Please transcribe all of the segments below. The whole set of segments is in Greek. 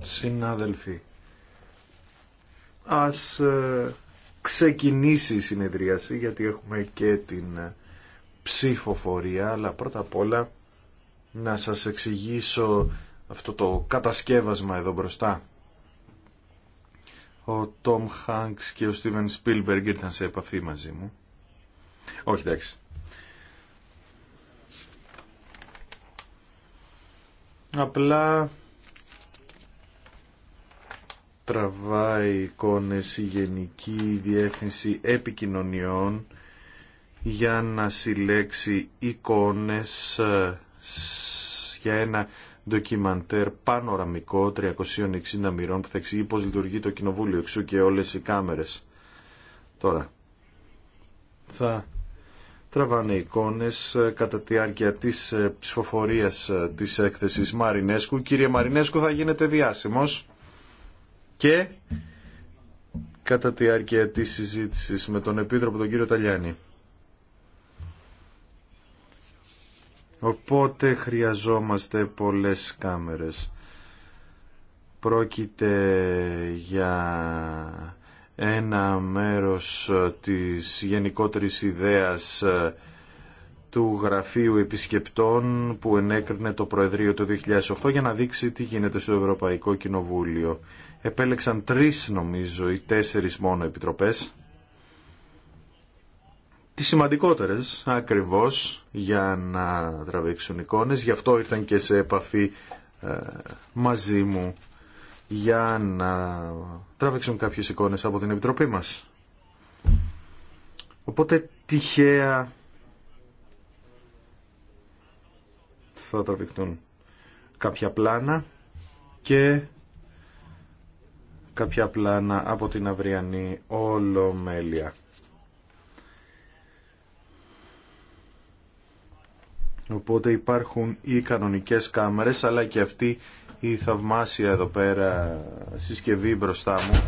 Συνάδελφοι, ας ε, ξεκινήσει η συνεδρίαση γιατί έχουμε και την ε, ψηφοφορία αλλά πρώτα απ' όλα να σας εξηγήσω αυτό το κατασκεύασμα εδώ μπροστά. Ο Τόμ Χάνκς και ο Στίβεν Σπίλμπεργκ ήρθαν σε επαφή μαζί μου. Όχι εντάξει, απλά τραβάει εικόνες η Γενική Διεύθυνση Επικοινωνιών για να συλλέξει εικόνες ε, για ένα ντοκιμαντέρ πανοραμικό 360 μοιρών που θα εξηγεί πώς λειτουργεί το κοινοβούλιο εξού και όλες οι κάμερες. Τώρα, θα τραβάνε εικόνες ε, κατά τη διάρκεια της ε, ψηφοφορίας ε, της έκθεσης Μαρινέσκου. Κύριε Μαρινέσκου θα γίνεται διάσημος και κατά τη διάρκεια της συζήτησης με τον Επίτροπο τον κύριο Ταλιάνη. Οπότε χρειαζόμαστε πολλές κάμερες. Πρόκειται για ένα μέρος της γενικότερης ιδέας ε, του Γραφείου Επισκεπτών που ενέκρινε το Προεδρείο το 2008 για να δείξει τι γίνεται στο Ευρωπαϊκό Κοινοβούλιο. Επέλεξαν τρεις νομίζω ή τέσσερις μόνο επιτροπές. Τις σημαντικότερες ακριβώς για να τραβήξουν εικόνες. Γι' αυτό ήρθαν και σε επαφή ε, μαζί μου για να τράβηξουν κάποιες εικόνες από την Επιτροπή μας. Οπότε τυχαία θα τραβηχτούν κάποια πλάνα και κάποια πλάνα από την αυριανή Ολομέλεια. Οπότε υπάρχουν οι κανονικές κάμερες αλλά και αυτοί η θαυμάσια εδώ πέρα συσκευή μπροστά μου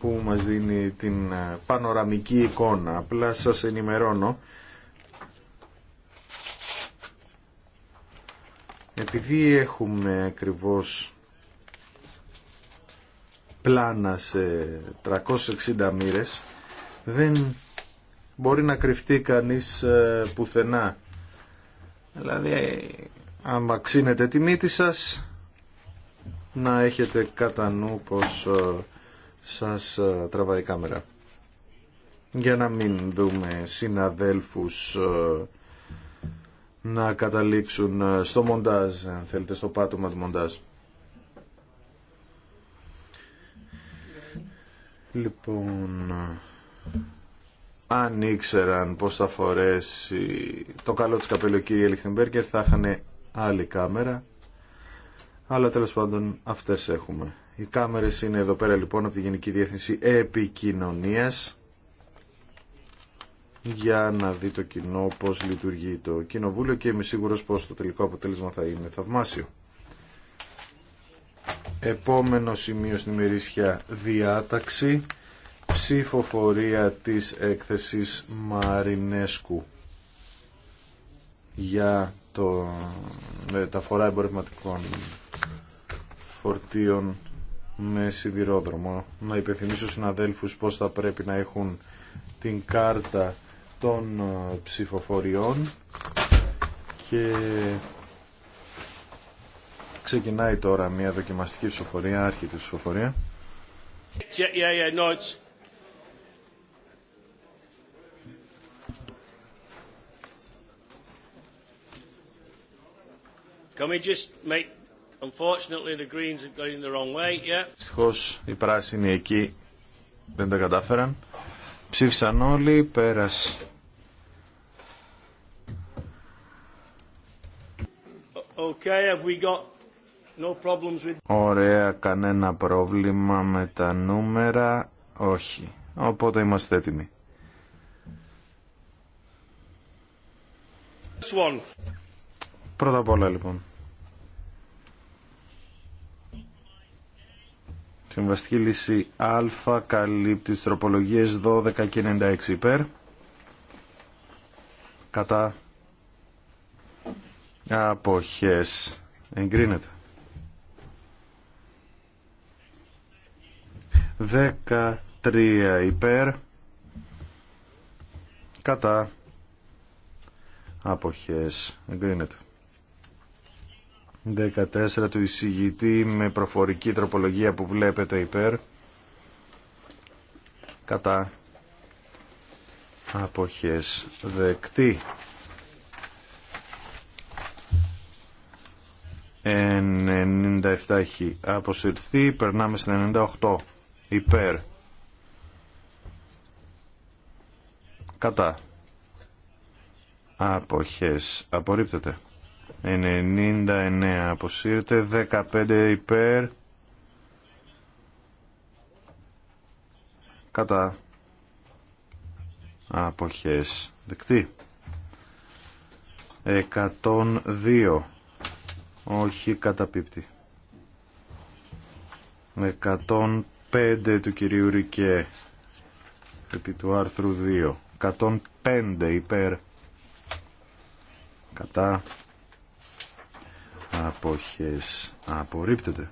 που μας δίνει την ε, πανοραμική εικόνα. Απλά σας ενημερώνω επειδή έχουμε ακριβώς πλάνα σε 360 μοίρες δεν μπορεί να κρυφτεί κανείς ε, πουθενά. Δηλαδή αν βαξίνετε τη μύτη σας να έχετε κατά νου πως ε, σας ε, τραβάει η κάμερα για να μην δούμε συναδέλφους ε, να καταλήξουν στο μοντάζ αν θέλετε στο πάτωμα του μοντάζ λοιπόν αν ήξεραν πως θα φορέσει το καλό της καπελοκύρια Λιχτεμπέργκερ, θα είχαν άλλη κάμερα αλλά τέλος πάντων αυτές έχουμε. Οι κάμερες είναι εδώ πέρα λοιπόν από τη Γενική Διεύθυνση Επικοινωνίας για να δει το κοινό πώς λειτουργεί το κοινοβούλιο και είμαι σίγουρος πως το τελικό αποτέλεσμα θα είναι θαυμάσιο. Επόμενο σημείο στην ημερήσια διάταξη ψηφοφορία της έκθεσης Μαρινέσκου για το φορά εμπορευματικών φορτίων με σιδηρόδρομο. Να υπενθυμίσω συναδέλφους πώς θα πρέπει να έχουν την κάρτα των ε, ψηφοφοριών και ξεκινάει τώρα μια δοκιμαστική ψηφοφορία, άρχιτη ψηφοφορία. Can we just make... Unfortunately, the Greens have gone in the wrong way. Yeah. Δυστυχώς, οι πράσινοι εκεί δεν τα κατάφεραν. Ψήφισαν όλοι, πέρας. Okay, have we got no problems with... Ωραία, κανένα πρόβλημα με τα νούμερα. Όχι. Οπότε είμαστε έτοιμοι. This one. Πρώτα απ' όλα λοιπόν. Συμβαστική λύση Α καλύπτει τις τροπολογίες 12 και 96 υπέρ. Κατά αποχές. Εγκρίνεται. 13 υπέρ. Κατά αποχές. Εγκρίνεται. 14 του εισηγητή με προφορική τροπολογία που βλέπετε υπέρ κατά αποχές δεκτή. 97 έχει αποσυρθεί, περνάμε στην 98 υπέρ κατά αποχές απορρίπτεται. 99 αποσύρεται 15 υπέρ κατά αποχές δεκτή 102 όχι καταπίπτει 105 του κυρίου Ρικέ επί του άρθρου 2 105 υπέρ κατά αποχές απορρίπτεται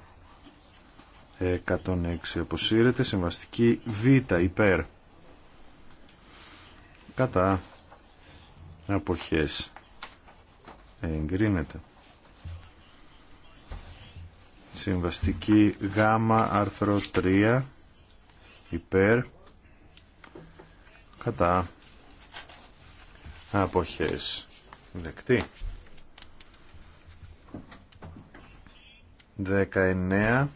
106 αποσύρεται συμβαστική Β υπέρ κατά αποχές εγκρίνεται συμβαστική Γ άρθρο 3 υπέρ κατά αποχές δεκτή 19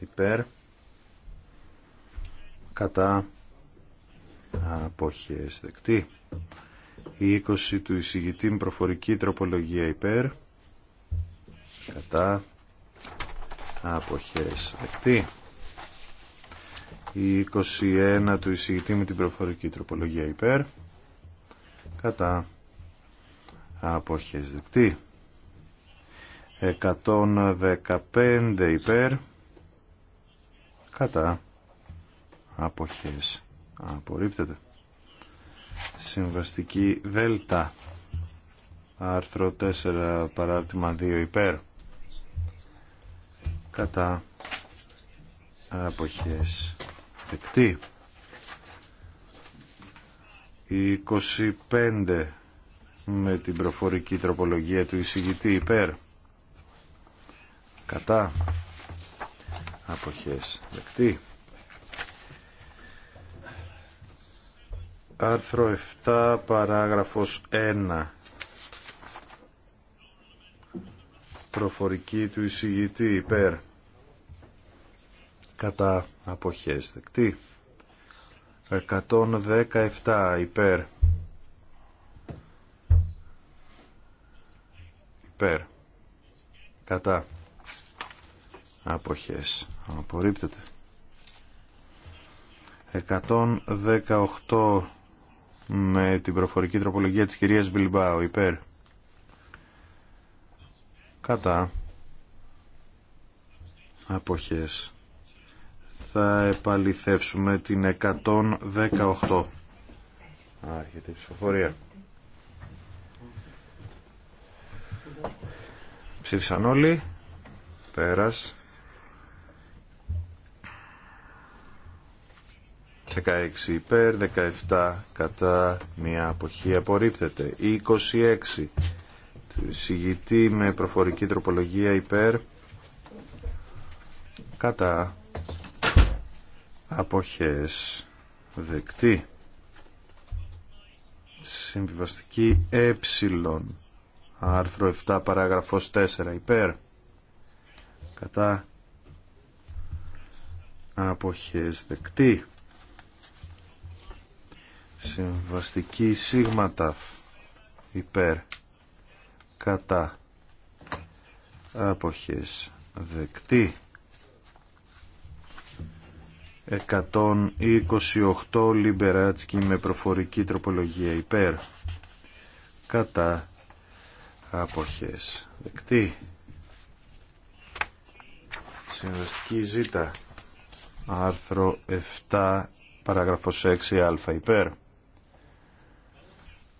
υπέρ κατά αποχές δεκτή η 20 του εισηγητή προφορική τροπολογία υπέρ κατά αποχές δεκτή η 21 του εισηγητή με την προφορική τροπολογία υπέρ κατά αποχές δεκτή 115 υπέρ κατά αποχές απορρίπτεται συμβαστική δέλτα άρθρο 4 παράρτημα 2 υπέρ κατά αποχές δεκτή 25 με την προφορική τροπολογία του εισηγητή υπέρ κατά αποχές δεκτή άρθρο 7 παράγραφος 1 προφορική του εισηγητή υπέρ κατά αποχές δεκτή 117 υπέρ υπέρ κατά αποχές απορρίπτεται 118 με την προφορική τροπολογία της κυρίας Μπιλμπάου υπέρ κατά αποχές θα επαληθεύσουμε την 118 άρχεται η ψηφοφορία ψήφισαν όλοι πέρας 16 υπέρ, 17 κατά μια αποχή απορρίπτεται. 26 του συγητή με προφορική τροπολογία υπέρ, κατά αποχές δεκτή. Συμβιβαστική ε, άρθρο 7 παράγραφος 4 υπέρ, κατά αποχές δεκτή. Συμβαστική σίγματα υπέρ κατά άποχες δεκτή 128 Λιμπεράτσκι με προφορική τροπολογία υπέρ κατά άποχες δεκτή Συμβαστική ζήτα άρθρο 7 παράγραφος 6α υπέρ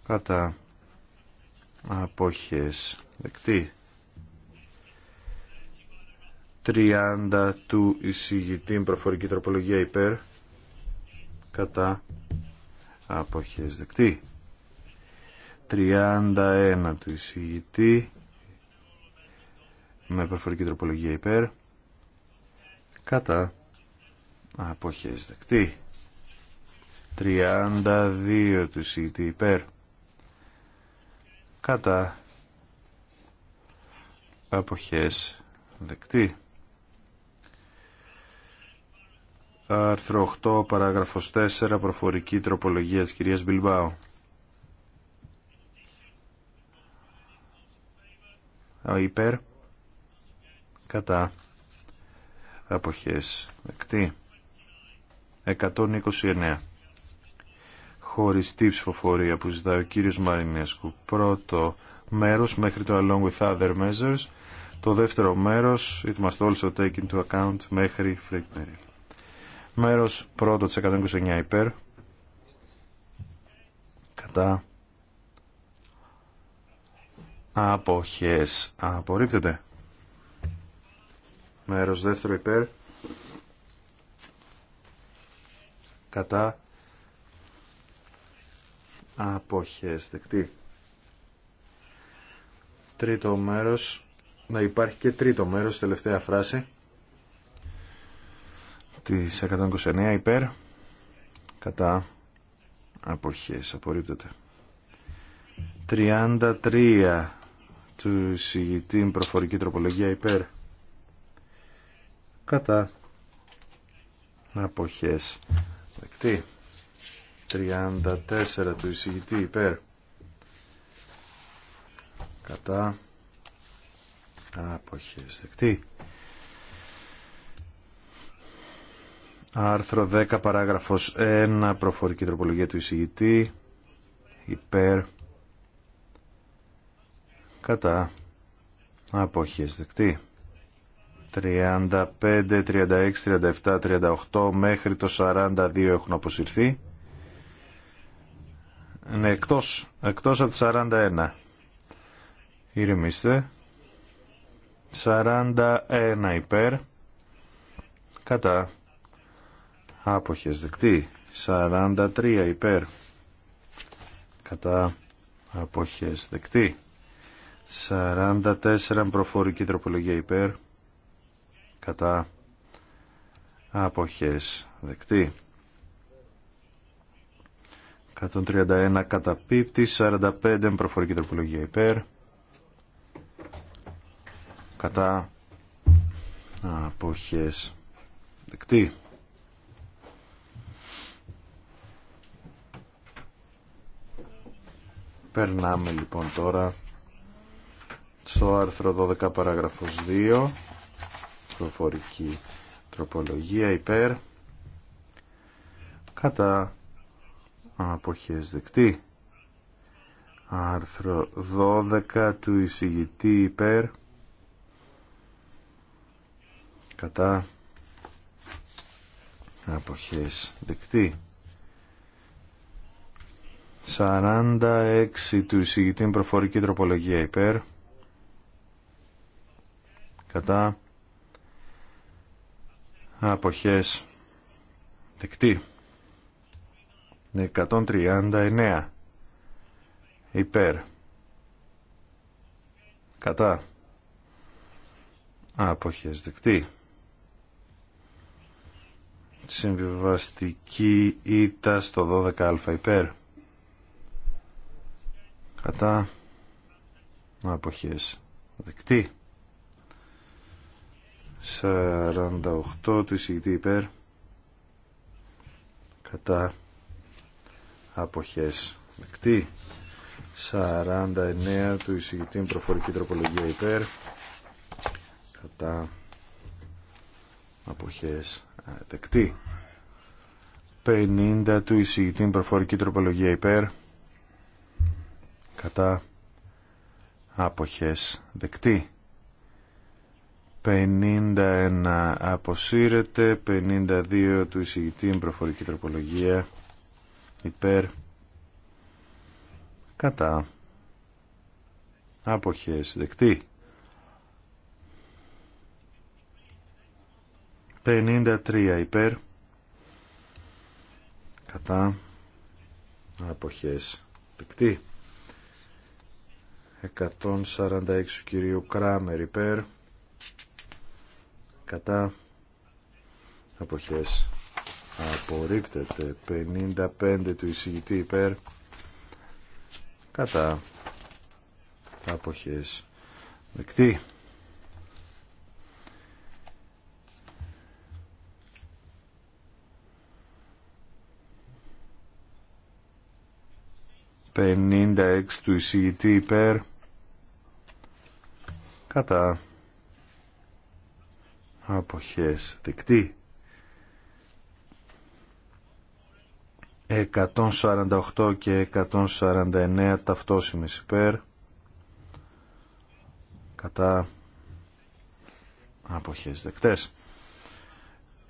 κατά αποχές δεκτή 30 του εισηγητή προφορική τροπολογία υπέρ κατά αποχές δεκτή 31 του εισηγητή με προφορική τροπολογία υπέρ κατά αποχές δεκτή 32 του εισηγητή υπέρ κατά αποχές δεκτή. Άρθρο 8, παράγραφος 4, προφορική τροπολογία της κυρίας Μπιλμπάου. Υπέρ, κατά, αποχές, δεκτή. 129 χωριστή ψηφοφορία που ζητάει ο κύριος Μαρινέσκου. Πρώτο μέρος μέχρι το Along with Other Measures. Το δεύτερο μέρος, it must also take into account, μέχρι Freak mary Μέρος πρώτο της 129 υπέρ. Κατά. Αποχές. Απορρίπτεται. Μέρος δεύτερο υπέρ. Κατά αποχές δεκτή. Τρίτο μέρος, να υπάρχει και τρίτο μέρος, τελευταία φράση της 129 υπέρ, κατά αποχές, απορρίπτεται. 33 του συγητή προφορική τροπολογία υπέρ, κατά αποχές δεκτή. 34 του εισηγητή υπέρ κατά αποχές δεκτή άρθρο 10 παράγραφος 1 προφορική τροπολογία του εισηγητή υπέρ κατά αποχές δεκτή 35, 36, 37, 38 μέχρι το 42 έχουν αποσυρθεί ναι, εκτός, εκτός από τη 41. Ηρεμήστε. 41 υπέρ. Κατά. Άποχες δεκτή. 43 υπέρ. Κατά. Άποχες δεκτή. 44 προφορική τροπολογία υπέρ. Κατά. Άποχες δεκτή. 131 καταπίπτει, 45 προφορική τροπολογία υπέρ. Κατά αποχές δεκτή. Περνάμε λοιπόν τώρα στο άρθρο 12 παράγραφος 2 προφορική τροπολογία υπέρ κατά αποχές δεκτή. Άρθρο 12 του εισηγητή υπέρ κατά αποχές δεκτή. 46 του εισηγητή προφορική τροπολογία υπέρ κατά αποχές δεκτή. 139 υπέρ κατά άποχες δεκτή συμβιβαστική ήττα στο 12α υπέρ κατά άποχες δεκτή 48 της υπέρ κατά αποχές δεκτή 49 του εισηγητή προφορική τροπολογία υπέρ κατά αποχές δεκτή 50 του εισηγητή προφορική τροπολογία υπέρ κατά άποχες δεκτή 51 αποσύρεται 52 του εισηγητή προφορική τροπολογία υπέρ κατά άποχες δεκτή 53 υπέρ κατά άποχες δεκτή 146 κυρίου Κράμερ υπέρ κατά αποχές απορρίπτεται 55 του εισηγητή υπέρ κατά αποχές δεκτή Πενήντα έξι του εισηγητή υπέρ κατά αποχές δεκτή 148 και 149 ταυτόσιμες υπέρ κατά αποχές δεκτές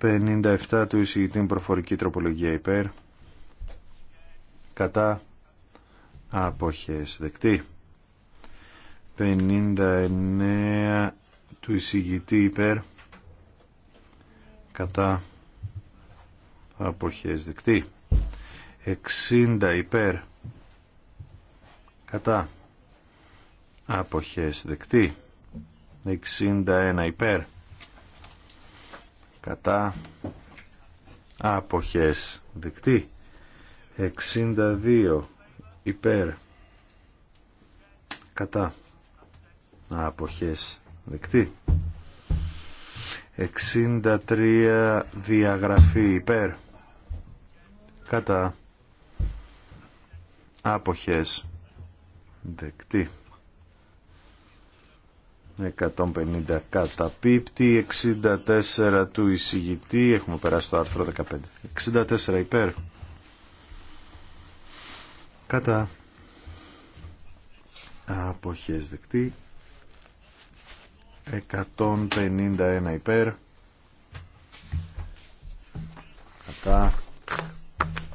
57 του εισηγητή προφορική τροπολογία υπέρ κατά αποχές δεκτή 59 του εισηγητή υπέρ κατά αποχές δεκτή 60 υπέρ κατά αποχές δεκτή 61 υπέρ κατά αποχές δεκτή 62 υπέρ κατά αποχές δεκτή 63 διαγραφή υπέρ κατά αποχές δεκτή 150 κατά πίπτη 64 του εισηγητή έχουμε περάσει το άρθρο 15 64 υπέρ κατά αποχές δεκτή 151 υπέρ κατά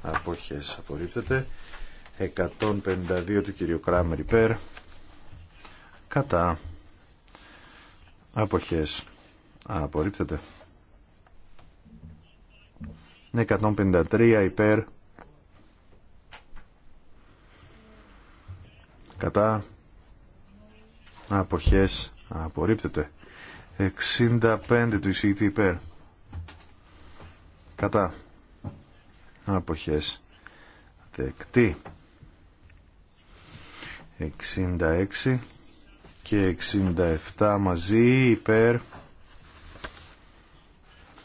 αποχές απορρίπτεται 152 του κυρίου Κράμερ υπέρ κατά αποχές Α, απορρίπτεται 153 υπέρ κατά αποχές Α, απορρίπτεται 65 του εισηγητή υπέρ κατά αποχές δεκτή 66 και 67 μαζί υπέρ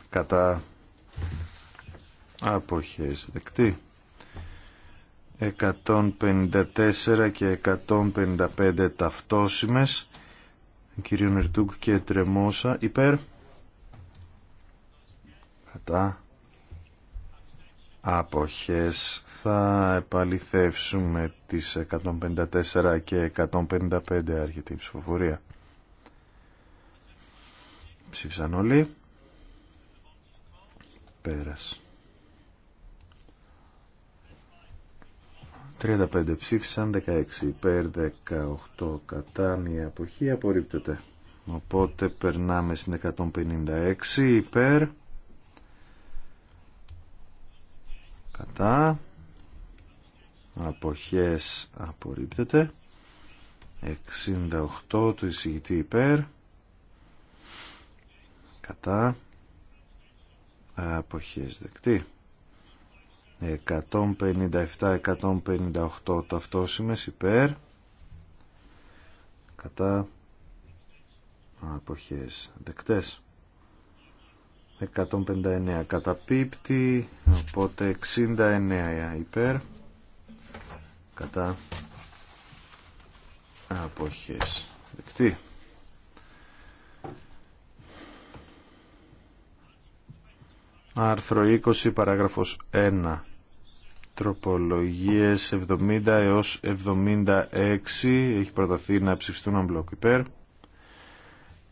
κατά αποχές δεκτή 154 και 155 ταυτόσιμες κύριο Νερτούγκ και Τρεμόσα υπέρ κατά αποχές θα επαληθεύσουμε τις 154 και 155 άρχιτη ψηφοφορία. Ψήφισαν όλοι. Πέρας. 35 ψήφισαν, 16 υπέρ, 18 κατά, μία αποχή απορρίπτεται. Οπότε περνάμε στην 156 υπέρ, κατά, αποχές απορρίπτεται 68 του εισηγητή υπέρ κατά αποχές δεκτή 157-158 ταυτόσημες υπέρ κατά αποχές δεκτές 159 καταπίπτει οπότε 69 υπέρ κατά αποχές δεκτή. Άρθρο 20 παράγραφος 1 Τροπολογίες 70 έως 76 έχει προταθεί να ψηφιστούν αμπλοκ υπέρ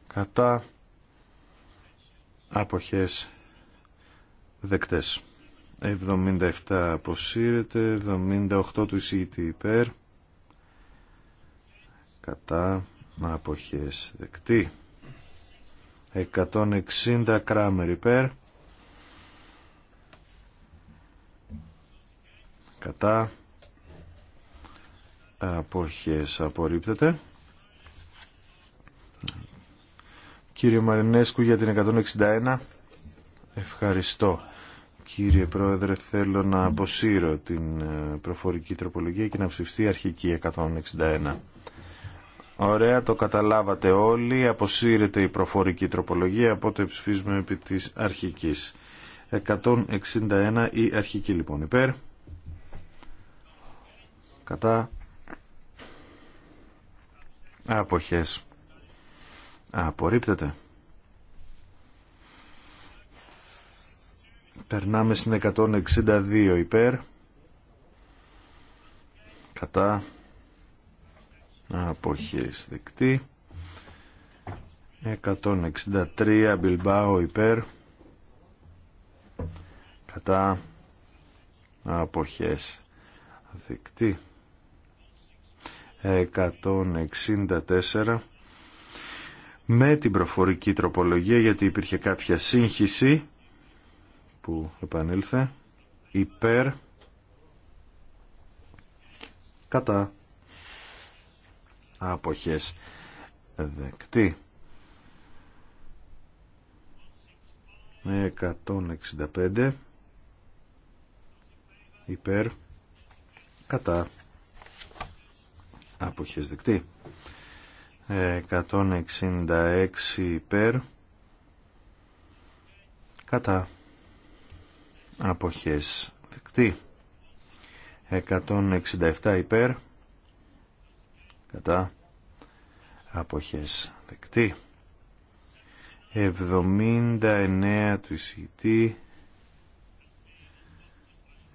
κατά αποχές δεκτές. 77 αποσύρεται 78 του εισηγητή υπέρ κατά αποχές δεκτή 160 κράμερ υπέρ κατά αποχές απορρίπτεται Κύριε Μαρινέσκου για την 161 ευχαριστώ Κύριε Πρόεδρε, θέλω να αποσύρω την ε, προφορική τροπολογία και να ψηφιστεί αρχική 161. Ωραία, το καταλάβατε όλοι. Αποσύρεται η προφορική τροπολογία, οπότε ψηφίζουμε επί της αρχικής. 161 η αρχική λοιπόν υπέρ. Κατά. Αποχές. Απορρίπτεται. Περνάμε στην 162 υπέρ. Κατά. αποχής, δεκτή. 163 Μπιλμπάο υπέρ. Κατά. Αποχές δεκτή. 164 με την προφορική τροπολογία γιατί υπήρχε κάποια σύγχυση που επανήλθε υπέρ κατά αποχές δεκτή 165 υπέρ κατά αποχές δεκτή 166 υπέρ κατά αποχές δεκτή 167 υπέρ κατά αποχές δεκτή 79 του εισηγητή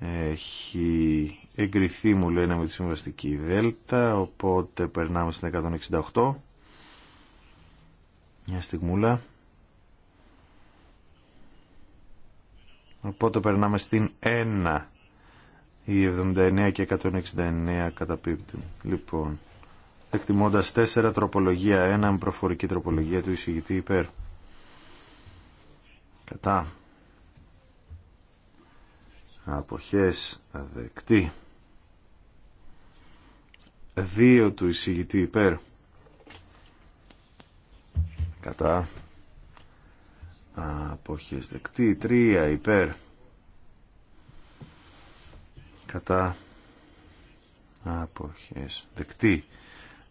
έχει εγκριθεί μου λένε με τη συμβαστική δέλτα οπότε περνάμε στην 168 μια στιγμούλα Οπότε περνάμε στην 1. η 79 και 169 καταπίπτουν. Λοιπόν, εκτιμώντας 4 τροπολογία 1 με προφορική τροπολογία του εισηγητή υπέρ. Κατά. Αποχές δεκτή. 2 του εισηγητή υπέρ. Κατά αποχές δεκτή Τρία υπέρ κατά αποχές δεκτή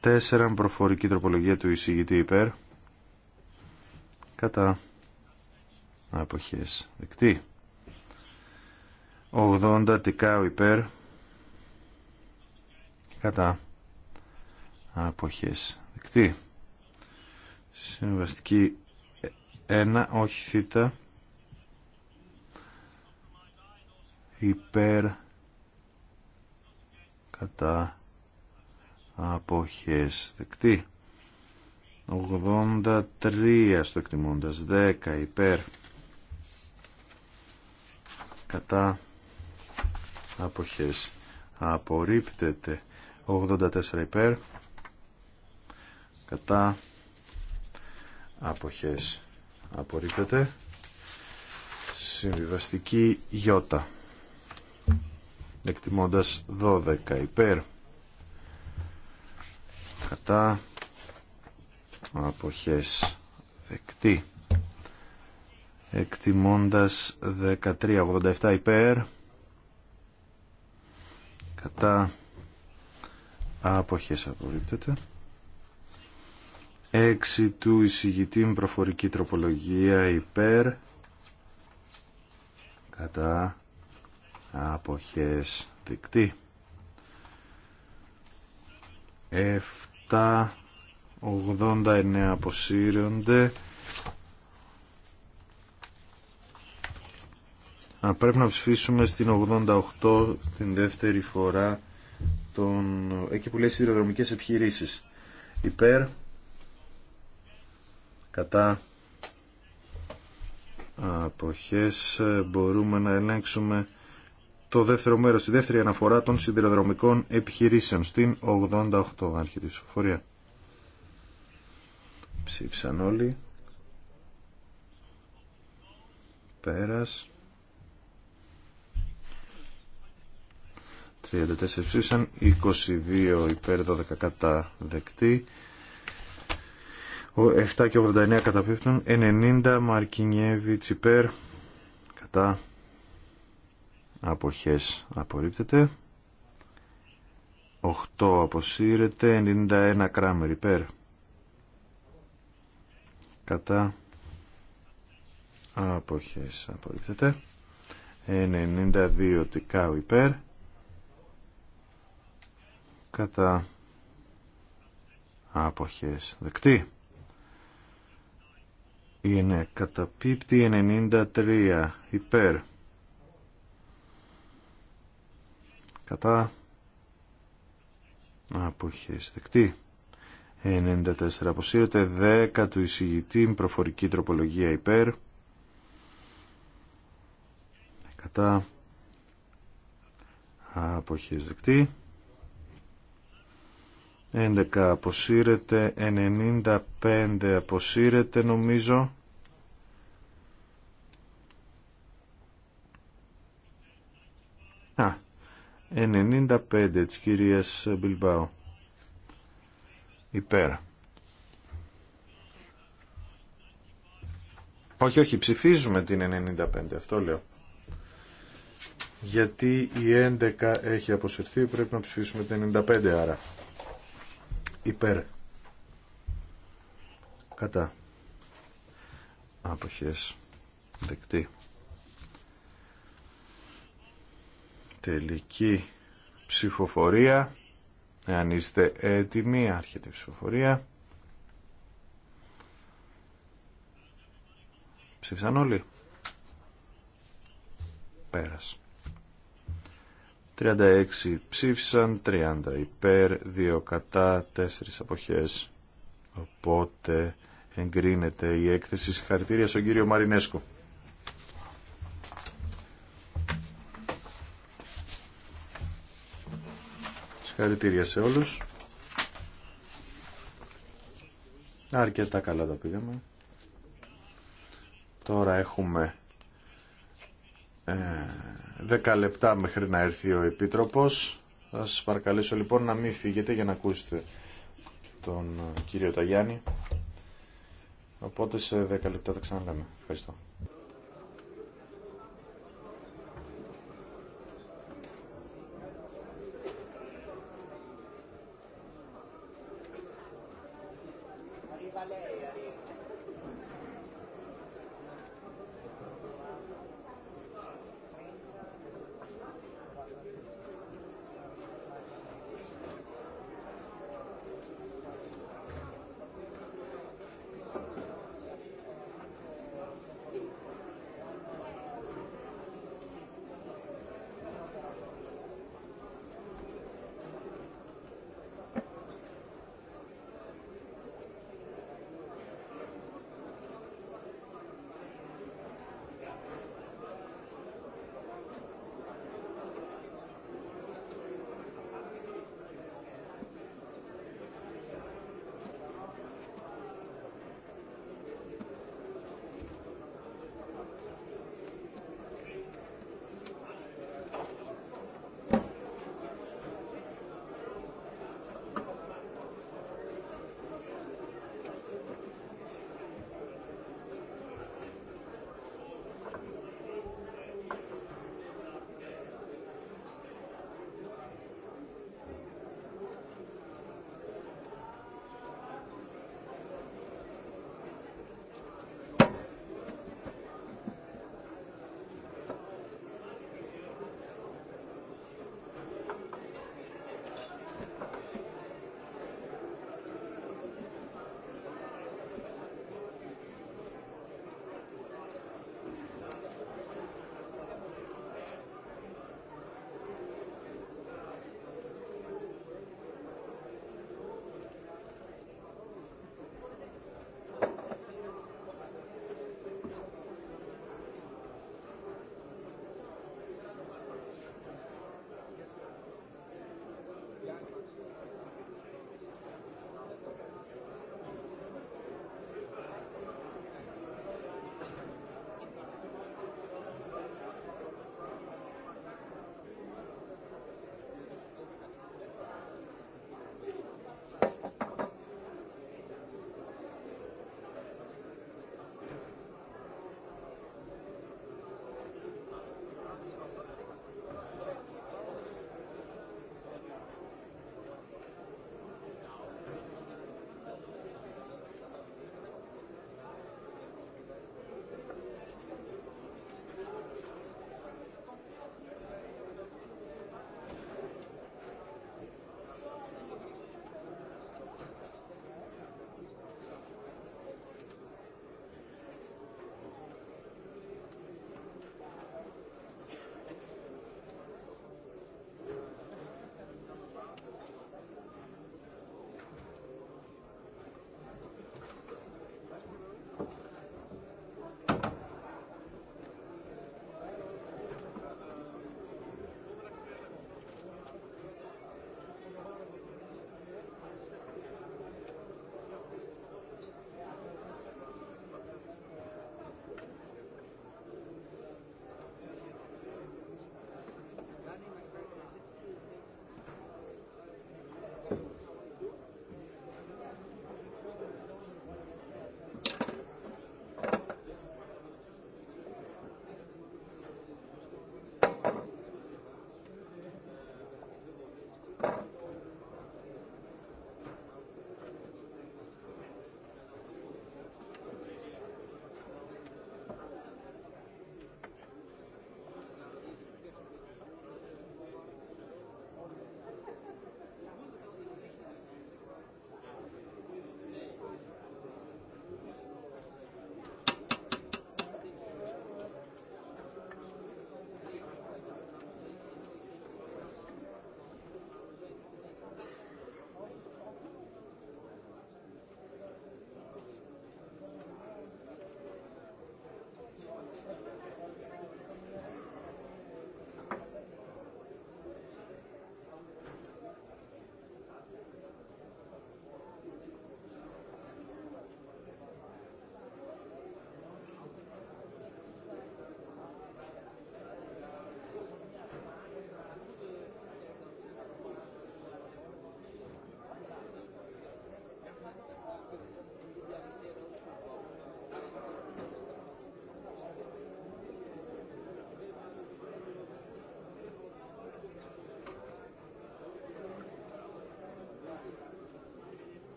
Τέσσερα προφορική τροπολογία του εισηγητή υπέρ κατά αποχές δεκτή 80 τικάου υπέρ κατά αποχές δεκτή συμβαστική 1 όχι θήτα υπέρ κατά αποχές δεκτή 83 στο εκτιμώντας 10 υπέρ κατά αποχές απορρίπτεται 84 υπέρ κατά αποχές απορρίπτεται συμβιβαστική γιώτα εκτιμώντας 12 υπέρ κατά αποχές δεκτή εκτιμώντας 13.87 υπέρ κατά άποχες απορρίπτεται Έξι του εισηγητή με προφορική τροπολογία υπέρ κατά αποχές δεκτή 7 89 αποσύρονται Α, πρέπει να ψηφίσουμε στην 88 την δεύτερη φορά τον... εκεί που λέει σιδηροδρομικές επιχειρήσεις υπέρ κατά αποχές μπορούμε να ελέγξουμε το δεύτερο μέρος, τη δεύτερη αναφορά των σιδηροδρομικών επιχειρήσεων στην 88 αρχιτή ψηφοφορία. Ψήφισαν όλοι. Πέρας. 34 ψήφισαν, 22 υπέρ 12 κατά δεκτή. 7 και 89 καταπίπτουν. 90 Μαρκινιέβιτς υπέρ. Κατά. Αποχές απορρίπτεται. 8 αποσύρεται. 91 Κράμερ υπέρ. Κατά. Αποχές απορρίπτεται. 92 Τικάου υπέρ. Κατά. Αποχές δεκτή είναι καταπίπτει 93 υπέρ κατά αποχές δεκτή 94 αποσύρεται 10 του εισηγητή προφορική τροπολογία υπέρ κατά αποχές δεκτή 11 αποσύρεται 95 αποσύρεται νομίζω 95 της κυρίας Μπιλμπάου. Υπέρ. Όχι, όχι, ψηφίζουμε την 95, αυτό λέω. Γιατί η 11 έχει αποσυρθεί, πρέπει να ψηφίσουμε την 95 άρα. Υπέρ. Κατά. Αποχές. Δεκτή. τελική ψηφοφορία. Εάν είστε έτοιμοι, άρχεται η ψηφοφορία. Ψήφισαν όλοι. Πέρας. 36 ψήφισαν, 30 υπέρ, 2 κατά, 4 αποχές. Οπότε εγκρίνεται η έκθεση συγχαρητήρια στον κύριο Μαρινέσκο. Καλητήρια σε όλους. Αρκετά καλά τα πήγαμε. Τώρα έχουμε 10 ε, λεπτά μέχρι να έρθει ο Επίτροπος. Θα σας παρακαλέσω λοιπόν να μην φύγετε για να ακούσετε τον ε, κύριο Ταγιάννη. Οπότε σε 10 λεπτά θα ξαναλέμε. Ευχαριστώ. Valeria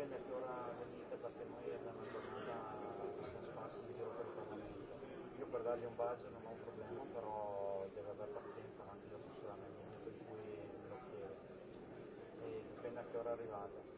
Μπένετ τώρα δεν είχε τα θεμαία ήταν να να σπάσουν λίγο per il Io per dargli un bacio non ho un problema, però deve avere pazienza ma anche da funzionamento, per cui me lo chiedo. E dipende a che ora è arrivata.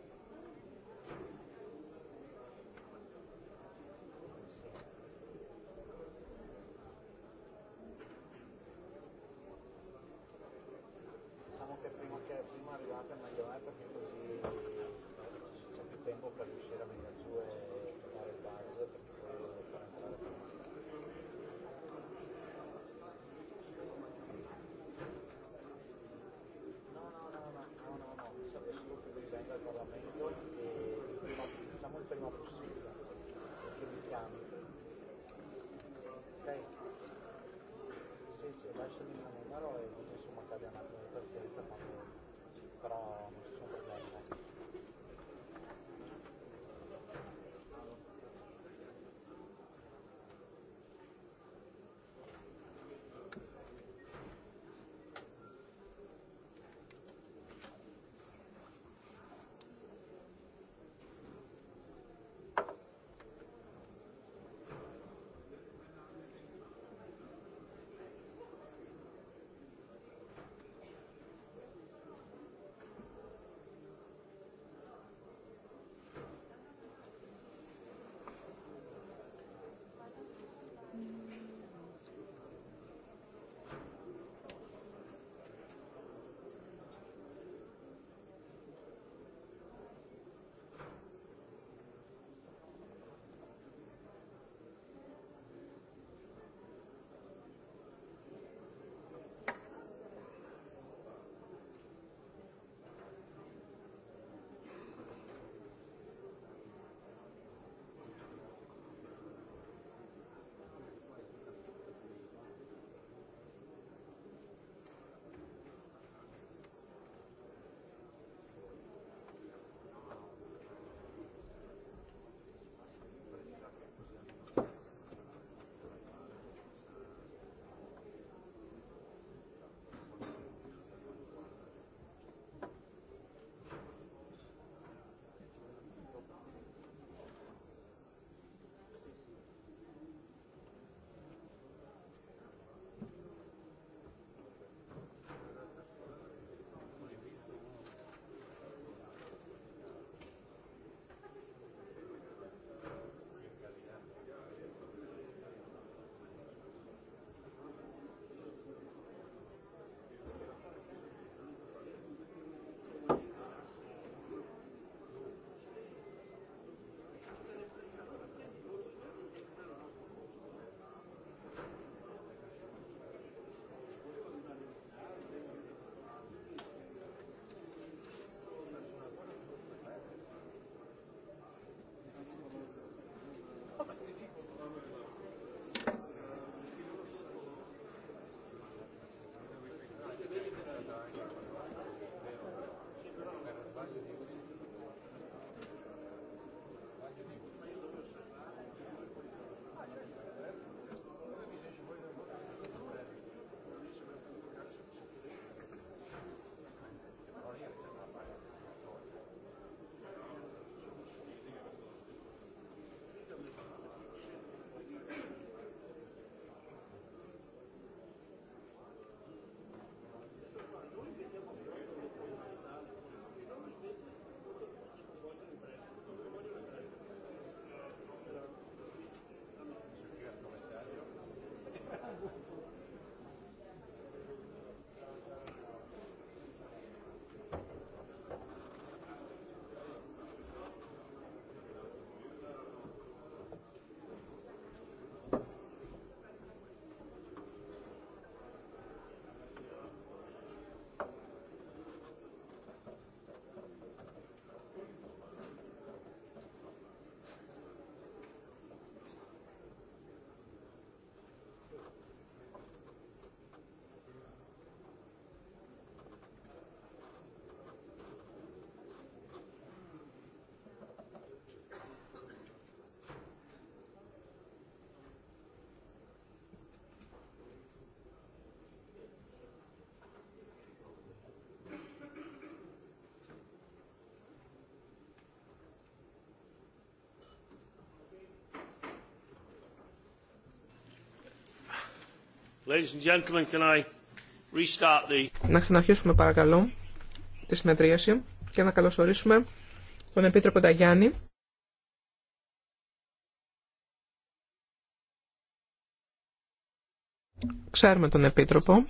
Να ξαναρχίσουμε παρακαλώ τη συνεδρίαση και να καλωσορίσουμε τον Επίτροπο Ταγιάννη. Ξέρουμε τον Επίτροπο.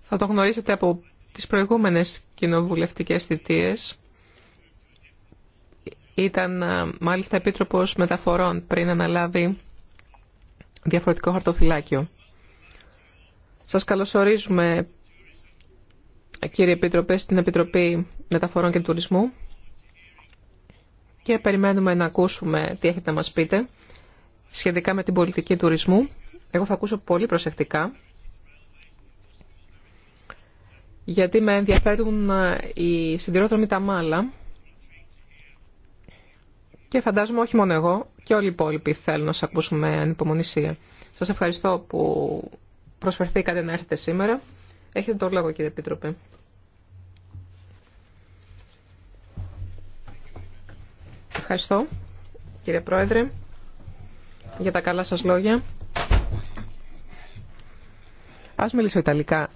Θα το γνωρίζετε από τις προηγούμενες κοινοβουλευτικές θητείες. Ήταν ε, μάλιστα Επίτροπος Μεταφορών πριν αναλάβει διαφορετικό χαρτοφυλάκιο. Σας καλωσορίζουμε, κύριε Επίτροπε, στην Επιτροπή Μεταφορών και Τουρισμού και περιμένουμε να ακούσουμε τι έχετε να μας πείτε σχετικά με την πολιτική τουρισμού. Εγώ θα ακούσω πολύ προσεκτικά γιατί με ενδιαφέρουν ε, οι συντηρόδρομοι τα μάλα και φαντάζομαι όχι μόνο εγώ, και όλοι οι υπόλοιποι θέλουν να σας ακούσουν με ανυπομονησία. Σας ευχαριστώ που προσφερθήκατε να έρθετε σήμερα. Έχετε το λόγο κύριε Επίτροπε. Ευχαριστώ κύριε Πρόεδρε για τα καλά σας λόγια. Ας μιλήσω Ιταλικά.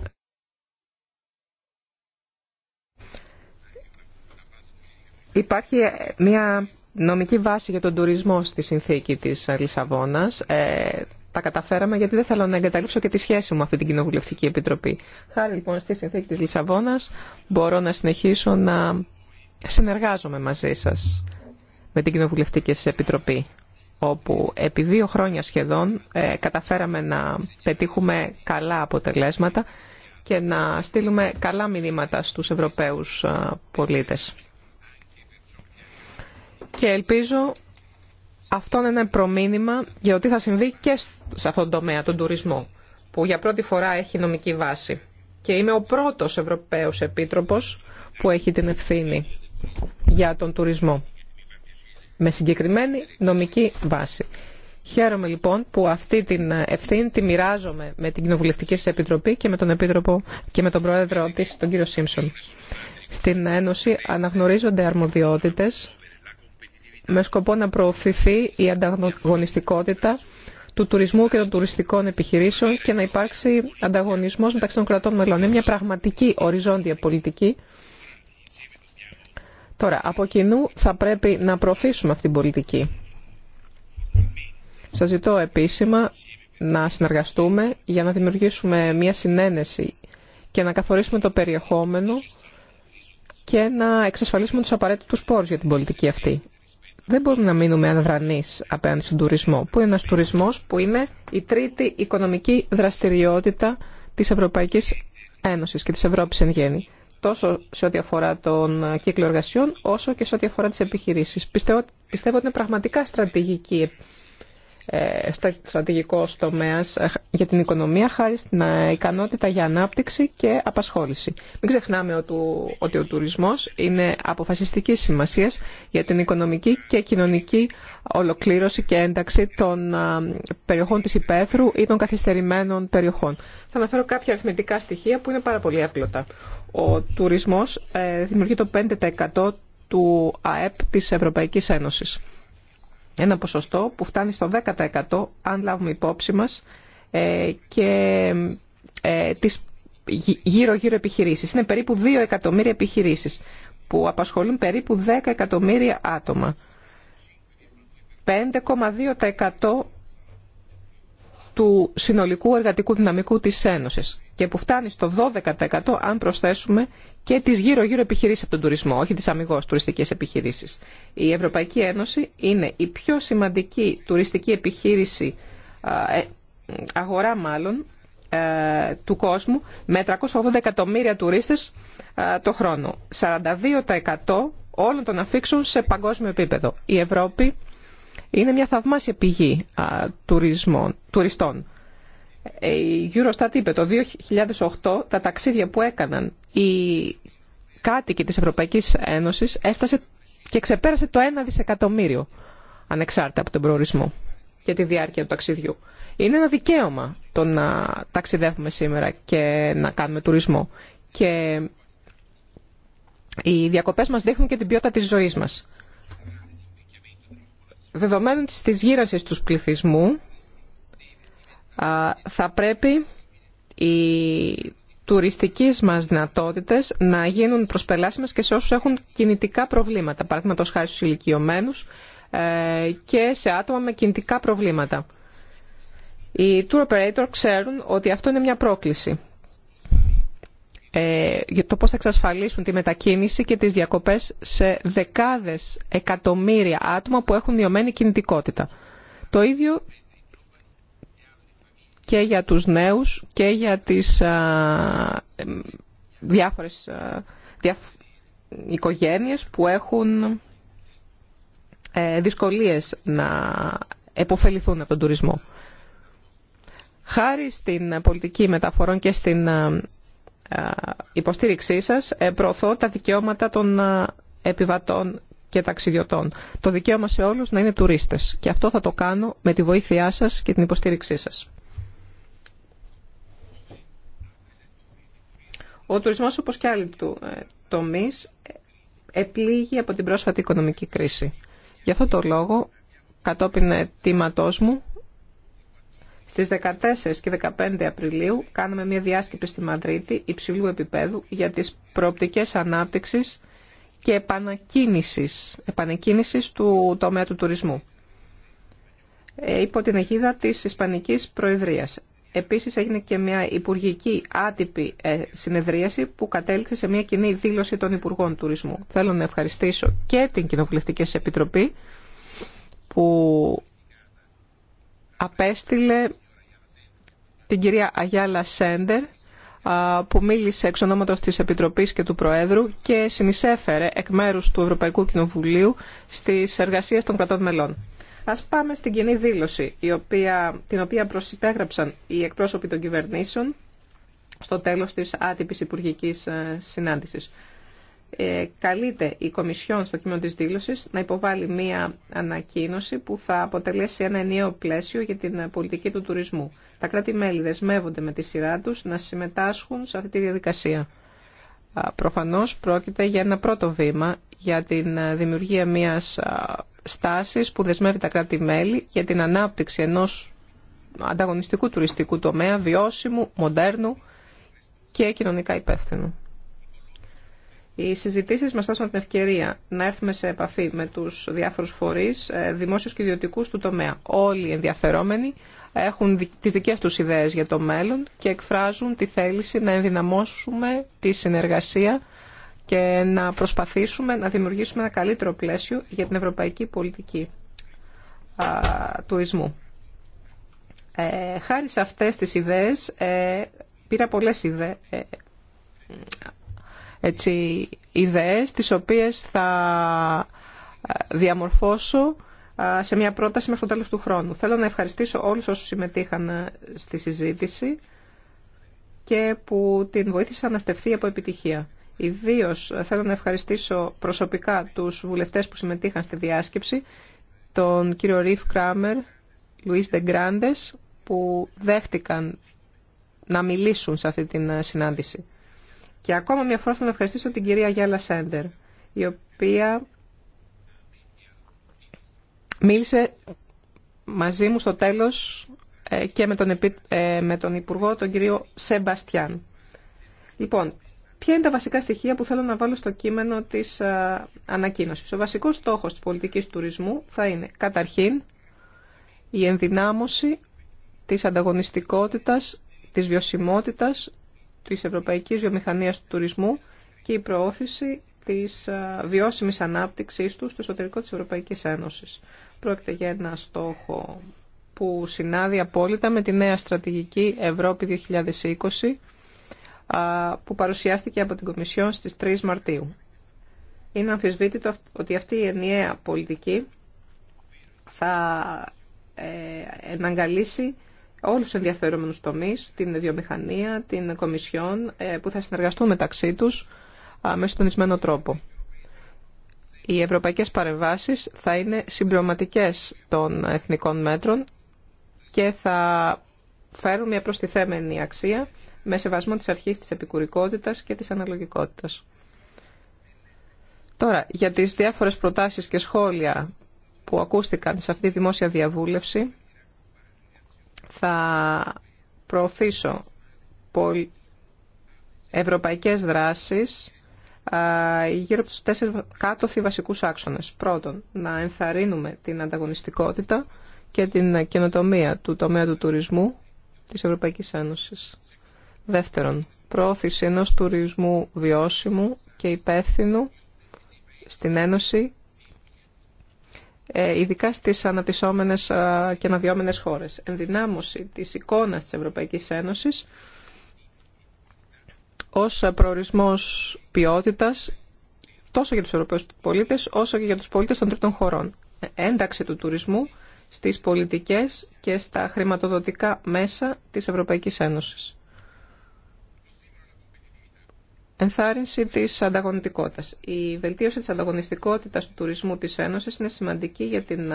Υπάρχει μια νομική βάση για τον τουρισμό στη συνθήκη της Λισαβόνας. Ε, τα καταφέραμε γιατί δεν θέλω να εγκαταλείψω και τη σχέση μου με αυτή την Κοινοβουλευτική Επιτροπή. Χάρη λοιπόν στη συνθήκη της Λισαβόνας μπορώ να συνεχίσω να συνεργάζομαι μαζί σας με την Κοινοβουλευτική Επιτροπή όπου επί δύο χρόνια σχεδόν ε, καταφέραμε να πετύχουμε καλά αποτελέσματα και να στείλουμε καλά μηνύματα στους Ευρωπαίους ε, πολίτες και ελπίζω αυτό είναι ένα προμήνυμα για ότι θα συμβεί και σε αυτόν τον τομέα, τον τουρισμό, που για πρώτη φορά έχει νομική βάση. Και είμαι ο πρώτος Ευρωπαίος Επίτροπος που έχει την ευθύνη για τον τουρισμό, με συγκεκριμένη νομική βάση. Χαίρομαι λοιπόν που αυτή την ευθύνη τη μοιράζομαι με την Κοινοβουλευτική Επιτροπή και με τον, Επίτροπο, και με τον Πρόεδρο της, τον κύριο Σίμψον. Στην Ένωση αναγνωρίζονται αρμοδιότητες με σκοπό να προωθηθεί η ανταγωνιστικότητα του τουρισμού και των τουριστικών επιχειρήσεων και να υπάρξει ανταγωνισμός μεταξύ των κρατών μελών. Είναι μια πραγματική οριζόντια πολιτική. Τώρα, από κοινού θα πρέπει να προωθήσουμε αυτή την πολιτική. Σας ζητώ επίσημα να συνεργαστούμε για να δημιουργήσουμε μια συνένεση και να καθορίσουμε το περιεχόμενο και να εξασφαλίσουμε τους απαραίτητους πόρους για την πολιτική αυτή. Δεν μπορούμε να μείνουμε αναδρανείς απέναντι στον τουρισμό, που είναι ένα τουρισμό που είναι η τρίτη οικονομική δραστηριότητα τη Ευρωπαϊκή Ένωση και τη Ευρώπη εν γέννη. Τόσο σε ό,τι αφορά τον κύκλο εργασιών, όσο και σε ό,τι αφορά τι επιχειρήσει. Πιστεύω, πιστεύω ότι είναι πραγματικά στρατηγική ε, στρατηγικό τομέα ε, για την οικονομία χάρη στην ε, ικανότητα για ανάπτυξη και απασχόληση. Μην ξεχνάμε ότι ο τουρισμός είναι αποφασιστική σημασία για την οικονομική και κοινωνική ολοκλήρωση και ένταξη των περιοχών της υπαίθρου ή των καθυστερημένων περιοχών. Θα αναφέρω κάποια αριθμητικά στοιχεία που είναι πάρα πολύ απλότα. Ο τουρισμός δημιουργεί το 5% του ΑΕΠ της Ευρωπαϊκής Ένωσης. Ένα ποσοστό που φτάνει στο 10% αν λάβουμε υπόψη μας ε, και ε, τις γύρω-γύρω επιχειρήσεις. Είναι περίπου 2 εκατομμύρια επιχειρήσεις που απασχολούν περίπου 10 εκατομμύρια άτομα. 5,2% του συνολικού εργατικού δυναμικού της Ένωσης και που φτάνει στο 12% αν προσθέσουμε και τις γύρω-γύρω επιχειρήσεις από τον τουρισμό, όχι τις αμυγός τουριστικές επιχειρήσεις. Η Ευρωπαϊκή Ένωση είναι η πιο σημαντική τουριστική επιχείρηση, ε, αγορά μάλλον, ε, του κόσμου με 380 εκατομμύρια τουρίστες το χρόνο. 42% όλων των αφήξεων σε παγκόσμιο επίπεδο. Η Ευρώπη είναι μια θαυμάσια πηγή τουρισμών, τουριστών. Ε, η Eurostat είπε το 2008 τα ταξίδια που έκαναν οι κάτοικοι της Ευρωπαϊκής Ένωσης έφτασε και ξεπέρασε το 1 δισεκατομμύριο ανεξάρτητα από τον προορισμό και τη διάρκεια του ταξιδιού. Είναι ένα δικαίωμα το να ταξιδεύουμε σήμερα και να κάνουμε τουρισμό. Και οι διακοπές μας δείχνουν και την ποιότητα της ζωής μας. Δεδομένου της γύρασης του πληθυσμού, θα πρέπει οι τουριστικέ μας δυνατότητε να γίνουν προσπελάσιμες και σε όσου έχουν κινητικά προβλήματα, Παραδείγματο χάρη στους ηλικιωμένου, ε, και σε άτομα με κινητικά προβλήματα. Οι tour operator ξέρουν ότι αυτό είναι μια πρόκληση. Ε, για το πώς θα εξασφαλίσουν τη μετακίνηση και τις διακοπές σε δεκάδες εκατομμύρια άτομα που έχουν μειωμένη κινητικότητα. Το ίδιο και για τους νέους και για τις διάφορες οικογένειες που έχουν ε, δυσκολίες να επωφεληθούν από τον τουρισμό. Χάρη στην πολιτική μεταφορών και στην υποστήριξή σας ε, προωθώ τα δικαιώματα των επιβατών και ταξιδιωτών. Το δικαίωμα σε όλους να είναι τουρίστες. Και αυτό θα το κάνω με τη βοήθειά σας και την υποστήριξή σας. Ο τουρισμός, όπως και άλλοι του ε, τομείς, επλήγει από την πρόσφατη οικονομική κρίση. Γι' αυτό το λόγο, κατόπιν τίματός μου, στις 14 και 15 Απριλίου κάναμε μια διάσκεψη στη Μαδρίτη υψηλού επίπεδου για τις προοπτικές ανάπτυξης και επανακίνησης, επανακίνησης του τομέα του τουρισμού ε, υπό την αιγίδα της Ισπανικής Προεδρίας. Επίσης έγινε και μια υπουργική άτυπη ε, συνεδρίαση που κατέληξε σε μια κοινή δήλωση των Υπουργών Τουρισμού. Θέλω να ευχαριστήσω και την Κοινοβουλευτική Επιτροπή που απέστειλε την κυρία Αγιάλα Σέντερ που μίλησε εξ ονόματος της Επιτροπής και του Προέδρου και συνεισέφερε εκ μέρους του Ευρωπαϊκού Κοινοβουλίου στις εργασίες των κρατών μελών. Α πάμε στην κοινή δήλωση, η οποία, την οποία προσυπέγραψαν οι εκπρόσωποι των κυβερνήσεων στο τέλος της άτυπης υπουργικής ε, συνάντησης. Ε, καλείται η Κομισιόν στο κείμενο της δήλωσης να υποβάλει μία ανακοίνωση που θα αποτελέσει ένα ενιαίο πλαίσιο για την ε, πολιτική του τουρισμού. Τα κράτη-μέλη δεσμεύονται με τη σειρά τους να συμμετάσχουν σε αυτή τη διαδικασία. Προφανώς πρόκειται για ένα πρώτο βήμα για την ε, δημιουργία μιας στάσεις που δεσμεύει τα κράτη-μέλη για την ανάπτυξη ενός ανταγωνιστικού τουριστικού τομέα, βιώσιμου, μοντέρνου και κοινωνικά υπεύθυνου. Οι συζητήσεις μας δώσαν την ευκαιρία να έρθουμε σε επαφή με τους διάφορους φορείς, ε, δημόσιους και ιδιωτικούς του τομέα. Όλοι οι ενδιαφερόμενοι έχουν τις δικές τους ιδέες για το μέλλον και εκφράζουν τη θέληση να ενδυναμώσουμε τη συνεργασία και να προσπαθήσουμε να δημιουργήσουμε ένα καλύτερο πλαίσιο για την ευρωπαϊκή πολιτική α, τουρισμού. Ε, χάρη σε αυτές τις ιδέες ε, πήρα πολλές ιδέες, ε, έτσι, ιδέες τις οποίες θα ε, διαμορφώσω σε μια πρόταση μέχρι το τέλος του χρόνου. Θέλω να ευχαριστήσω όλους όσους συμμετείχαν στη συζήτηση και που την βοήθησαν να στεφθεί από επιτυχία. Ιδίω θέλω να ευχαριστήσω προσωπικά τους βουλευτές που συμμετείχαν στη διάσκεψη, τον κύριο Ρίφ Κράμερ, Λουίς Γκράντες, που δέχτηκαν να μιλήσουν σε αυτή την ε, συνάντηση. Και ακόμα μια φορά θέλω να ευχαριστήσω την κυρία Γιάλα Σέντερ, η οποία μίλησε μαζί μου στο τέλος ε, και ε, με τον, Υπουργό, τον κύριο Σεμπαστιάν. Λοιπόν, Ποια είναι τα βασικά στοιχεία που θέλω να βάλω στο κείμενο της ε, ανακοίνωσης. Ο βασικός στόχος της πολιτικής τουρισμού θα είναι καταρχήν η ενδυνάμωση της ανταγωνιστικότητας, της βιωσιμότητας της ευρωπαϊκής βιομηχανίας του τουρισμού και η προώθηση της ε, βιώσιμης ανάπτυξής του στο εσωτερικό της Ευρωπαϊκής Ένωσης. Πρόκειται για ένα στόχο που συνάδει απόλυτα με τη νέα στρατηγική Ευρώπη 2020 που παρουσιάστηκε από την Κομισιόν στις 3 Μαρτίου. Είναι αμφισβήτητο ότι αυτή η ενιαία πολιτική θα ε, εναγκαλίσει όλους τους ενδιαφέρομενους τομείς, την βιομηχανία, την Κομισιόν, ε, που θα συνεργαστούν μεταξύ τους με συντονισμένο τρόπο. Οι ευρωπαϊκές παρεμβάσεις θα είναι συμπληρωματικές των εθνικών μέτρων και θα φέρουν μια προστιθέμενη αξία με σεβασμό της αρχής της επικουρικότητας και της αναλογικότητας. Τώρα, για τις διάφορες προτάσεις και σχόλια που ακούστηκαν σε αυτή τη δημόσια διαβούλευση, θα προωθήσω ευρωπαϊκές δράσεις γύρω από τους τέσσερις κάτωθι βασικούς άξονες. Πρώτον, να ενθαρρύνουμε την ανταγωνιστικότητα και την καινοτομία του τομέα του τουρισμού της Ευρωπαϊκής Ένωσης. Δεύτερον, προώθηση ενός τουρισμού βιώσιμου και υπεύθυνου στην Ένωση, ε, ειδικά στις αναπτυσσόμενες και αναβιώμενες χώρες. Ενδυνάμωση της εικόνας της Ευρωπαϊκής Ένωσης ως προορισμός ποιότητας τόσο για τους Ευρωπαίους πολίτες όσο και για τους πολίτες των τρίτων χωρών. Ε, ένταξη του τουρισμού στις πολιτικές και στα χρηματοδοτικά μέσα της Ευρωπαϊκής Ένωσης. Ενθάρρυνση της ανταγωνιστικότητας. Η βελτίωση της ανταγωνιστικότητας του τουρισμού της Ένωσης είναι σημαντική για την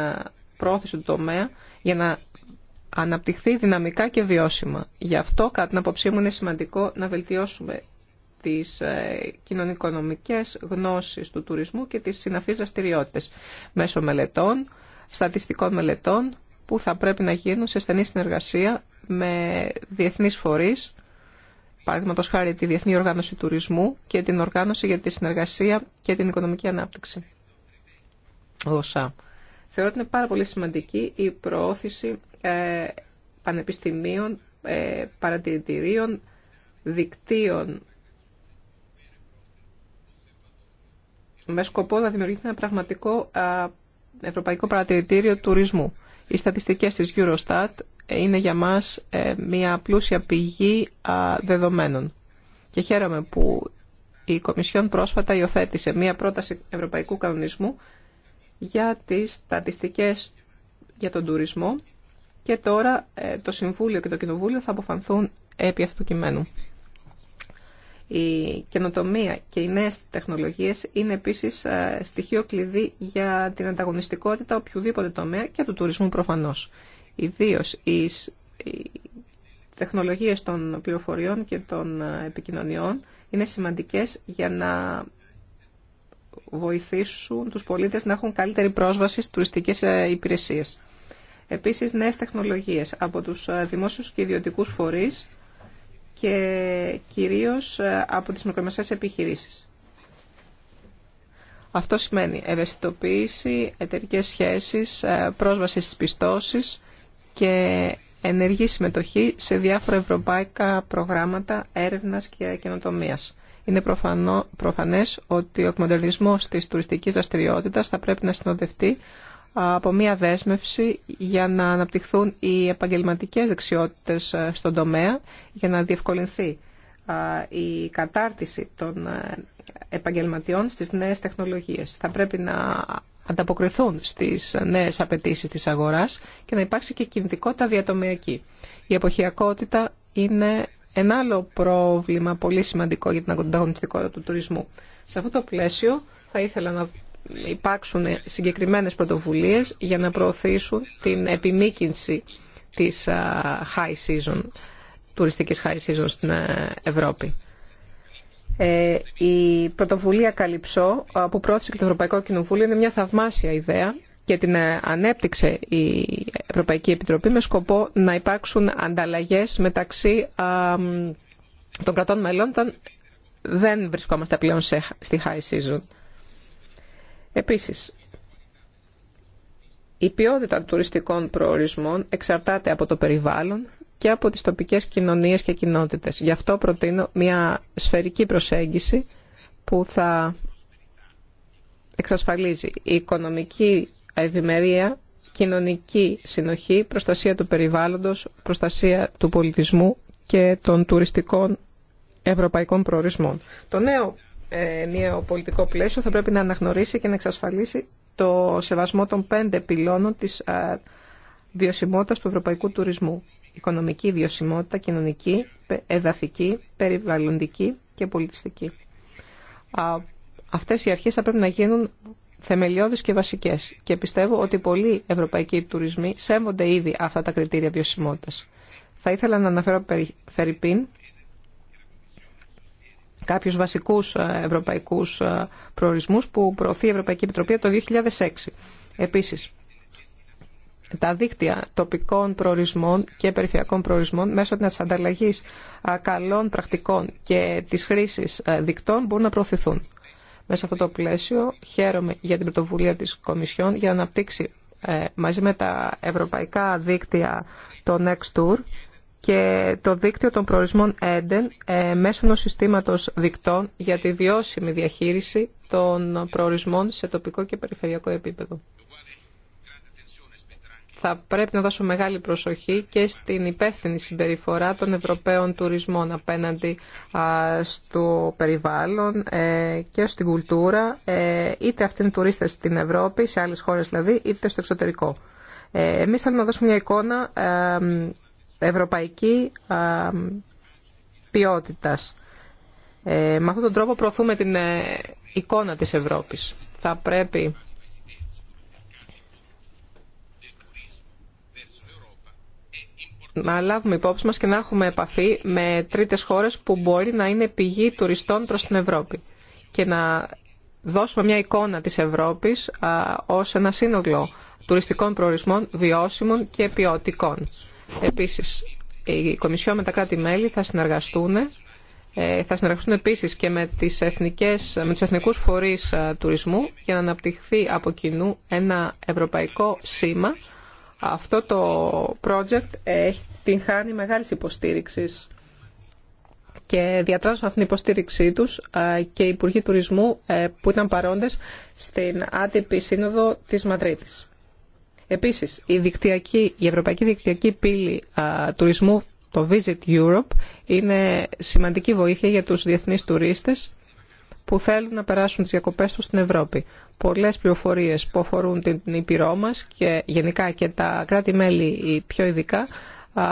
πρόθεση του τομέα για να αναπτυχθεί δυναμικά και βιώσιμα. Γι' αυτό, κατά την απόψή μου, είναι σημαντικό να βελτιώσουμε τις ε, κοινωνικονομικές γνώσεις του τουρισμού και τις συναφείς δραστηριότητε μέσω μελετών, στατιστικών μελετών που θα πρέπει να γίνουν σε στενή συνεργασία με διεθνείς φορείς, παραδείγματο χάρη τη Διεθνή Οργάνωση Τουρισμού και την Οργάνωση για τη Συνεργασία και την Οικονομική Ανάπτυξη. ΩΣΑ. Θεωρώ ότι είναι πάρα πολύ σημαντική η προώθηση ε, πανεπιστημίων, ε, παρατηρητηρίων, δικτύων με σκοπό να δημιουργηθεί ένα πραγματικό Ευρωπαϊκό Παρατηρητήριο Τουρισμού. Οι στατιστικές της Eurostat είναι για μας ε, μια πλούσια πηγή δεδομένων. Και χαίρομαι που η Κομισιόν πρόσφατα υιοθέτησε μια πρόταση ευρωπαϊκού κανονισμού για τις στατιστικές για τον τουρισμό και τώρα ε, το Συμβούλιο και το Κοινοβούλιο θα αποφανθούν επί αυτού του κειμένου. Η καινοτομία και οι νέες τεχνολογίες είναι επίσης ε, στοιχείο κλειδί για την ανταγωνιστικότητα οποιοδήποτε τομέα και του τουρισμού προφανώς. Ιδίω οι τεχνολογίες των πληροφοριών και των ε, επικοινωνιών είναι σημαντικές για να βοηθήσουν τους πολίτες να έχουν καλύτερη πρόσβαση στις τουριστικές ε, υπηρεσίες. Επίσης, νέες τεχνολογίες από τους δημόσιους και ιδιωτικούς φορείς και κυρίως ε, από τις μικρομεσαίες επιχειρήσεις. Αυτό σημαίνει ευαισθητοποίηση, εταιρικέ σχέσεις, ε, πρόσβαση στις πιστώσεις και ενεργή συμμετοχή σε διάφορα ευρωπαϊκά προγράμματα έρευνας και καινοτομίας. Είναι προφανό, προφανές ότι ο εκμοντελισμός της τουριστικής δραστηριότητα θα πρέπει να συνοδευτεί από μια δέσμευση για να αναπτυχθούν οι επαγγελματικές δεξιότητες ε, στον τομέα για να διευκολυνθεί η κατάρτιση των ε, επαγγελματιών στις νέες τεχνολογίες. Θα πρέπει να ανταποκριθούν στις νέες απαιτήσεις της αγοράς και να υπάρξει και κινητικότητα διατομιακή. Η εποχιακότητα είναι ένα άλλο πρόβλημα πολύ σημαντικό για την ανταγωνιστικότητα του τουρισμού. Σε αυτό το πλαίσιο θα ήθελα να υπάρξουν συγκεκριμένες πρωτοβουλίες για να προωθήσουν την επιμήκυνση της high season, τουριστικής high season στην Ευρώπη. Ε, η πρωτοβουλία Καλυψό που πρότεινε και το Ευρωπαϊκό Κοινοβούλιο είναι μια θαυμάσια ιδέα και την ανέπτυξε η Ευρωπαϊκή Επιτροπή με σκοπό να υπάρξουν ανταλλαγές μεταξύ των κρατών μελών όταν δεν βρισκόμαστε πλέον στη high season. Επίσης, η ποιότητα των τουριστικών προορισμών εξαρτάται από το περιβάλλον και από τις τοπικές κοινωνίες και κοινότητες. Γι' αυτό προτείνω μια σφαιρική προσέγγιση που θα εξασφαλίζει η οικονομική ευημερία, κοινωνική συνοχή, προστασία του περιβάλλοντος, προστασία του πολιτισμού και των τουριστικών ευρωπαϊκών προορισμών. Το νέο ενιαίο πολιτικό πλαίσιο θα πρέπει να αναγνωρίσει και να εξασφαλίσει το σεβασμό των πέντε πυλώνων της βιωσιμότητας του ευρωπαϊκού τουρισμού. Οικονομική βιωσιμότητα, κοινωνική, εδαφική, περιβαλλοντική και πολιτιστική. Αυτές οι αρχές θα πρέπει να γίνουν θεμελιώδεις και βασικές και πιστεύω ότι πολλοί ευρωπαϊκοί τουρισμοί σέβονται ήδη αυτά τα κριτήρια βιωσιμότητας. Θα ήθελα να αναφέρω Φερρυπίν Κάποιου βασικούς ε, ευρωπαϊκούς ε, προορισμούς που προωθεί η Ευρωπαϊκή Επιτροπή το 2006. Επίσης, τα δίκτυα τοπικών προορισμών και περιφερειακών προορισμών μέσω της ανταλλαγή ε, καλών πρακτικών και της χρήση δικτών μπορούν να προωθηθούν. Μέσα σε αυτό το πλαίσιο χαίρομαι για την πρωτοβουλία της Κομισιόν για να αναπτύξει μαζί με τα ευρωπαϊκά δίκτυα το Next Tour και το δίκτυο των προορισμών ε, μέσω ενός συστήματος δικτών για τη βιώσιμη διαχείριση των προορισμών σε τοπικό και περιφερειακό επίπεδο. Θα πρέπει να δώσω μεγάλη προσοχή και στην υπεύθυνη συμπεριφορά των Ευρωπαίων τουρισμών απέναντι στο περιβάλλον ε, και στην κουλτούρα, ε, είτε αυτοί είναι τουρίστες στην Ευρώπη, σε άλλες χώρες δηλαδή, είτε στο εξωτερικό. Ε, εμείς θέλουμε να δώσουμε μια εικόνα ευρωπαϊκή ποιότητας. Ε, με αυτόν τον τρόπο προωθούμε την ε, εικόνα της Ευρώπης. Θα πρέπει να λάβουμε υπόψη μας και να έχουμε επαφή με τρίτες χώρες που μπορεί να είναι πηγή τουριστών προς την Ευρώπη και να δώσουμε μια εικόνα της Ευρώπης ως ένα σύνολο τουριστικών προορισμών βιώσιμων και ποιοτικών. Επίσης, η Κομισιό με τα κράτη-μέλη θα συνεργαστούν ε, θα συνεργαστούν επίσης και με, τις εθνικές, με τους εθνικούς φορείς ε, τουρισμού για να αναπτυχθεί από κοινού ένα ευρωπαϊκό σήμα. Αυτό το project έχει την χάνει μεγάλης υποστήριξης και διατράζουν αυτήν την υποστήριξή τους ε, και οι Υπουργοί Τουρισμού που ήταν παρόντες στην άτυπη σύνοδο της Μαδρίτης. Επίσης, η, η Ευρωπαϊκή Δικτυακή Πύλη α, Τουρισμού, το Visit Europe, είναι σημαντική βοήθεια για τους διεθνείς τουρίστες που θέλουν να περάσουν τις διακοπές τους στην Ευρώπη. Πολλές πληροφορίες που αφορούν την Ήπειρό μας και γενικά και τα κράτη-μέλη πιο ειδικά α,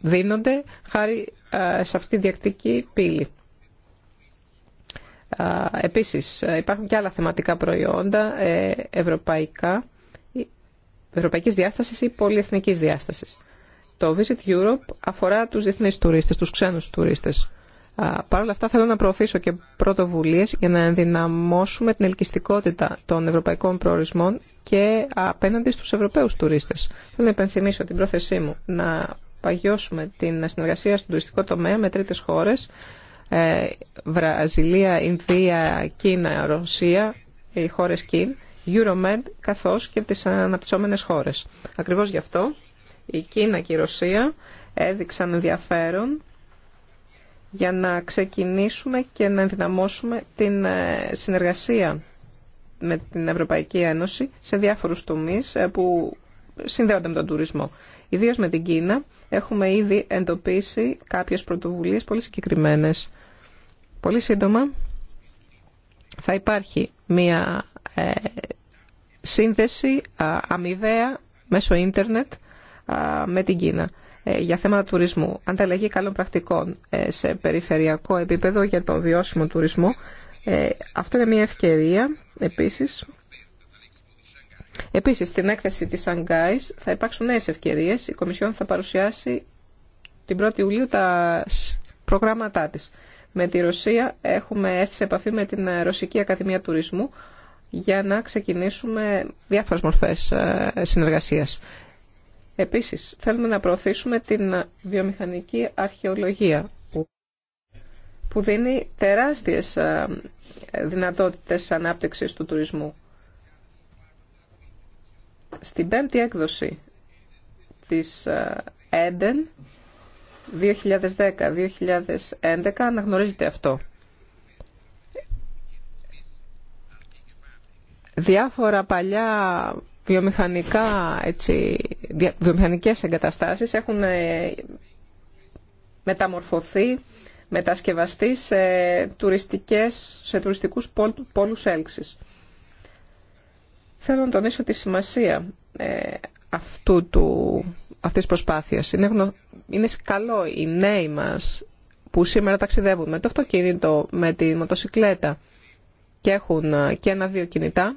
δίνονται χάρη σε αυτή τη διακτική πύλη. Επίσης, ε, υπάρχουν και άλλα θεματικά προϊόντα ε, ευρωπαϊκά ευρωπαϊκής διάστασης ή πολυεθνικής διάστασης. Το Visit Europe αφορά τους διεθνείς τουρίστες, τους ξένους τουρίστες. Παρ' όλα αυτά θέλω να προωθήσω και πρωτοβουλίες για να ενδυναμώσουμε την ελκυστικότητα των ευρωπαϊκών προορισμών και απέναντι στους ευρωπαίους τουρίστες. Θέλω να υπενθυμίσω την πρόθεσή μου να παγιώσουμε την συνεργασία στον τουριστικό τομέα με τρίτες χώρες, ε, Βραζιλία, Ινδία, Κίνα, Ρωσία, οι χώρες Κίν, Euromed καθώς και τις αναπτυσσόμενες χώρες. Ακριβώς γι' αυτό η Κίνα και η Ρωσία έδειξαν ενδιαφέρον για να ξεκινήσουμε και να ενδυναμώσουμε την ε, συνεργασία με την Ευρωπαϊκή Ένωση σε διάφορους τομείς ε, που συνδέονται με τον τουρισμό. Ιδίω με την Κίνα έχουμε ήδη εντοπίσει κάποιες πρωτοβουλίες πολύ συγκεκριμένες. Πολύ σύντομα θα υπάρχει μια ε, σύνδεση αμοιβαία μέσω ίντερνετ με την Κίνα ε, για θέματα τουρισμού, ανταλλαγή καλών πρακτικών ε, σε περιφερειακό επίπεδο για τον βιώσιμο τουρισμό. Αυτό είναι μια ευκαιρία επίσης. Επίσης, στην έκθεση της Σανγκάης θα υπάρξουν νέες ευκαιρίες. Η Κομισιόν θα παρουσιάσει την 1η Ιουλίου τα προγράμματά της. Με τη Ρωσία έχουμε έρθει σε επαφή με την Ρωσική Ακαδημία Τουρισμού για να ξεκινήσουμε διάφορες μορφές ε, συνεργασίας. Επίσης, θέλουμε να προωθήσουμε την βιομηχανική αρχαιολογία που δίνει τεράστιες ε, δυνατότητες ανάπτυξης του τουρισμού. Στην πέμπτη έκδοση της ΕΝΤΕΝ 2010-2011 αναγνωρίζεται αυτό. διάφορα παλιά βιομηχανικά, έτσι, βιομηχανικές εγκαταστάσεις έχουν ε, μεταμορφωθεί, μετασκευαστεί σε, τουριστικές, σε τουριστικούς πόλους έλξης. Θέλω να τονίσω τη σημασία ε, αυτού του, αυτής προσπάθειας. Είναι, είναι καλό οι νέοι μας που σήμερα ταξιδεύουν με το αυτοκίνητο, με τη μοτοσυκλέτα και έχουν ε, και ένα-δύο κινητά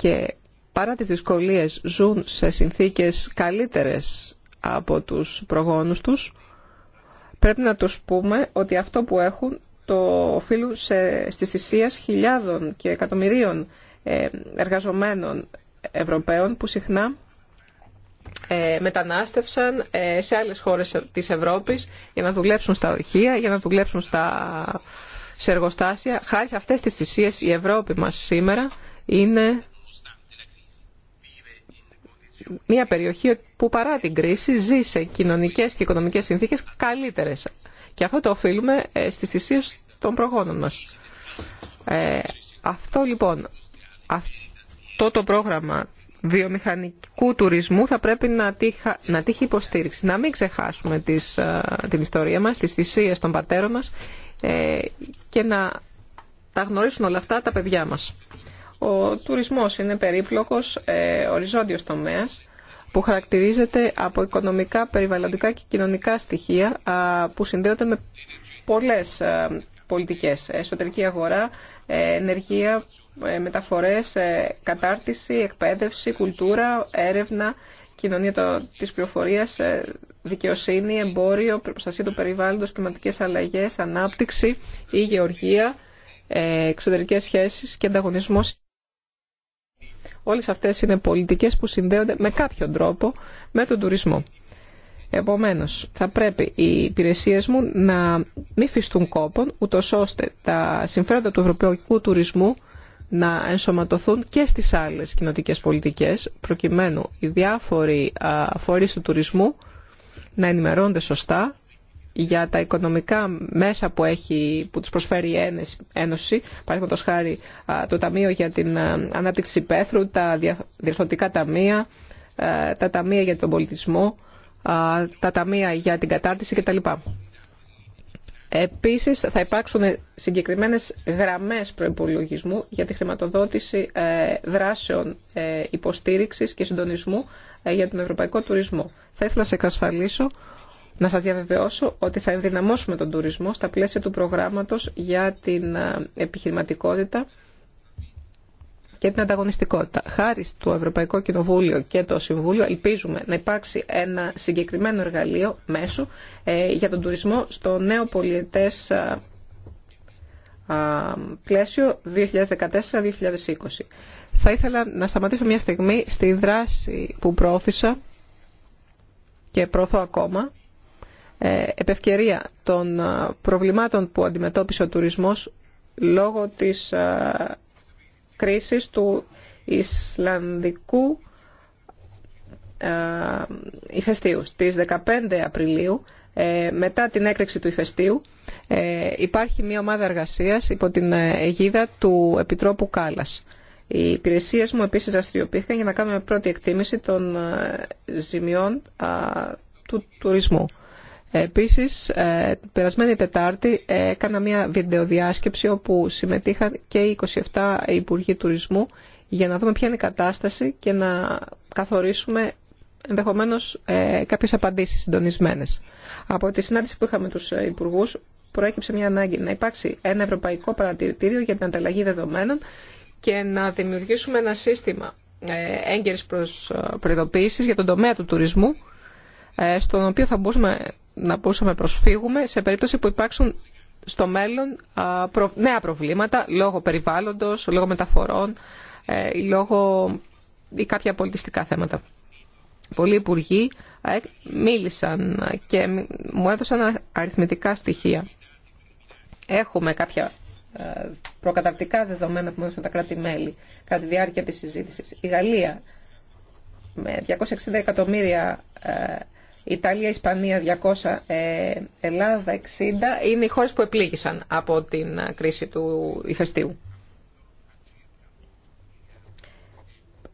και παρά τις δυσκολίες ζουν σε συνθήκες καλύτερες από τους προγόνους τους, πρέπει να τους πούμε ότι αυτό που έχουν το οφείλουν σε, στις θυσίες χιλιάδων και εκατομμυρίων ε, εργαζομένων Ευρωπαίων που συχνά ε, μετανάστευσαν ε, σε άλλες χώρες της Ευρώπης για να δουλέψουν στα ορχεία, για να δουλέψουν στα, σε εργοστάσια. Χάρη σε αυτές τις θυσίες η Ευρώπη μας σήμερα είναι μια περιοχή που παρά την κρίση ζει σε κοινωνικές και οικονομικές συνθήκες καλύτερες. Και αυτό το οφείλουμε ε, στις θυσίε των προγόνων μας. Ε, αυτό λοιπόν, αυτό το πρόγραμμα βιομηχανικού τουρισμού θα πρέπει να, να τύχει υποστήριξη. Να μην ξεχάσουμε τις, ε, την ιστορία μας, τις θυσίες των πατέρων μας και να τα γνωρίσουν όλα αυτά τα παιδιά μας. Ο τουρισμός είναι περίπλοκος, ε, οριζόντιος τομέας που χαρακτηρίζεται από οικονομικά, περιβαλλοντικά και κοινωνικά στοιχεία που συνδέονται με πολλές ε, πολιτικές. Εσωτερική αγορά, ε, ενεργεία, ε, μεταφορές, κατάρτιση, εκπαίδευση, κουλτούρα, έρευνα, κοινωνία της πληροφορίας, δικαιοσύνη, εμπόριο, προστασία του περιβάλλοντος, κλιματικές αλλαγές, ανάπτυξη, η γεωργία, εξωτερικές σχέσεις και ανταγωνισμός. Όλες αυτές είναι πολιτικές που συνδέονται με κάποιον τρόπο με τον τουρισμό. Επομένως, θα πρέπει οι υπηρεσίες μου να μην φυστούν κόπον, ούτω ώστε τα συμφέροντα του ευρωπαϊκού τουρισμού να ενσωματωθούν και στις άλλες κοινοτικέ πολιτικές, προκειμένου οι διάφοροι φορεί του τουρισμού να ενημερώνονται σωστά για τα οικονομικά μέσα που, έχει, που τους προσφέρει η Ένωση, παραδείγματος χάρη το Ταμείο για την Ανάπτυξη Πέθρου, τα διευθυντικά ταμεία, τα ταμεία για τον πολιτισμό, τα ταμεία για την κατάρτιση κτλ. Επίσης θα υπάρξουν συγκεκριμένες γραμμές προϋπολογισμού για τη χρηματοδότηση ε, δράσεων ε, υποστήριξης και συντονισμού ε, για τον ευρωπαϊκό τουρισμό. Θα ήθελα να σε εξασφαλίσω να σας διαβεβαιώσω ότι θα ενδυναμώσουμε τον τουρισμό στα πλαίσια του προγράμματος για την ε, επιχειρηματικότητα και την ανταγωνιστικότητα. Χάρη στο Ευρωπαϊκό Κοινοβούλιο και το Συμβούλιο ελπίζουμε να υπάρξει ένα συγκεκριμένο εργαλείο μέσου ε, για τον τουρισμό στο νέο πολιετές ε, πλαίσιο 2014-2020. Θα ήθελα να σταματήσω μια στιγμή στη δράση που πρόθυσα και προωθώ ακόμα ε, επευκαιρία των ε, προβλημάτων που αντιμετώπισε ο τουρισμός λόγω της ε, κρίσης του Ισλανδικού ηφαιστείου. Στις 15 Απριλίου, μετά την έκρηξη του ηφαιστείου, υπάρχει μια ομάδα εργασίας υπό την αιγίδα του Επιτρόπου Κάλλας. Οι υπηρεσίε μου επίσης δραστηριοποιήθηκαν για να κάνουμε πρώτη εκτίμηση των ζημιών του τουρισμού. Επίσης, την ε, περασμένη Τετάρτη έκανα μια βιντεοδιάσκεψη όπου συμμετείχαν και οι 27 Υπουργοί Τουρισμού για να δούμε ποια είναι η κατάσταση και να καθορίσουμε ενδεχομένως ε, κάποιες απαντήσεις συντονισμένες. Από τη συνάντηση που είχαμε τους ε, Υπουργούς προέκυψε μια ανάγκη να υπάρξει ένα ευρωπαϊκό παρατηρητήριο για την ανταλλαγή δεδομένων και να δημιουργήσουμε ένα σύστημα έγκαιρης προειδοποίησης για τον τομέα του τουρισμού στον οποίο θα μπορούσαμε να μπορούσαμε να προσφύγουμε σε περίπτωση που υπάρξουν στο μέλλον νέα προβλήματα λόγω περιβάλλοντος, λόγω μεταφορών ε, ή, λόγω, κάποια πολιτιστικά θέματα. Πολλοί υπουργοί ε, μίλησαν και μου έδωσαν αριθμητικά στοιχεία. Έχουμε κάποια ε, προκαταρτικά δεδομένα που μου έδωσαν τα κράτη-μέλη κατά τη διάρκεια της συζήτησης. Η Γαλλία με 260 εκατομμύρια Ιταλία, Ισπανία 200, ε, Ελλάδα 60 είναι οι χώρες που επλήγησαν από την ε, κρίση του ηφαιστείου.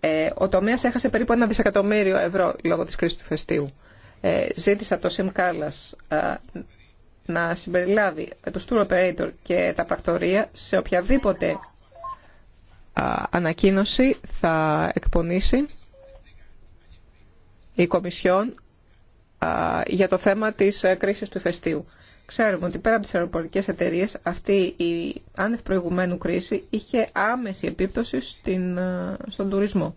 Ε, ο τομέας έχασε περίπου ένα δισεκατομμύριο ευρώ λόγω της κρίσης του ηφαιστείου. Ε, ζήτησα από το ΣΥΜ Κάλλας ε, να συμπεριλάβει το tour operator και τα πρακτορία σε οποιαδήποτε ανακοίνωση θα εκπονήσει η Κομισιόν για το θέμα της ε, κρίσης του ηφαιστείου. Ξέρουμε ότι πέρα από τις αεροπορικές εταιρείες αυτή η άνευ προηγουμένου κρίση είχε άμεση επίπτωση στην, ε, στον τουρισμό.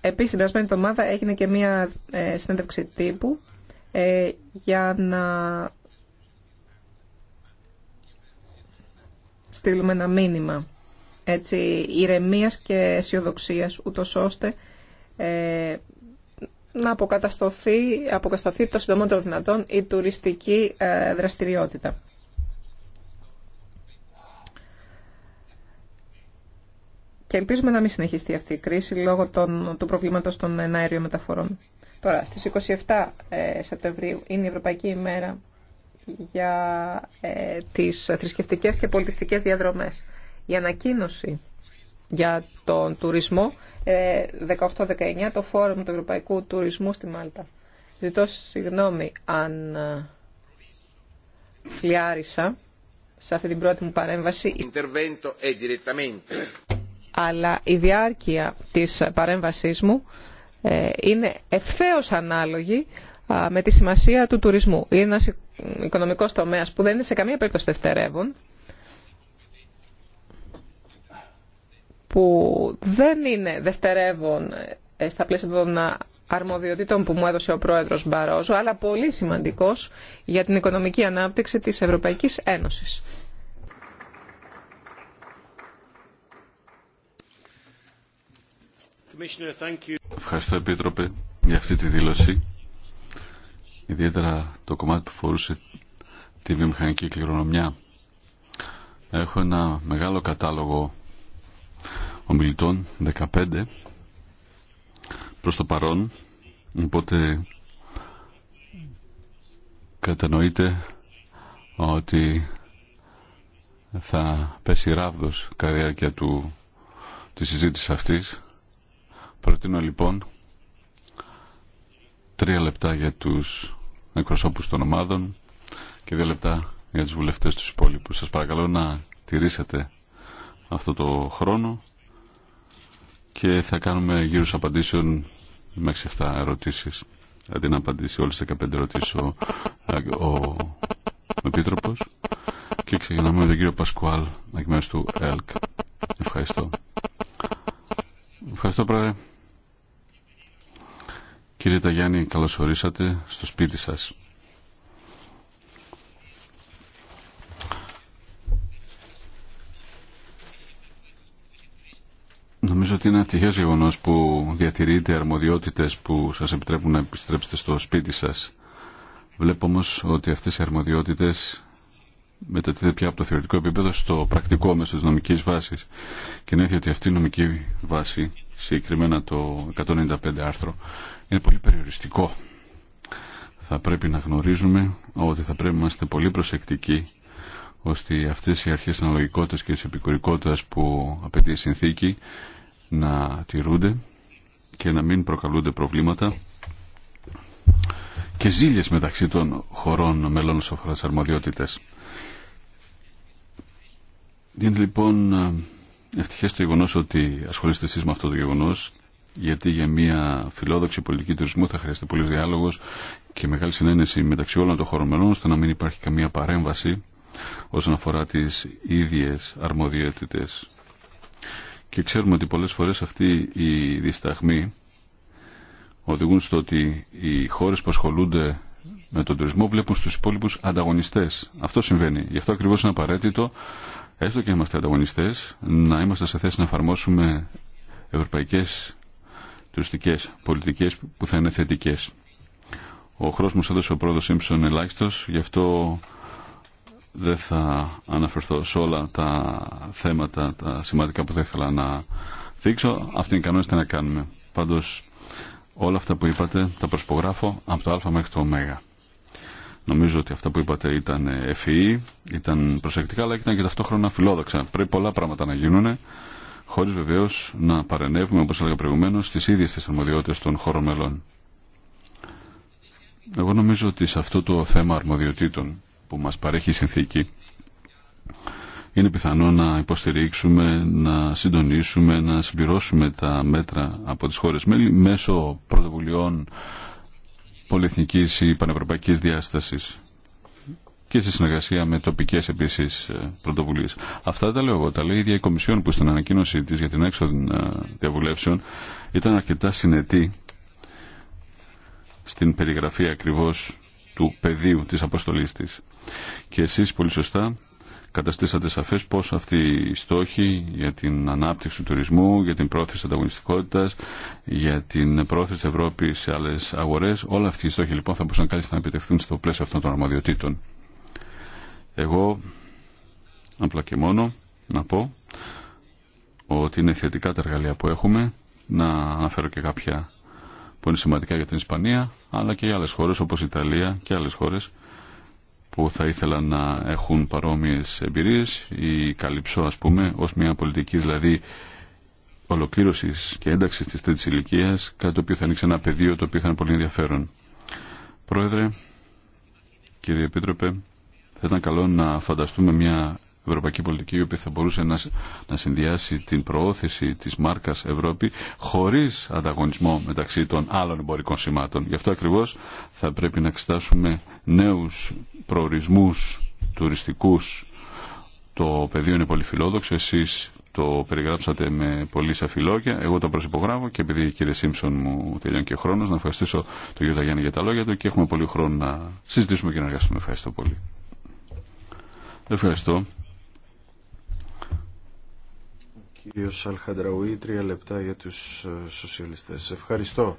Επίσης, την περασμένη εβδομάδα έγινε και μία ε, συνέντευξη τύπου για να στείλουμε ένα μήνυμα έτσι, ηρεμίας και αισιοδοξία, ούτω ώστε ε, να αποκατασταθεί, αποκατασταθεί το συντομότερο δυνατόν η τουριστική ε, δραστηριότητα. Και ελπίζουμε να μην συνεχιστεί αυτή η κρίση λόγω των, του προβλήματος των ε, αεριομεταφορών. μεταφορών. Τώρα, στις 27 ε, Σεπτεμβρίου είναι η Ευρωπαϊκή ημέρα για ε, τις θρησκευτικές και πολιτιστικές διαδρομές. Η ανακοίνωση για τον τουρισμό 18-19 ε, το Φόρουμ του Ευρωπαϊκού Τουρισμού στη Μάλτα. Ζητώ συγγνώμη αν φλιάρισα ε, σε αυτή την πρώτη μου παρέμβαση. Αλλά η διάρκεια της παρέμβασής μου ε, είναι ευθέως ανάλογη με τη σημασία του τουρισμού. Είναι ένας οικονομικός τομέας που δεν είναι σε καμία περίπτωση δευτερεύον. που δεν είναι δευτερεύον ε, στα πλαίσια των αρμοδιοτήτων που μου έδωσε ο πρόεδρος Μπαρόζο, αλλά πολύ σημαντικός για την οικονομική ανάπτυξη της Ευρωπαϊκής Ένωσης. Ευχαριστώ, Επίτροπε, για αυτή τη δήλωση. Ιδιαίτερα το κομμάτι που φορούσε τη βιομηχανική κληρονομιά. Έχω ένα μεγάλο κατάλογο ομιλητών, 15 προς το παρόν, οπότε κατανοείται ότι θα πέσει ράβδος κατά του, της συζήτησης αυτής. Προτείνω λοιπόν τρία λεπτά για τους εκπροσώπους των ομάδων και δύο λεπτά για τους βουλευτές τους υπόλοιπους. Σας παρακαλώ να τηρήσετε αυτό το χρόνο και θα κάνουμε γύρους απαντήσεων μέχρι 7 ερωτήσεις. Αντί να απαντήσει όλες τις 15 ερωτήσεις ο, ο, ο Επίτροπος. Και ξεκινάμε με τον κύριο Πασκουάλ, εκ μέρους του ΕΛΚ. Ευχαριστώ. Ευχαριστώ, Πρόεδρε. Κύριε Ταγιάννη, καλώς ορίσατε στο σπίτι σας. ότι είναι ένα γεγονό που διατηρείτε αρμοδιότητε που σα επιτρέπουν να επιστρέψετε στο σπίτι σα. Βλέπω όμω ότι αυτέ οι αρμοδιότητε μετατίθεται πια από το θεωρητικό επίπεδο στο πρακτικό μέσω τη νομική βάση. Και είναι ότι αυτή η νομική βάση, συγκεκριμένα το 195 άρθρο, είναι πολύ περιοριστικό. Θα πρέπει να γνωρίζουμε ότι θα πρέπει να είμαστε πολύ προσεκτικοί ώστε αυτές οι αρχές αναλογικότητας και της επικουρικότητας που απαιτεί η συνθήκη να τηρούνται και να μην προκαλούνται προβλήματα και ζήλιες μεταξύ των χωρών μελών σοφράς αρμοδιότητες. Είναι λοιπόν ε, ευτυχές το γεγονός ότι ασχολείστε εσείς με αυτό το γεγονός γιατί για μια φιλόδοξη πολιτική τουρισμού θα χρειαστεί πολλή διάλογο και μεγάλη συνένεση μεταξύ όλων των χωρών μελών, ώστε να μην υπάρχει καμία παρέμβαση όσον αφορά τις ίδιες αρμοδιότητες και ξέρουμε ότι πολλές φορές αυτοί οι δισταγμοί οδηγούν στο ότι οι χώρες που ασχολούνται με τον τουρισμό βλέπουν στους υπόλοιπου ανταγωνιστές. Αυτό συμβαίνει. Γι' αυτό ακριβώς είναι απαραίτητο, έστω και είμαστε ανταγωνιστές, να είμαστε σε θέση να εφαρμόσουμε ευρωπαϊκές τουριστικές πολιτικές που θα είναι θετικές. Ο χρόνος μου έδωσε ο πρόεδρος Σίμψον ελάχιστος, γι' αυτό δεν θα αναφερθώ σε όλα τα θέματα, τα σημαντικά που θα ήθελα να δείξω. Αυτή είναι η να κάνουμε. Πάντως όλα αυτά που είπατε τα προσπογράφω από το α μέχρι το ω. Νομίζω ότι αυτά που είπατε ήταν ευφυή, ήταν προσεκτικά, αλλά ήταν και ταυτόχρονα φιλόδοξα. Πρέπει πολλά πράγματα να γίνουν, χωρί βεβαίω να παρενεύουμε, όπω έλεγα προηγουμένω, στι ίδιε τι αρμοδιότητε των χωρών μελών. Εγώ νομίζω ότι σε αυτό το θέμα αρμοδιοτήτων που μας παρέχει η συνθήκη είναι πιθανό να υποστηρίξουμε, να συντονίσουμε, να συμπληρώσουμε τα μέτρα από τις χώρες μέλη μέσω πρωτοβουλειών πολυεθνικής ή πανευρωπαϊκής διάστασης και στη συνεργασία με τοπικές επίση ε, πρωτοβουλίε. Αυτά τα λέω εγώ. Τα λέει η ίδια η Κομισιόν που στην ανακοίνωσή της για την έξοδο ε, διαβουλεύσεων ήταν αρκετά συνετή στην περιγραφή ακριβώς του πεδίου της αποστολής της. Και εσείς πολύ σωστά καταστήσατε σαφές πώς αυτή η στόχη για την ανάπτυξη του τουρισμού, για την πρόθεση της ανταγωνιστικότητας, για την πρόθεση της Ευρώπης σε άλλες αγορές, όλα αυτή η στόχη λοιπόν θα μπορούσαν κάλλιστα να επιτευχθούν στο πλαίσιο αυτών των αρμοδιοτήτων. Εγώ, απλά και μόνο, να πω ότι είναι θετικά τα εργαλεία που έχουμε, να αναφέρω και κάποια που είναι σημαντικά για την Ισπανία, αλλά και για άλλες χώρες όπως η Ιταλία και άλλες χώρες που θα ήθελαν να έχουν παρόμοιες εμπειρίες ή καλυψώ ας πούμε ως μια πολιτική δηλαδή ολοκλήρωσης και ένταξης της τρίτη ηλικία, κάτι το οποίο θα ανοίξει ένα πεδίο το οποίο θα είναι πολύ ενδιαφέρον. Πρόεδρε, κύριε Επίτροπε, θα ήταν καλό να φανταστούμε μια ευρωπαϊκή πολιτική η οποία θα μπορούσε να, να συνδυάσει την προώθηση τη Μάρκα Ευρώπη χωρί ανταγωνισμό μεταξύ των άλλων εμπορικών σημάτων. Γι' αυτό ακριβώ θα πρέπει να εξετάσουμε νέου προορισμού, τουριστικού, Το πεδίο είναι πολύ φιλόδοξο, εσείς το περιγράψατε με πολύ σαφή λόγια. Εγώ το προσυπογράφω και επειδή κύριε Σίμψον μου τελειώνει και χρόνο, να ευχαριστήσω τον κύριο Ταγιάννη για τα λόγια του και έχουμε πολύ χρόνο να συζητήσουμε και να εργαστούμε. Ευχαριστώ πολύ. Ευχαριστώ. Κύριος Αλχαντραουή, τρία λεπτά για τους ε, σοσιαλιστές. Ευχαριστώ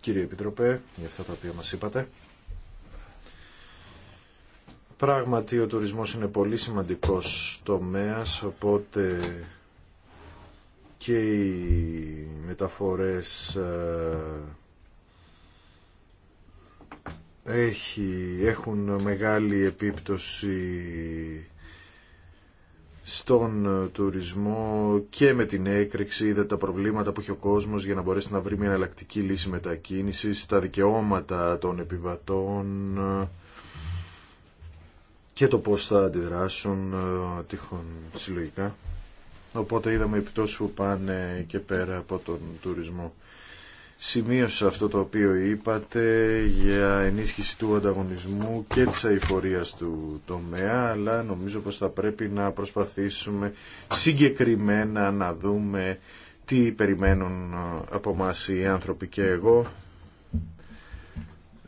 κύριε Επιτροπέ για αυτά τα οποία μας είπατε. Πράγματι ο τουρισμός είναι πολύ σημαντικός τομέας, οπότε και οι μεταφορές ε, έχει, έχουν μεγάλη επίπτωση στον ε, τουρισμό και με την έκρηξη, είδα τα προβλήματα που έχει ο κόσμος για να μπορέσει να βρει μια εναλλακτική λύση μετακίνησης, τα δικαιώματα των επιβατών ε, και το πώς θα αντιδράσουν ε, τυχόν συλλογικά. Οπότε είδαμε επιπτώσεις που πάνε και πέρα από τον τουρισμό σημείωσα αυτό το οποίο είπατε για ενίσχυση του ανταγωνισμού και της αηφορίας του τομέα, αλλά νομίζω πως θα πρέπει να προσπαθήσουμε συγκεκριμένα να δούμε τι περιμένουν από μας οι άνθρωποι και εγώ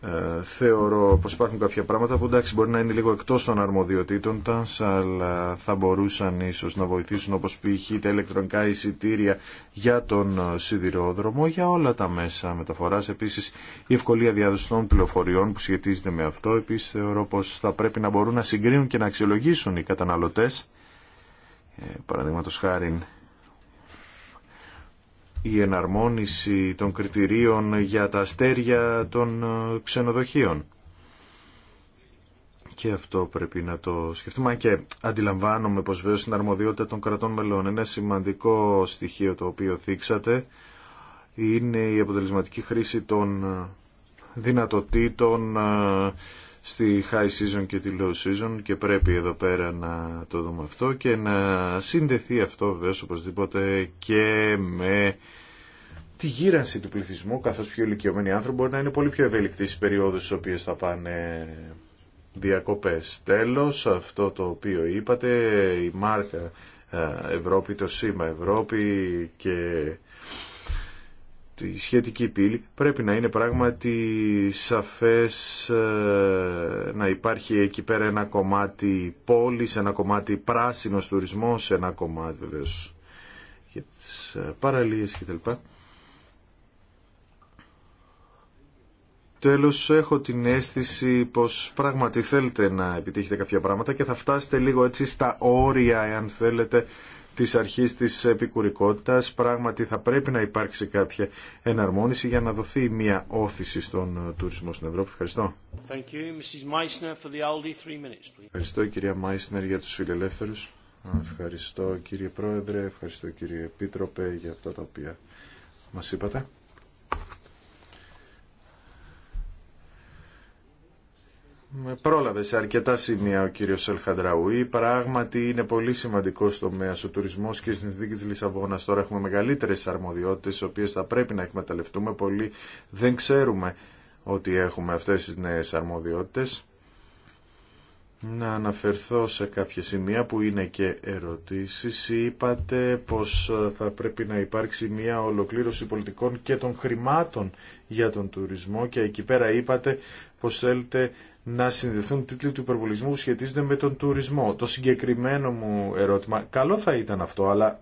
ε, θεωρώ πως υπάρχουν κάποια πράγματα που εντάξει μπορεί να είναι λίγο εκτός των αρμοδιοτήτων τας, αλλά θα μπορούσαν ίσως να βοηθήσουν όπως π.χ. τα ηλεκτρονικά εισιτήρια για τον ε, σιδηρόδρομο, για όλα τα μέσα μεταφοράς. Επίσης η ευκολία διάδοση των πληροφοριών που σχετίζεται με αυτό. Επίσης θεωρώ πως θα πρέπει να μπορούν να συγκρίνουν και να αξιολογήσουν οι καταναλωτές. Ε, Παραδείγματο χάρη η εναρμόνιση των κριτηρίων για τα αστέρια των ε, ξενοδοχείων. Και αυτό πρέπει να το σκεφτούμε. Και αντιλαμβάνομαι πως βέβαια στην αρμοδιότητα των κρατών μελών ένα σημαντικό στοιχείο το οποίο θίξατε είναι η αποτελεσματική χρήση των ε, δυνατοτήτων ε, στη high season και τη low season και πρέπει εδώ πέρα να το δούμε αυτό και να συνδεθεί αυτό βέβαια οπωσδήποτε και με τη γύρανση του πληθυσμού καθώς πιο ηλικιωμένοι άνθρωποι μπορεί να είναι πολύ πιο ευέλικτοι στις περιόδους στις οποίες θα πάνε διακοπές. Τέλος, αυτό το οποίο είπατε, η μάρκα Ευρώπη, το σήμα Ευρώπη και τη σχετική πύλη πρέπει να είναι πράγματι σαφές ε, να υπάρχει εκεί πέρα ένα κομμάτι πόλης, ένα κομμάτι πράσινος τουρισμός, ένα κομμάτι βεβαίως για τις ε, παραλίες κτλ. Τέλος έχω την αίσθηση πως πράγματι θέλετε να επιτύχετε κάποια πράγματα και θα φτάσετε λίγο έτσι στα όρια εάν θέλετε της αρχής της επικουρικότητας. Πράγματι θα πρέπει να υπάρξει κάποια εναρμόνιση για να δοθεί μια όθηση στον ε, τουρισμό στην Ευρώπη. Ευχαριστώ. Thank you. Ευχαριστώ κυρία Μάισνερ για τους φιλελεύθερους. Ευχαριστώ κύριε Πρόεδρε, ευχαριστώ κύριε Επίτροπε για αυτά τα οποία μας είπατε. Με πρόλαβε σε αρκετά σημεία ο κύριος Ελχαντραούι. Πράγματι είναι πολύ σημαντικό τομέα ο τουρισμό και στην συνθήκη τη Λισαβόνα. Τώρα έχουμε μεγαλύτερε αρμοδιότητε, τι οποίε θα πρέπει να εκμεταλλευτούμε. Πολλοί δεν ξέρουμε ότι έχουμε αυτέ τι νέε αρμοδιότητε. Να αναφερθώ σε κάποια σημεία που είναι και ερωτήσεις. Είπατε πως θα πρέπει να υπάρξει μια ολοκλήρωση πολιτικών και των χρημάτων για τον τουρισμό και εκεί πέρα είπατε πως θέλετε να συνδεθούν τίτλοι του υπερβολισμού που σχετίζονται με τον τουρισμό. Το συγκεκριμένο μου ερώτημα, καλό θα ήταν αυτό, αλλά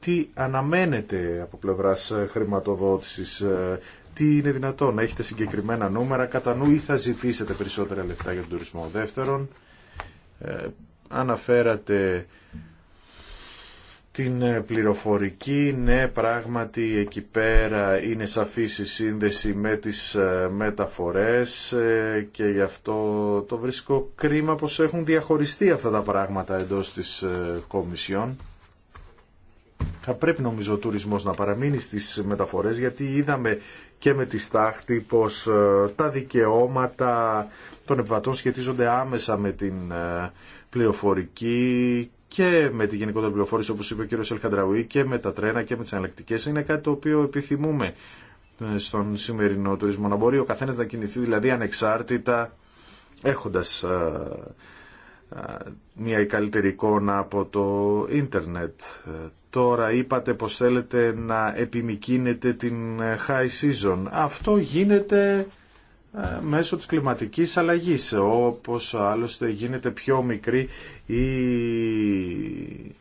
τι αναμένετε από πλευράς ε, χρηματοδότησης, ε, τι είναι δυνατόν, έχετε συγκεκριμένα νούμερα κατά νου ή θα ζητήσετε περισσότερα λεφτά για τον τουρισμό. Δεύτερον, ε, αναφέρατε την ε, πληροφορική, ναι πράγματι εκεί πέρα είναι σαφής η σύνδεση με τις ε, μεταφορές ε, και γι' αυτό το βρίσκω κρίμα πως έχουν διαχωριστεί αυτά τα πράγματα εντός της Κομισιόν. Θα πρέπει νομίζω ο τουρισμός να παραμείνει στις μεταφορές γιατί είδαμε και με τη στάχτη πως τα δικαιώματα των επιβατών σχετίζονται άμεσα με την πληροφορική και με τη γενικότερη πληροφόρηση όπως είπε ο κύριος Ελχαντραουή και με τα τρένα και με τις αναλλακτικές είναι κάτι το οποίο επιθυμούμε ε, στον σημερινό τουρισμό να μπορεί ο καθένας να κινηθεί δηλαδή ανεξάρτητα έχοντας ε, ε, μια καλύτερη εικόνα από το ίντερνετ. Τώρα είπατε πως θέλετε να επιμικίνετε την high season. Αυτό γίνεται ε, μέσω της κλιματικής αλλαγής, όπως άλλωστε γίνεται πιο μικρή η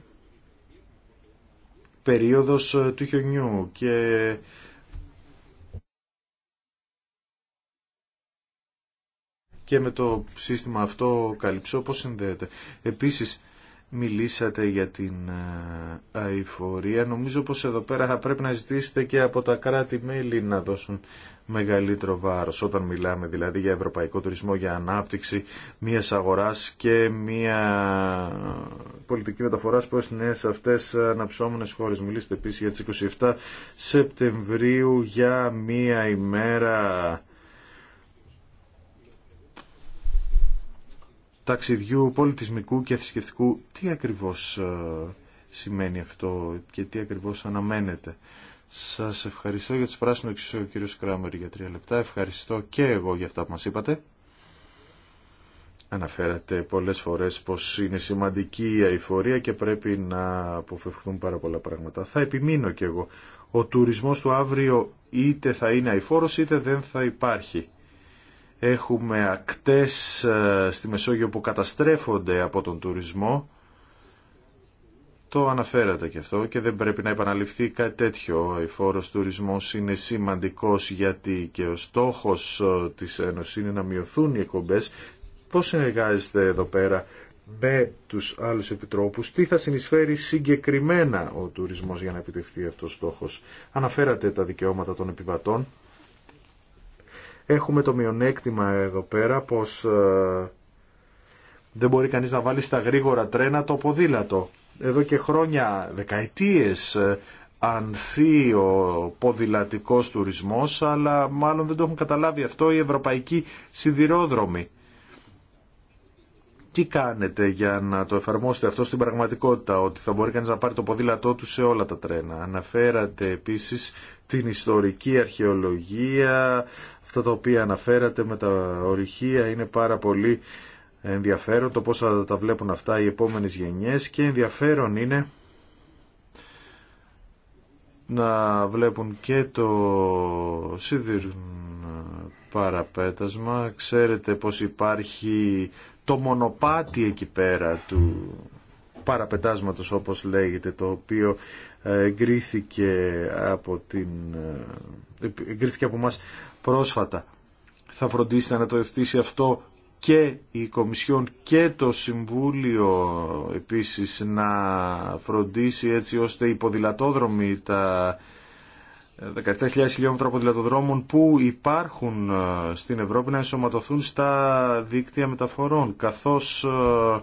περίοδος του χιονιού και και με το σύστημα αυτό καλύψω πώς συνδέεται. Επίσης μιλήσατε για την ε, αηφορία. Νομίζω πως εδώ πέρα θα πρέπει να ζητήσετε και από τα κράτη-μέλη να δώσουν μεγαλύτερο βάρος όταν μιλάμε δηλαδή για ευρωπαϊκό τουρισμό, για ανάπτυξη μιας αγοράς και μια πολιτική μεταφοράς προς νέες αυτές αναψώμενες χώρες. Μιλήστε επίσης για τις 27 Σεπτεμβρίου για μια ημέρα ταξιδιού πολιτισμικού και θρησκευτικού. Τι ακριβώς ε, σημαίνει αυτό και τι ακριβώς αναμένεται. Σας ευχαριστώ για την πράσινους ο κύριος Κράμερ για τρία λεπτά. Ευχαριστώ και εγώ για αυτά που μας είπατε. Αναφέρατε πολλές φορές πως είναι σημαντική η αηφορία και πρέπει να αποφευχθούν πάρα πολλά πράγματα. Θα επιμείνω κι εγώ. Ο τουρισμός του αύριο είτε θα είναι αηφόρος είτε δεν θα υπάρχει. Έχουμε ακτές ε, στη Μεσόγειο που καταστρέφονται από τον τουρισμό. Το αναφέρατε και αυτό και δεν πρέπει να επαναληφθεί κάτι τέτοιο. Ο φόρος τουρισμός είναι σημαντικός γιατί και ο στόχος ε, της Ένωσης είναι να μειωθούν οι εκπομπές. Πώς συνεργάζεστε εδώ πέρα με τους άλλους επιτρόπους, τι θα συνεισφέρει συγκεκριμένα ο τουρισμός για να επιτευχθεί αυτός ο στόχος. Αναφέρατε τα δικαιώματα των επιβατών Έχουμε το μειονέκτημα εδώ πέρα πως ε, δεν μπορεί κανείς να βάλει στα γρήγορα τρένα το ποδήλατο. Εδώ και χρόνια, δεκαετίες, ε, ανθεί ο ποδηλατικός τουρισμός, αλλά μάλλον δεν το έχουν καταλάβει αυτό οι ευρωπαϊκοί σιδηρόδρομοι. Τι κάνετε για να το εφαρμόσετε αυτό στην πραγματικότητα, ότι θα μπορεί κανείς να πάρει το ποδήλατό του σε όλα τα τρένα. Αναφέρατε επίσης την ιστορική αρχαιολογία, Αυτά τα οποία αναφέρατε με τα ορυχεία είναι πάρα πολύ ενδιαφέρον το πώς θα τα βλέπουν αυτά οι επόμενες γενιές και ενδιαφέρον είναι να βλέπουν και το σίδηρο παραπέτασμα. Ξέρετε πως υπάρχει το μονοπάτι εκεί πέρα του παραπετάσματος όπως λέγεται το οποίο εγκρίθηκε από, την, ε, εγκρίθηκε από μας πρόσφατα. Θα φροντίσει να το αυτό και η Κομισιόν και το Συμβούλιο επίσης να φροντίσει έτσι ώστε οι ποδηλατόδρομοι, τα 17.000 χιλιόμετρα ποδηλατοδρόμων που υπάρχουν ε, στην Ευρώπη να ενσωματωθούν στα δίκτυα μεταφορών καθώς ε,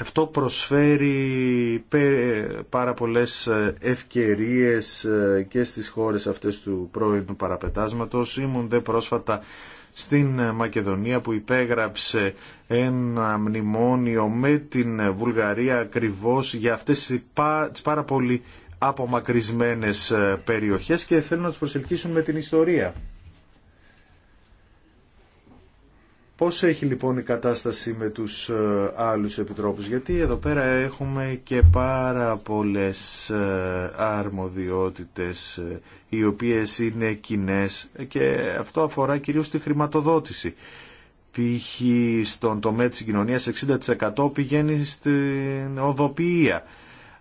αυτό προσφέρει πάρα πολλές ε, ευκαιρίες ε, και στις χώρες αυτές του πρώην παραπετάσματος. Ήμουν δε πρόσφατα στην ε, Μακεδονία που υπέγραψε ένα μνημόνιο με την Βουλγαρία ακριβώς για αυτές τις πάρα πολύ απομακρυσμένες περιοχές και θέλω να τους προσελκύσουν με την ιστορία Πώς έχει λοιπόν η κατάσταση με τους ε, άλλους επιτρόπους, γιατί εδώ πέρα έχουμε και πάρα πολλές ε, αρμοδιότητες ε, οι οποίες είναι κοινέ και αυτό αφορά κυρίως τη χρηματοδότηση. Π.χ. στον τομέα της κοινωνίας 60% πηγαίνει στην οδοποιία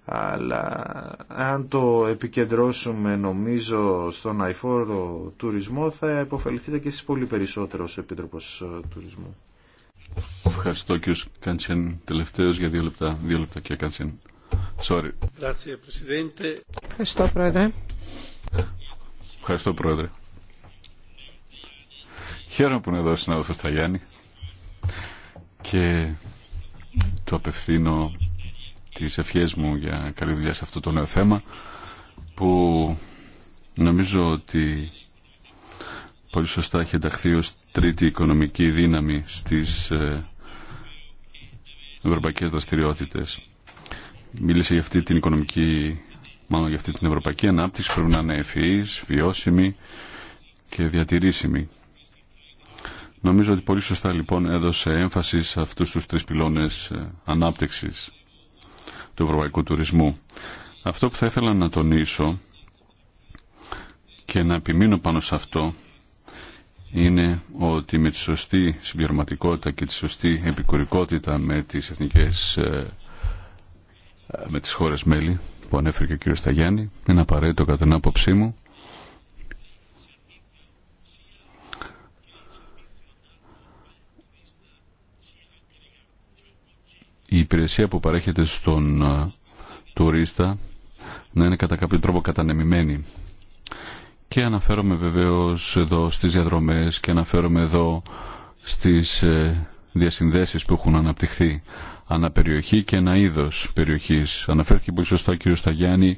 αλλά αν το επικεντρώσουμε νομίζω στον αηφόρο τουρισμό θα υποφεληθείτε και εσείς πολύ περισσότερο ως Επίτροπος ε, Τουρισμού. Ευχαριστώ κύριος Κάντσιαν. Τελευταίος για δύο λεπτά. Δύο λεπτά κύριε Κάντσιαν. Sorry. Ευχαριστώ Πρόεδρε. Ευχαριστώ Πρόεδρε. Χαίρομαι που είναι εδώ ο συνάδελφος Ταγιάννη και το απευθύνω τις ευχές μου για καλή δουλειά σε αυτό το νέο θέμα που νομίζω ότι πολύ σωστά έχει ενταχθεί ως τρίτη οικονομική δύναμη στις ε, ευρωπαϊκές δραστηριότητες. Μίλησε για αυτή την οικονομική, μάλλον για αυτή την ευρωπαϊκή ανάπτυξη πρέπει να είναι ευφυής, βιώσιμη και διατηρήσιμη. Νομίζω ότι πολύ σωστά λοιπόν έδωσε έμφαση σε αυτούς τους τρεις πυλώνες ε, ανάπτυξης του ευρωπαϊκού τουρισμού. Αυτό που θα ήθελα να τονίσω και να επιμείνω πάνω σε αυτό είναι ότι με τη σωστή συμπληρωματικότητα και τη σωστή επικουρικότητα με τις εθνικές ε, ε, με τις χώρες μέλη που ανέφερε και ο κύριος Σταγιάννη είναι απαραίτητο κατά την άποψή μου η υπηρεσία που παρέχεται στον ε, τουρίστα να είναι κατά κάποιο τρόπο κατανεμημένη. Και αναφέρομαι βεβαίως εδώ στις διαδρομές και αναφέρομαι εδώ στις ε, διασυνδέσεις που έχουν αναπτυχθεί ανά περιοχή και ένα είδος περιοχής. Αναφέρθηκε πολύ σωστά ο κ. Σταγιάννη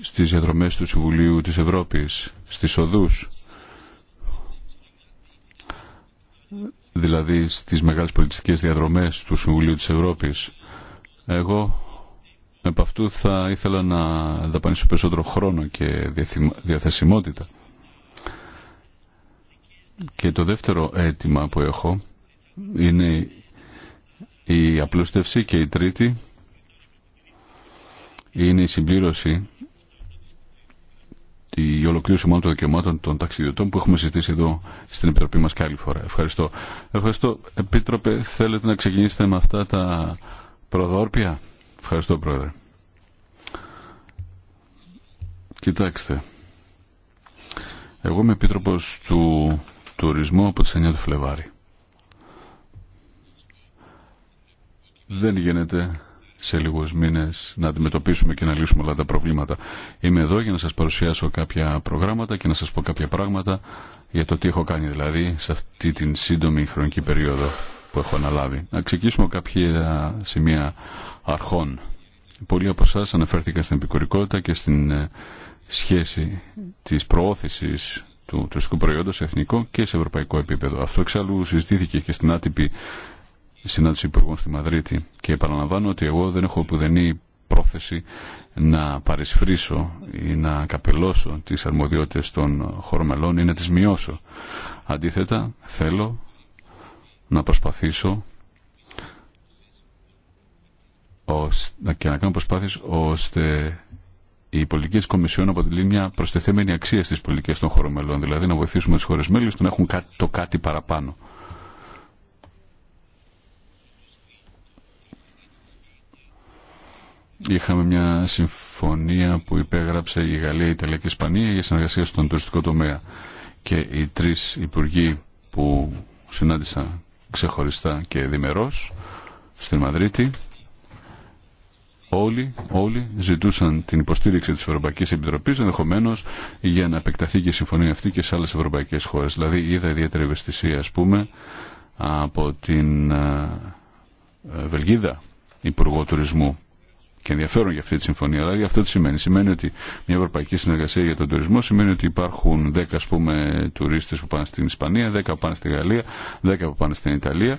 στις διαδρομές του Συμβουλίου της Ευρώπης, στις οδούς δηλαδή στις μεγάλες πολιτιστικές διαδρομές του Συμβουλίου της Ευρώπης. Εγώ επ' αυτού θα ήθελα να δαπανίσω περισσότερο χρόνο και διαθεσιμότητα. Και το δεύτερο αίτημα που έχω είναι η απλούστευση και η τρίτη είναι η συμπλήρωση η ολοκλήρωση μόνο των δικαιωμάτων των ταξιδιωτών που έχουμε συζητήσει εδώ στην Επιτροπή μας και άλλη φορά. Ευχαριστώ. Ευχαριστώ. Επίτροπε, θέλετε να ξεκινήσετε με αυτά τα προδόρπια. Ευχαριστώ, Πρόεδρε. Κοιτάξτε, εγώ είμαι επίτροπος του τουρισμού από τι 9 του Φλεβάρι. Δεν γίνεται σε λίγους μήνες να αντιμετωπίσουμε και να λύσουμε όλα τα προβλήματα. Είμαι εδώ για να σας παρουσιάσω κάποια προγράμματα και να σας πω κάποια πράγματα για το τι έχω κάνει δηλαδή σε αυτή την σύντομη χρονική περίοδο που έχω αναλάβει. Να ξεκινήσουμε κάποια σημεία αρχών. Πολλοί από εσά αναφέρθηκαν στην επικουρικότητα και στην ε, σχέση της προώθησης του τουριστικού προϊόντος σε εθνικό και σε ευρωπαϊκό επίπεδο. Αυτό εξάλλου συζητήθηκε και στην άτυπη συνάντηση υπουργών στη Μαδρίτη και επαναλαμβάνω ότι εγώ δεν έχω πουδενή πρόθεση να παρισφρήσω ή να καπελώσω τις αρμοδιότητες των χωρομελών ή να τις μειώσω. Αντίθετα, θέλω να προσπαθήσω και να κάνω προσπάθειες ώστε οι πολιτικές κομισιόν αποτελεί μια προστεθέμενη αξία στις πολιτικές των χωρομελών, δηλαδή να βοηθήσουμε τις χώρες μέλη να έχουν το κάτι παραπάνω. Είχαμε μια συμφωνία που υπέγραψε η Γαλλία, η Ιταλία και η Ισπανία για συνεργασία στον τουριστικό τομέα. Και οι τρει υπουργοί που συνάντησα ξεχωριστά και δημερό στη Μαδρίτη όλοι, όλοι ζητούσαν την υποστήριξη της Ευρωπαϊκής Επιτροπής ενδεχομένω για να επεκταθεί και η συμφωνία αυτή και σε άλλε ευρωπαϊκέ χώρε. Δηλαδή είδα ιδιαίτερη ευαισθησία α πούμε από την ε, Βελγίδα Υπουργό Τουρισμού και ενδιαφέρον για αυτή τη συμφωνία. Αλλά αυτό τι σημαίνει. Σημαίνει ότι μια ευρωπαϊκή συνεργασία για τον τουρισμό σημαίνει ότι υπάρχουν 10 ας πούμε τουρίστε που πάνε στην Ισπανία, 10 που πάνε στη Γαλλία, 10 που πάνε στην Ιταλία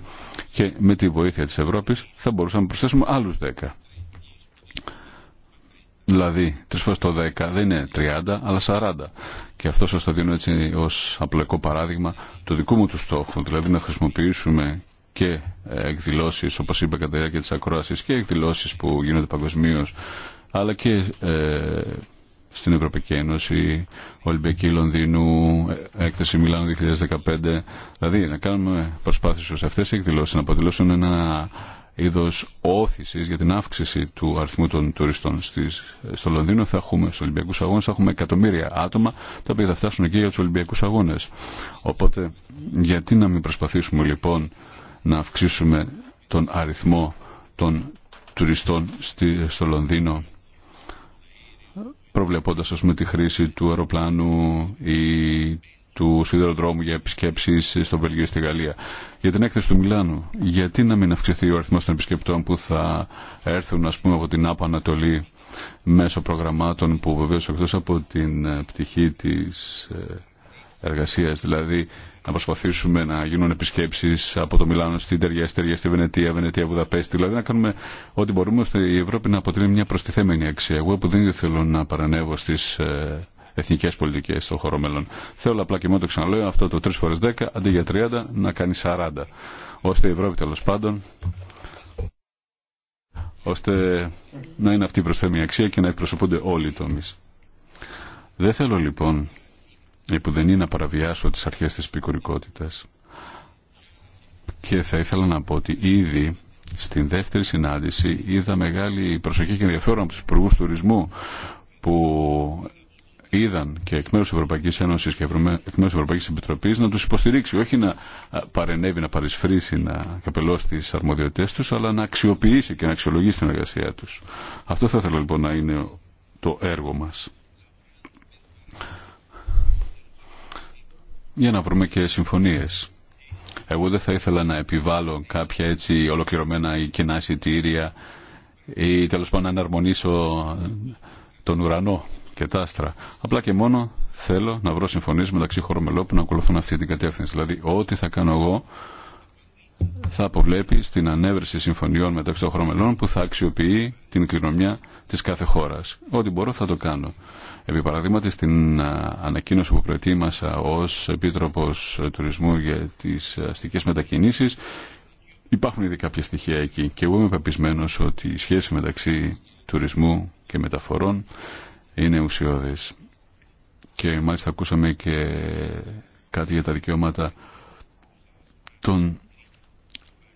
και με τη βοήθεια τη Ευρώπη θα μπορούσαμε να προσθέσουμε άλλου 10. Δηλαδή, τρει φορέ το 10 δεν είναι 30, αλλά 40. Και αυτό σα το δίνω έτσι ω απλοϊκό παράδειγμα του δικού μου του στόχου. Δηλαδή, να χρησιμοποιήσουμε και ε, εκδηλώσεις όπως είπα κατά τη διάρκεια της ακρόασης και εκδηλώσεις που γίνονται παγκοσμίω, αλλά και ε, στην Ευρωπαϊκή Ένωση, Ολυμπιακή Λονδίνου, ε, έκθεση Μιλάνου 2015. Δηλαδή να κάνουμε προσπάθειες ώστε αυτές οι εκδηλώσεις να αποτελούσουν ένα είδος όθησης για την αύξηση του αριθμού των τουριστών στις, στο Λονδίνο θα έχουμε στους Ολυμπιακούς Αγώνες θα έχουμε εκατομμύρια άτομα τα οποία θα φτάσουν εκεί για τους Ολυμπιακούς Αγώνες οπότε γιατί να μην προσπαθήσουμε λοιπόν να αυξήσουμε τον αριθμό των τουριστών στο Λονδίνο προβλέποντας, ας πούμε τη χρήση του αεροπλάνου ή του σιδηροδρόμου για επισκέψεις στο Βέλγιο και στη Γαλλία. Για την έκθεση του Μιλάνου, γιατί να μην αυξηθεί ο αριθμός των επισκεπτών που θα έρθουν ας πούμε από την Άπα Ανατολή μέσω προγραμμάτων που βεβαίως εκτός από την ε, πτυχή της ε, εργασίας, δηλαδή να προσπαθήσουμε να γίνουν επισκέψει από το Μιλάνο στην Τεριά, Τεριά, στη Βενετία, Βενετία, Βουδαπέστη. Δηλαδή να κάνουμε ό,τι μπορούμε ώστε η Ευρώπη να αποτελεί μια προστιθέμενη αξία. Εγώ που δεν θέλω να παρανεύω στι ε, εθνικέ πολιτικέ στο χώρο μέλλον. Θέλω απλά και μόνο το ξαναλέω αυτό το 3 φορέ 10 αντί για 30 να κάνει 40. Ώστε η Ευρώπη τέλο πάντων ώστε να είναι αυτή η προσθέμενη αξία και να εκπροσωπούνται όλοι οι τομείς. Δεν θέλω λοιπόν ε, που δεν είναι να παραβιάσω τις αρχές της πικορικότητας και θα ήθελα να πω ότι ήδη στην δεύτερη συνάντηση είδα μεγάλη προσοχή και ενδιαφέρον από τους υπουργούς τουρισμού που είδαν και εκ μέρους της Ευρωπαϊκή Ένωση και εκ μέρους της Ευρωπαϊκή Επιτροπή να τους υποστηρίξει. Όχι να παρενέβει, να παρισφρήσει, να καπελώσει τις αρμοδιότητες τους, αλλά να αξιοποιήσει και να αξιολογήσει την εργασία τους. Αυτό θα ήθελα λοιπόν να είναι το έργο μας. για να βρούμε και συμφωνίες. Εγώ δεν θα ήθελα να επιβάλλω κάποια έτσι ολοκληρωμένα ή κοινά εισιτήρια ή τέλο πάντων να εναρμονίσω τον ουρανό και τα άστρα. Απλά και μόνο θέλω να βρω συμφωνίες μεταξύ χωρομελών που να ακολουθούν αυτή την κατεύθυνση. Δηλαδή ό,τι θα κάνω εγώ θα αποβλέπει στην ανέβρεση συμφωνιών μεταξύ των χωρομελών που θα αξιοποιεί την κληρονομιά της κάθε χώρας. Ό,τι μπορώ θα το κάνω. Επί παραδείγματι στην ανακοίνωση που προετοίμασα ως Επίτροπος Τουρισμού για τις αστικές μετακινήσεις υπάρχουν ήδη κάποια στοιχεία εκεί και εγώ είμαι πεπισμένος ότι η σχέση μεταξύ τουρισμού και μεταφορών είναι ουσιώδης. Και μάλιστα ακούσαμε και κάτι για τα δικαιώματα των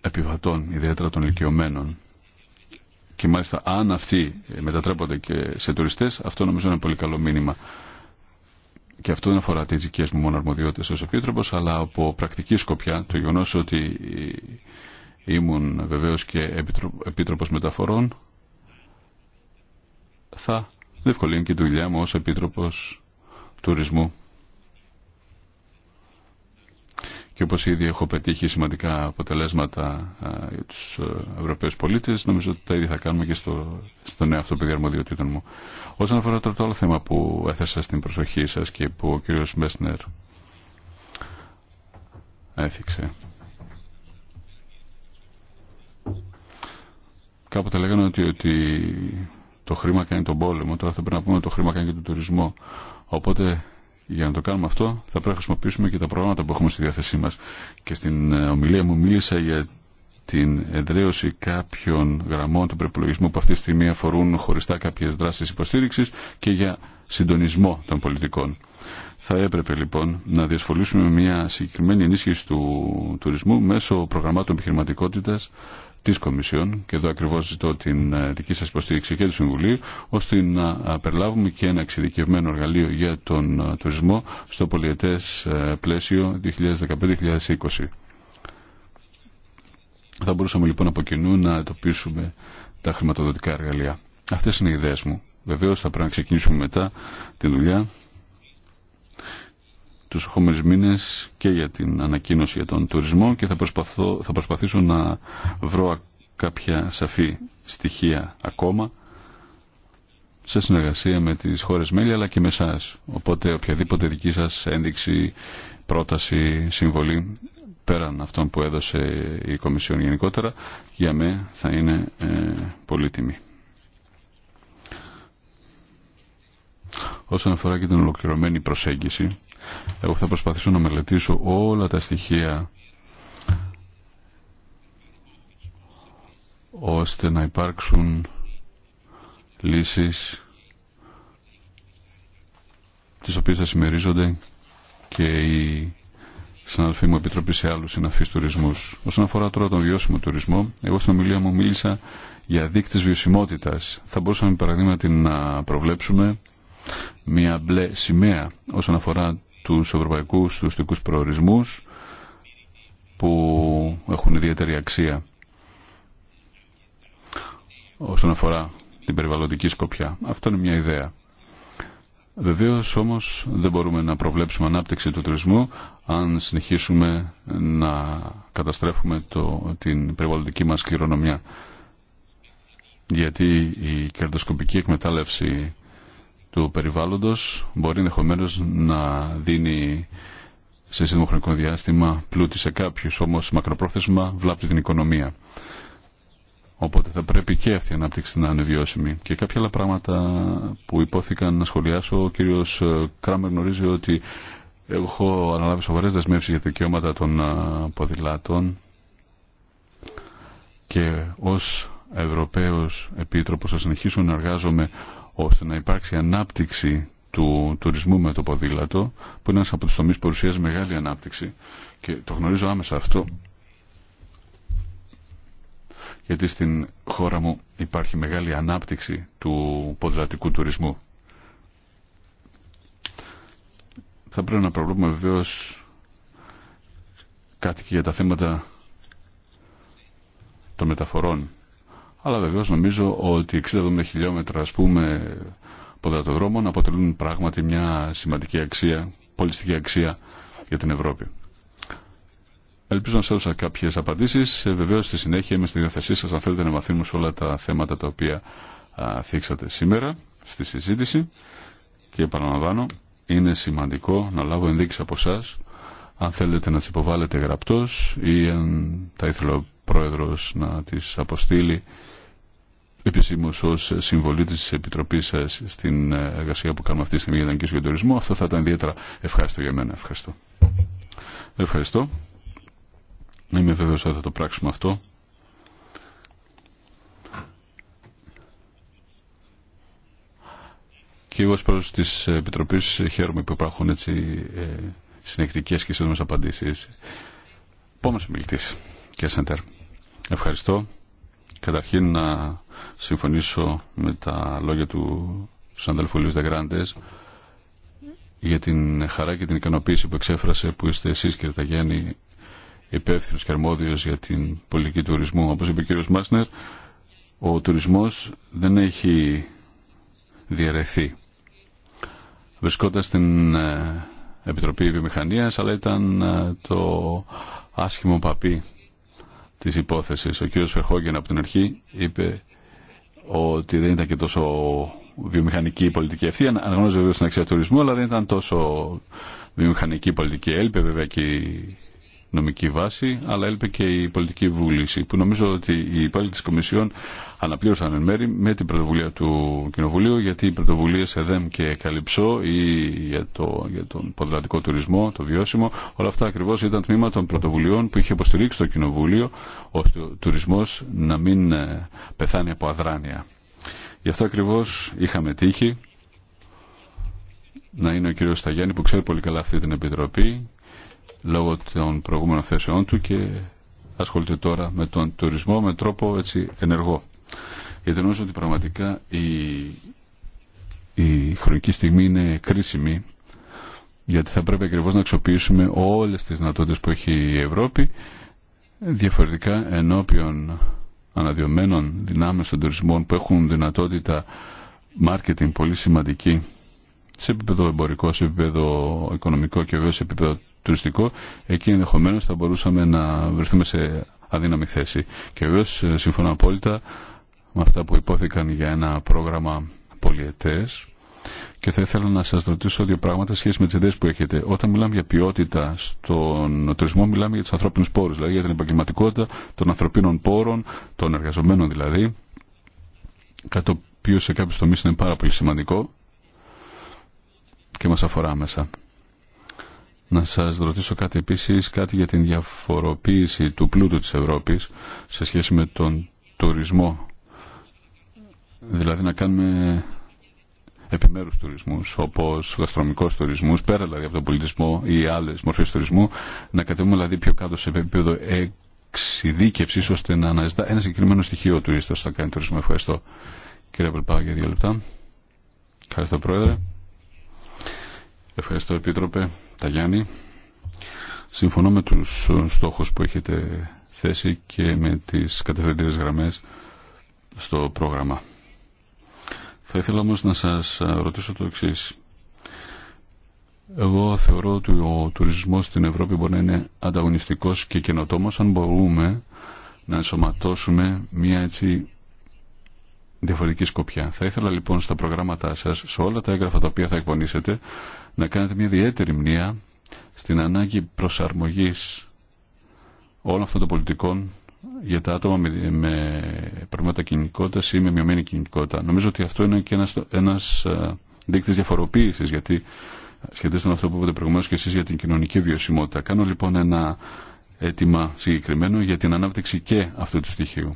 επιβατών, ιδιαίτερα των ηλικιωμένων και μάλιστα αν αυτοί μετατρέπονται και σε τουριστές αυτό νομίζω είναι ένα πολύ καλό μήνυμα και αυτό δεν αφορά τι δικέ μου μόνο αρμοδιότητε ω επίτροπο, αλλά από πρακτική σκοπιά το γεγονό ότι ήμουν βεβαίω και επίτροπο μεταφορών θα διευκολύνει και τη δουλειά μου ω επίτροπο τουρισμού και όπως ήδη έχω πετύχει σημαντικά αποτελέσματα για ε, τους ε, Ευρωπαίους πολίτες νομίζω ότι τα ίδια θα κάνουμε και στο, στο νέο αυτό πεδίο αρμοδιοτήτων μου. Όσον αφορά το άλλο θέμα που έθεσα στην προσοχή σας και που ο κύριος μέσνερ έθιξε. Κάποτε λέγανε ότι, ότι το χρήμα κάνει τον πόλεμο, τώρα θα πρέπει να πούμε ότι το χρήμα κάνει και τον τουρισμό για να το κάνουμε αυτό θα πρέπει να χρησιμοποιήσουμε και τα προγράμματα που έχουμε στη διάθεσή μας και στην ε, ομιλία μου μίλησα για την εδραίωση κάποιων γραμμών του προπολογισμού που αυτή τη στιγμή αφορούν χωριστά κάποιες δράσεις υποστήριξης και για συντονισμό των πολιτικών. Θα έπρεπε λοιπόν να διασφαλίσουμε μια συγκεκριμένη ενίσχυση του τουρισμού μέσω προγραμμάτων επιχειρηματικότητας τη Κομισιόν και εδώ ακριβώ ζητώ την ε, δική σα υποστήριξη και του Συμβουλίου ώστε να περιλάβουμε και ένα εξειδικευμένο εργαλείο για τον ε, τουρισμό στο πολιετε πλαισιο πλαίσιο 2015-2020. Θα μπορούσαμε λοιπόν από κοινού να εντοπίσουμε τα χρηματοδοτικά εργαλεία. Αυτές είναι οι ιδέες μου. Βεβαίως θα πρέπει να ξεκινήσουμε μετά τη δουλειά τους επόμενου και για την ανακοίνωση για τον τουρισμό και θα, προσπαθώ, θα προσπαθήσω να βρω κάποια σαφή στοιχεία ακόμα σε συνεργασία με τις χώρες μέλη αλλά και με εσά. Οπότε οποιαδήποτε δική σας ένδειξη, πρόταση, συμβολή πέραν αυτών που έδωσε η Κομισιόν γενικότερα για μέ θα είναι ε, πολύτιμη. Όσον αφορά και την ολοκληρωμένη προσέγγιση εγώ θα προσπαθήσω να μελετήσω όλα τα στοιχεία ώστε να υπάρξουν λύσεις τις οποίες θα συμμερίζονται και οι συναδελφοί μου επιτροπή σε άλλους συναφείς τουρισμούς. Όσον αφορά τώρα τον βιώσιμο τουρισμό, εγώ στην ομιλία μου μίλησα για δείκτες βιωσιμότητας. Θα μπορούσαμε παραδείγματι να προβλέψουμε μια μπλε σημαία όσον αφορά τους ευρωπαϊκούς τουριστικούς προορισμούς που έχουν ιδιαίτερη αξία όσον αφορά την περιβαλλοντική σκοπιά. Αυτό είναι μια ιδέα. Βεβαίω όμως δεν μπορούμε να προβλέψουμε ανάπτυξη του τουρισμού αν συνεχίσουμε να καταστρέφουμε το, την περιβαλλοντική μας κληρονομιά. Γιατί η κερδοσκοπική εκμετάλλευση του περιβάλλοντος μπορεί ενδεχομένω να δίνει σε σύντομο χρονικό διάστημα πλούτη σε κάποιους, όμως μακροπρόθεσμα βλάπτει την οικονομία. Οπότε θα πρέπει και αυτή η ανάπτυξη να είναι βιώσιμη. Και κάποια άλλα πράγματα που υπόθηκαν να σχολιάσω, ο κύριος ε, Κράμερ γνωρίζει ότι έχω αναλάβει σοβαρέ δεσμεύσει για τα δικαιώματα των ε, ποδηλάτων και ως Ευρωπαίος Επίτροπος θα συνεχίσω να εργάζομαι ώστε να υπάρξει ανάπτυξη του τουρισμού με το ποδήλατο, που είναι ένα από τομεί που παρουσιάζει μεγάλη ανάπτυξη και το γνωρίζω άμεσα αυτό, γιατί στην χώρα μου υπάρχει μεγάλη ανάπτυξη του ποδηλατικού τουρισμού. Θα πρέπει να προβλέπουμε βεβαίω κάτι και για τα θέματα των μεταφορών αλλά βεβαίως νομίζω ότι χιλιόμετρα ας πούμε ποδατοδρόμων αποτελούν πράγματι μια σημαντική αξία, πολιστική αξία για την Ευρώπη. Ελπίζω να σας έδωσα κάποιε απαντήσει. Ε, Βεβαίω στη συνέχεια είμαι στη διάθεσή σας αν θέλετε να μαθήνουμε σε όλα τα θέματα τα οποία α, θίξατε σήμερα στη συζήτηση. Και επαναλαμβάνω, είναι σημαντικό να λάβω ενδείξει από εσά αν θέλετε να τι υποβάλλετε γραπτώ ή αν θα ήθελε ο πρόεδρο να τις αποστείλει επισήμω ω συμβολή τη Επιτροπή σα στην εργασία που κάνουμε αυτή τη στιγμή για την Αγγλική Αυτό θα ήταν ιδιαίτερα ευχάριστο για μένα. Ευχαριστώ. Ευχαριστώ. Είμαι βέβαιο ότι θα το πράξουμε αυτό. Και εγώ ω πρόεδρο τη Επιτροπής χαίρομαι που υπάρχουν έτσι ε, και σύντομε απαντήσει. Πόμε μιλητής, κύριε Σέντερ. Ευχαριστώ. Καταρχήν να συμφωνήσω με τα λόγια του συναδέλφου Λίου Δεγκράντες για την χαρά και την ικανοποίηση που εξέφρασε που είστε εσείς κύριε Ταγιάννη υπεύθυνο και αρμόδιο για την πολιτική τουρισμού. Όπω είπε ο κύριο Μάσνερ, ο τουρισμό δεν έχει διαρρεθεί. Βρισκόταν την ε, Επιτροπή Βιομηχανία, αλλά ήταν ε, το άσχημο παπί της υπόθεσης. Ο κύριος Φερχόγγεν από την αρχή είπε ότι δεν ήταν και τόσο βιομηχανική η πολιτική ευθεία, Αναγνώριζε βέβαια στην αξία τουρισμού, αλλά δεν ήταν τόσο βιομηχανική η πολιτική. Έλειπε βέβαια και νομική βάση, αλλά έλειπε και η πολιτική βούληση, που νομίζω ότι οι υπάλληλοι τη Κομισιόν αναπλήρωσαν εν μέρη με την πρωτοβουλία του Κοινοβουλίου, γιατί οι πρωτοβουλίε ΕΔΕΜ και Καλυψό ή για, το, για τον ποδηλατικό τουρισμό, το βιώσιμο, όλα αυτά ακριβώ ήταν τμήμα των πρωτοβουλειών που είχε υποστηρίξει το Κοινοβούλιο, ώστε ο τουρισμό να μην ε, πεθάνει από αδράνεια. Γι' αυτό ακριβώ είχαμε τύχει να είναι ο κύριος Σταγιάννη που ξέρει πολύ καλά αυτή την Επιτροπή λόγω των προηγούμενων θέσεών του και ασχολείται τώρα με τον τουρισμό με τρόπο έτσι ενεργό. Γιατί νομίζω ότι πραγματικά η, η χρονική στιγμή είναι κρίσιμη γιατί θα πρέπει ακριβώ να αξιοποιήσουμε όλες τις δυνατότητες που έχει η Ευρώπη διαφορετικά ενώπιον αναδειωμένων δυνάμεων των τουρισμών που έχουν δυνατότητα marketing πολύ σημαντική σε επίπεδο εμπορικό, σε επίπεδο οικονομικό και βέβαια σε επίπεδο τουριστικό, εκεί ενδεχομένω θα μπορούσαμε να βρεθούμε σε αδύναμη θέση. Και βεβαίω ε, συμφωνώ απόλυτα με αυτά που υπόθηκαν για ένα πρόγραμμα πολιετές και θα ήθελα να σα ρωτήσω δύο πράγματα σχέση με τι ιδέε που έχετε. Όταν μιλάμε για ποιότητα στον τουρισμό μιλάμε για του ανθρώπινους πόρου, δηλαδή για την επαγγελματικότητα των ανθρωπίνων πόρων, των εργαζομένων δηλαδή, κάτι το οποίο σε κάποιου τομεί είναι πάρα πολύ σημαντικό και μας αφορά μέσα. Να σας ρωτήσω κάτι επίσης, κάτι για την διαφοροποίηση του πλούτου της Ευρώπης σε σχέση με τον τουρισμό. Δηλαδή να κάνουμε επιμέρους τουρισμούς, όπως γαστρομικός τουρισμούς, πέρα δηλαδή από τον πολιτισμό ή άλλες μορφές τουρισμού, να κατεβούμε δηλαδή πιο κάτω σε επίπεδο εξειδίκευση ώστε να αναζητά ένα συγκεκριμένο στοιχείο ο τουρίστας θα κάνει τουρισμό. Ευχαριστώ. Κύριε Πελπάου για δύο λεπτά. Ευχαριστώ Πρόεδρε. Ευχαριστώ Επίτροπε Συμφωνώ με τους ε, στόχους που έχετε θέσει και με τις κατευθυντήρες γραμμές στο πρόγραμμα. Θα ήθελα όμως να σας ε, ρωτήσω το εξής. Εγώ θεωρώ ότι ο τουρισμός στην Ευρώπη μπορεί να είναι ανταγωνιστικός και καινοτόμος αν μπορούμε να ενσωματώσουμε μια έτσι διαφορετική σκοπιά. Θα ήθελα λοιπόν στα προγράμματά σας, σε όλα τα έγγραφα τα οποία θα εκπονήσετε, να κάνετε μια ιδιαίτερη μνήμα στην ανάγκη προσαρμογής όλων αυτών των πολιτικών για τα άτομα με, με προβλήματα ή με μειωμένη κινητικότητα. Νομίζω ότι αυτό είναι και ένας, ένας ε, δείκτης διαφοροποίησης, γιατί σχετίζεται με αυτό που είπατε προηγουμένως και εσείς για την κοινωνική βιωσιμότητα. Κάνω λοιπόν ένα αίτημα συγκεκριμένο για την ανάπτυξη και αυτού του στοιχείου.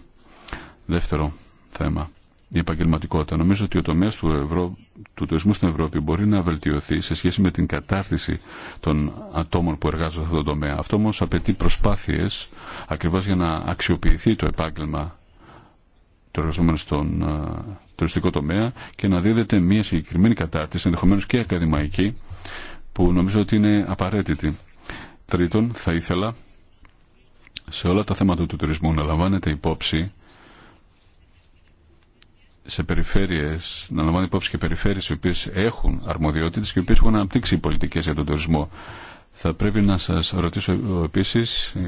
Δεύτερο θέμα η επαγγελματικότητα. Νομίζω ότι ο τομέα του, ευρώ, του τουρισμού στην Ευρώπη μπορεί να βελτιωθεί σε σχέση με την κατάρτιση των ατόμων που εργάζονται σε αυτόν τον τομέα. Αυτό όμω απαιτεί προσπάθειε ακριβώ για να αξιοποιηθεί το επάγγελμα του εργαζόμενου στον ε, τουριστικό τομέα και να δίδεται μια συγκεκριμένη κατάρτιση, ενδεχομένω και ακαδημαϊκή, που νομίζω ότι είναι απαραίτητη. Τρίτον, θα ήθελα σε όλα τα θέματα του τουρισμού να λαμβάνεται υπόψη σε περιφέρειες, να λαμβάνει υπόψη και περιφέρειες οι οποίε έχουν αρμοδιότητε και οι οποίε έχουν αναπτύξει πολιτικέ για τον τουρισμό. Θα πρέπει να σα ρωτήσω επίση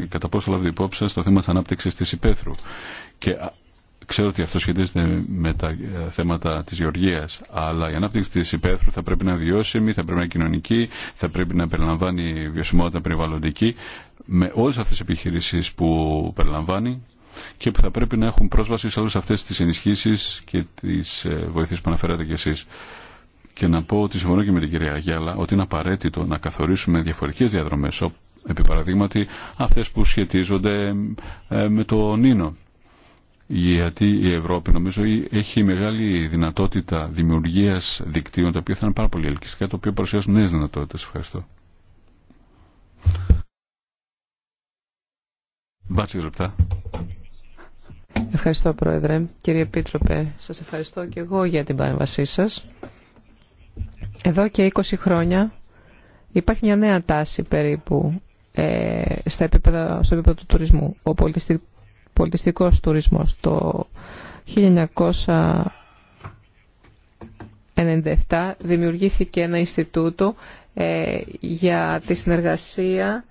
κατά πόσο λάβετε υπόψη στο το θέμα τη ανάπτυξη τη υπαίθρου. Και ξέρω ότι αυτό σχετίζεται με τα ε, θέματα τη γεωργία, αλλά η ανάπτυξη τη υπαίθρου θα πρέπει να είναι βιώσιμη, θα πρέπει να είναι κοινωνική, θα πρέπει να περιλαμβάνει βιωσιμότητα περιβαλλοντική. Με όλε αυτέ τι επιχειρήσει που περιλαμβάνει και που θα πρέπει να έχουν πρόσβαση σε όλες αυτές τις ενισχύσεις και τις ε, βοηθήσεις που αναφέρατε κι εσείς. Και να πω ότι συμφωνώ και με την κυρία Αγιάλα ότι είναι απαραίτητο να καθορίσουμε διαφορετικές διαδρομές, επί παραδείγματι αυτές που σχετίζονται ε, με το Νίνο. Γιατί η Ευρώπη νομίζω έχει μεγάλη δυνατότητα δημιουργία δικτύων τα οποία θα είναι πάρα πολύ ελκυστικά, τα οποία παρουσιάζουν νέε δυνατότητε. Ευχαριστώ. λεπτά. Ευχαριστώ Πρόεδρε. Κύριε Επίτροπε, σας ευχαριστώ και εγώ για την παρέμβασή σας. Εδώ και 20 χρόνια υπάρχει μια νέα τάση περίπου ε, στα επίπεδα, στο επίπεδο του τουρισμού. Ο πολιτιστικός τουρισμός το 1997 δημιουργήθηκε ένα Ινστιτούτο ε, για τη συνεργασία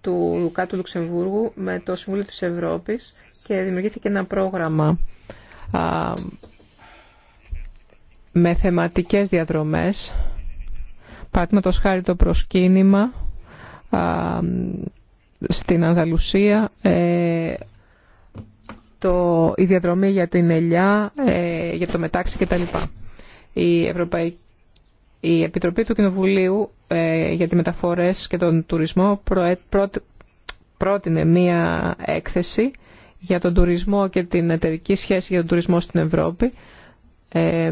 του Λουκά του Λουξεμβούργου με το Συμβούλιο της Ευρώπης και δημιουργήθηκε ένα πρόγραμμα με θεματικές διαδρομές το χάρη το προσκύνημα στην Ανδαλουσία ε, το, η διαδρομή για την ελιά, ε, για το μετάξι κτλ. Η Ευρωπαϊκή η Επιτροπή του Κοινοβουλίου ε, για τη Μεταφορές και τον Τουρισμό πρότεινε μία έκθεση για τον τουρισμό και την εταιρική σχέση για τον τουρισμό στην Ευρώπη ε,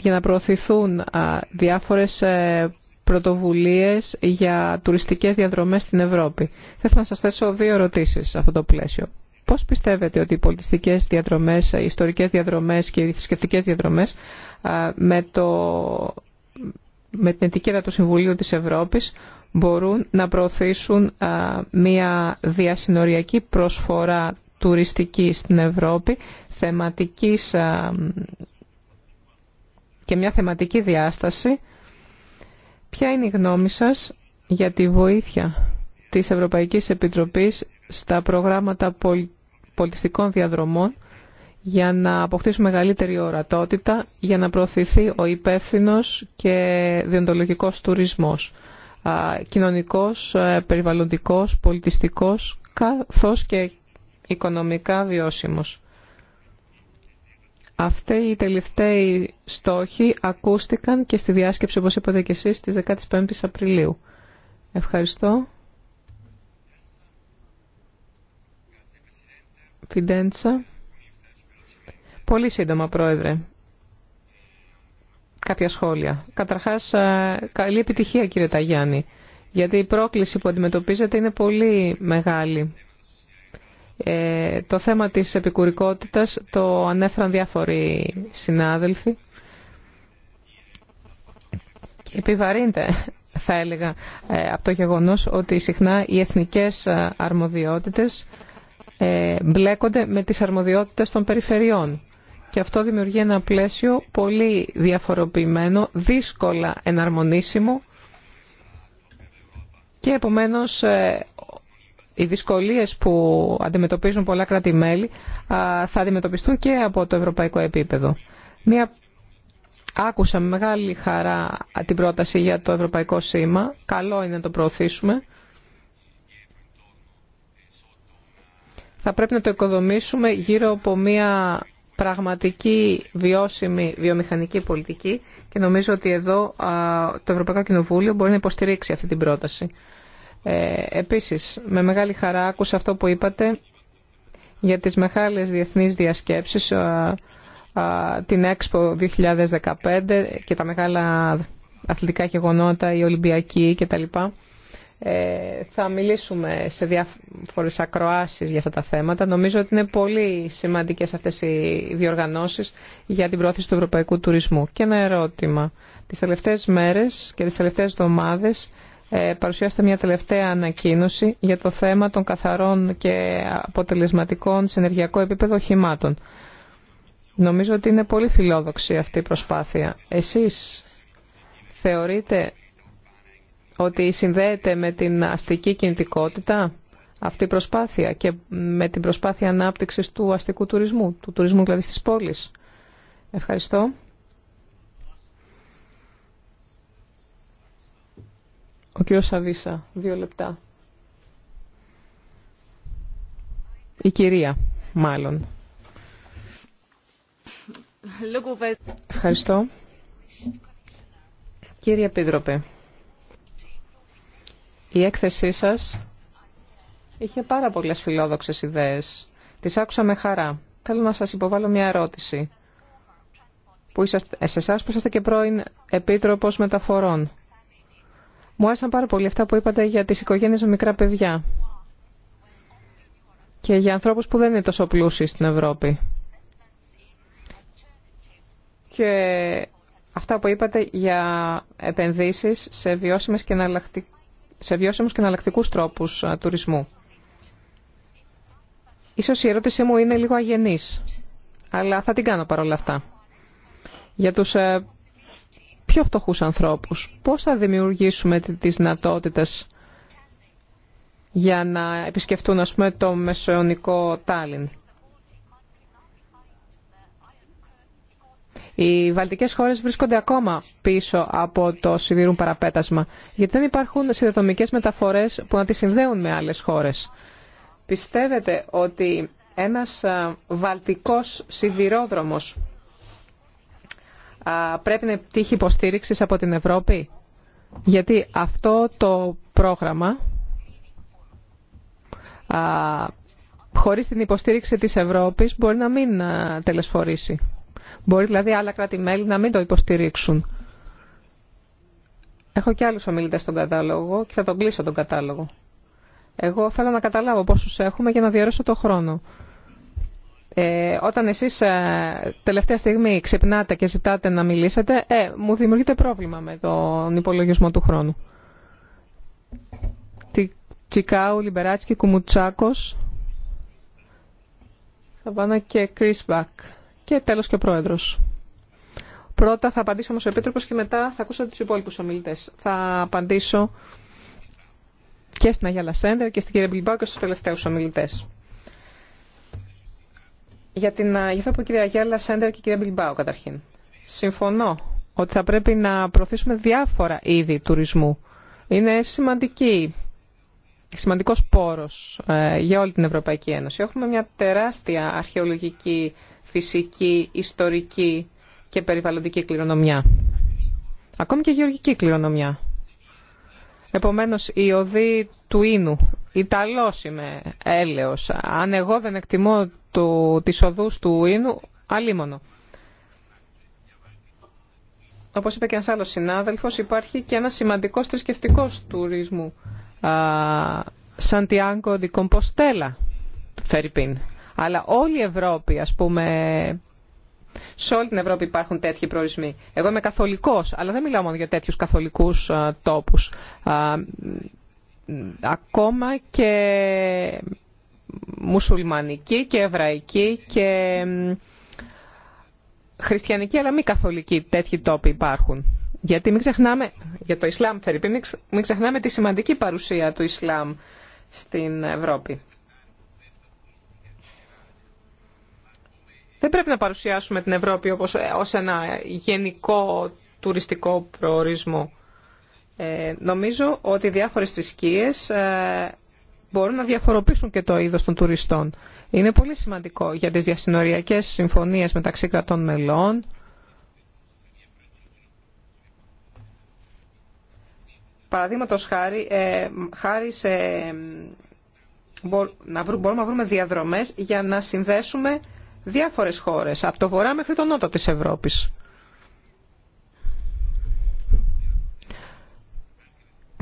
για να προωθηθούν διάφορες ε, πρωτοβουλίες για τουριστικές διαδρομές στην Ευρώπη. Θα ήθελα να σας θέσω δύο ερωτήσεις σε αυτό το πλαίσιο. Πώς πιστεύετε ότι οι πολιτιστικές διαδρομές, οι ιστορικές διαδρομές και οι θρησκευτικές διαδρομές με, το, με την ετικέτα του Συμβουλίου της Ευρώπης μπορούν να προωθήσουν μια διασυνοριακή προσφορά τουριστική στην Ευρώπη, θεματικής και μια θεματική διάσταση. Ποια είναι η γνώμη σας για τη βοήθεια της Ευρωπαϊκής Επιτροπής στα προγράμματα πολιτιστικών διαδρομών για να αποκτήσουμε μεγαλύτερη ορατότητα, για να προωθηθεί ο υπεύθυνο και διοντολογικός τουρισμός, κοινωνικός, ε, περιβαλλοντικός, πολιτιστικός, καθώς και οικονομικά βιώσιμος. Αυτοί οι τελευταίοι στόχοι ακούστηκαν και στη διάσκεψη, όπως είπατε και εσείς, στις 15 Απριλίου. Ευχαριστώ. Πολύ σύντομα, Πρόεδρε. Κάποια σχόλια. Καταρχάς, ε, καλή επιτυχία, κύριε Ταγιάννη, γιατί η πρόκληση που αντιμετωπίζετε είναι πολύ μεγάλη. Ε, το θέμα της επικουρικότητας το ανέφεραν διάφοροι συνάδελφοι. Επιβαρύνται, θα έλεγα, ε, από το γεγονός ότι συχνά οι εθνικές αρμοδιότητες μπλέκονται με τις αρμοδιότητες των περιφερειών και αυτό δημιουργεί ένα πλαίσιο πολύ διαφοροποιημένο, δύσκολα εναρμονίσιμο και επομένως ε, οι δυσκολίες που αντιμετωπίζουν πολλά κράτη-μέλη θα αντιμετωπιστούν και από το ευρωπαϊκό επίπεδο. Μια... Άκουσα με μεγάλη χαρά την πρόταση για το ευρωπαϊκό σήμα. Καλό είναι να το προωθήσουμε. Θα πρέπει να το οικοδομήσουμε γύρω από μια πραγματική βιώσιμη βιομηχανική πολιτική και νομίζω ότι εδώ το Ευρωπαϊκό Κοινοβούλιο μπορεί να υποστηρίξει αυτή την πρόταση. Ε, επίσης, με μεγάλη χαρά άκουσα αυτό που είπατε για τις μεγάλες διεθνείς διασκέψεις, την Expo 2015 και τα μεγάλα αθλητικά γεγονότα, η Ολυμπιακή κτλ. Ε, θα μιλήσουμε σε διάφορες ακροάσεις για αυτά τα θέματα. Νομίζω ότι είναι πολύ σημαντικές αυτές οι διοργανώσεις για την πρόθεση του ευρωπαϊκού τουρισμού. Και ένα ερώτημα. Τις τελευταίες μέρες και τις τελευταίες εβδομάδες ε, παρουσιάσετε μια τελευταία ανακοίνωση για το θέμα των καθαρών και αποτελεσματικών σε ενεργειακό επίπεδο οχημάτων. Νομίζω ότι είναι πολύ φιλόδοξη αυτή η προσπάθεια. Εσείς θεωρείτε ότι συνδέεται με την αστική κινητικότητα αυτή η προσπάθεια και με την προσπάθεια ανάπτυξης του αστικού τουρισμού, του τουρισμού δηλαδή της πόλης. Ευχαριστώ. Ο κύριος Σαβίσα, δύο λεπτά. Η κυρία, μάλλον. Ευχαριστώ. Κύριε Επίτροπε, η έκθεσή σας είχε πάρα πολλές φιλόδοξες ιδέες. Τις άκουσα με χαρά. Θέλω να σας υποβάλω μια ερώτηση. Που είσαστε, ε, σε εσά που είσαστε και πρώην Επίτροπος Μεταφορών. Μου άρεσαν πάρα πολύ αυτά που είπατε για τις οικογένειες με μικρά παιδιά και για ανθρώπους που δεν είναι τόσο πλούσιοι στην Ευρώπη. Και αυτά που είπατε για επενδύσεις σε βιώσιμες και εναλλακτικές σε βιώσιμους και εναλλακτικού τρόπους τουρισμού. Ίσως η ερώτησή μου είναι λίγο αγενής, αλλά θα την κάνω παρόλα αυτά. Για τους ε, πιο φτωχούς ανθρώπους, πώς θα δημιουργήσουμε τις δυνατότητε για να επισκεφτούν, ας πούμε, το μεσαιωνικό Τάλιν. Οι βαλτικές χώρες βρίσκονται ακόμα πίσω από το σιδηρούν παραπέτασμα, γιατί δεν υπάρχουν συνδεδομικές μεταφορές που να τις συνδέουν με άλλες χώρες. Πιστεύετε ότι ένας βαλτικός σιδηρόδρομος πρέπει να τύχει υποστήριξη από την Ευρώπη, γιατί αυτό το πρόγραμμα χωρίς την υποστήριξη της Ευρώπης μπορεί να μην τελεσφορήσει. Μπορεί δηλαδή άλλα κράτη-μέλη να μην το υποστηρίξουν. Έχω και άλλους ομιλητές στον κατάλογο και θα τον κλείσω τον κατάλογο. Εγώ θέλω να καταλάβω πόσους έχουμε για να διαρρώσω το χρόνο. Ε, όταν εσείς ε, τελευταία στιγμή ξυπνάτε και ζητάτε να μιλήσετε, ε, μου δημιουργείται πρόβλημα με τον υπολογισμό του χρόνου. Τσικάου, Λιμπεράτσκι, Κουμουτσάκος, Σαββάνα και Κρίσβακ και τέλος και ο Πρόεδρος. Πρώτα θα απαντήσω όμως ο Επίτροπος και μετά θα ακούσω τους υπόλοιπους ομιλητές. Θα απαντήσω και στην Αγία Λασέντερ και στην κυρία Μπιλμπάου και στους τελευταίους ομιλητές. Για, την, για αυτό που η κυρία Αγία Λασέντερ και η κυρία Μπιλμπάου καταρχήν. Συμφωνώ ότι θα πρέπει να προωθήσουμε διάφορα είδη τουρισμού. Είναι σημαντική, σημαντικός πόρος ε, για όλη την Ευρωπαϊκή Ένωση. Έχουμε μια τεράστια αρχαιολογική φυσική, ιστορική και περιβαλλοντική κληρονομιά. Ακόμη και γεωργική κληρονομιά. Επομένως, η οδή του Ίνου, Ιταλός είμαι, έλεος. Αν εγώ δεν εκτιμώ το, τις οδούς του Ίνου, αλίμονο. Όπως είπε και ένας άλλος συνάδελφος, υπάρχει και ένα σημαντικός θρησκευτικό τουρισμού. Σαντιάνκο Δικομποστέλα, Φερρυπίν. Αλλά όλη η Ευρώπη, ας πούμε, σε όλη την Ευρώπη υπάρχουν τέτοιοι προορισμοί. Εγώ είμαι καθολικός, αλλά δεν μιλάω μόνο για τέτοιους καθολικούς α, τόπους. Α, ακόμα και μουσουλμανικοί και εβραϊκοί και χριστιανικοί αλλά μη καθολικοί τέτοιοι τόποι υπάρχουν. Γιατί μην ξεχνάμε, για το Ισλάμ θερυπή, μην ξεχνάμε τη σημαντική παρουσία του Ισλάμ στην Ευρώπη. Δεν πρέπει να παρουσιάσουμε την Ευρώπη ε, ως ένα γενικό τουριστικό προορισμό. Ε, νομίζω ότι οι διάφορες θρησκείες ε, μπορούν να διαφοροποιήσουν και το είδος των τουριστών. Είναι πολύ σημαντικό για τις διασυνοριακές συμφωνίες μεταξύ κρατών μελών. Παραδείγματο χάρη, χάρη σε, μπορούμε να βρούμε διαδρομές για να συνδέσουμε διάφορες χώρες, από το βορρά μέχρι τον νότο της Ευρώπης.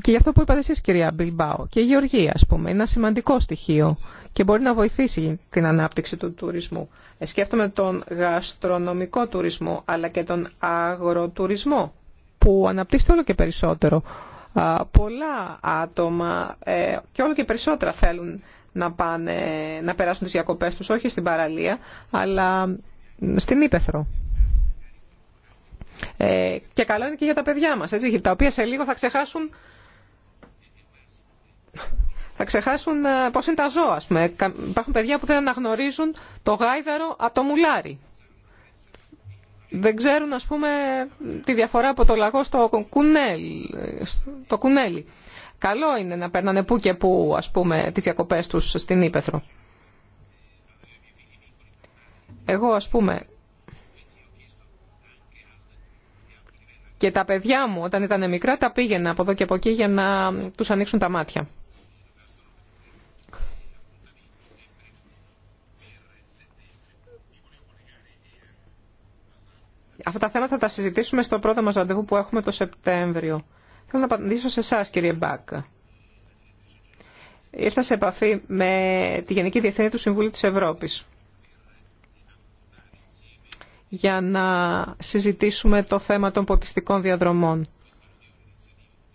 Και γι' αυτό που είπατε εσείς κυρία Μπιλμπάου, και η γεωργία ας πούμε, είναι ένα σημαντικό στοιχείο και μπορεί να βοηθήσει την ανάπτυξη του τουρισμού. Ε, σκέφτομαι τον γαστρονομικό τουρισμό, αλλά και τον αγροτουρισμό, που αναπτύσσεται όλο και περισσότερο. Πολλά άτομα ε, και όλο και περισσότερα θέλουν να, πάνε, να περάσουν τις διακοπές τους όχι στην παραλία, αλλά στην Ήπεθρο. Ε, και καλό είναι και για τα παιδιά μας, έτσι, τα οποία σε λίγο θα ξεχάσουν θα ξεχάσουν ε, πώς είναι τα ζώα. πούμε. Υπάρχουν παιδιά που δεν αναγνωρίζουν το γάιδαρο από το μουλάρι. Δεν ξέρουν, ας πούμε, τη διαφορά από το λαγό στο κουνέλι. Ε, στο κουνέλι. Καλό είναι να παίρνανε που και που, ας πούμε, τις διακοπές τους στην Ήπεθρο. Εγώ, ας πούμε, και τα παιδιά μου όταν ήταν μικρά τα πήγαινα από εδώ και από εκεί για να τους ανοίξουν τα μάτια. Αυτά τα θέματα θα τα συζητήσουμε στο πρώτο μας ραντεβού που έχουμε το Σεπτέμβριο. Θέλω να απαντήσω σε εσά, κύριε Μπάκ. Ήρθα σε επαφή με τη Γενική διεθνή του Συμβουλίου της Ευρώπης για να συζητήσουμε το θέμα των ποτιστικών διαδρομών.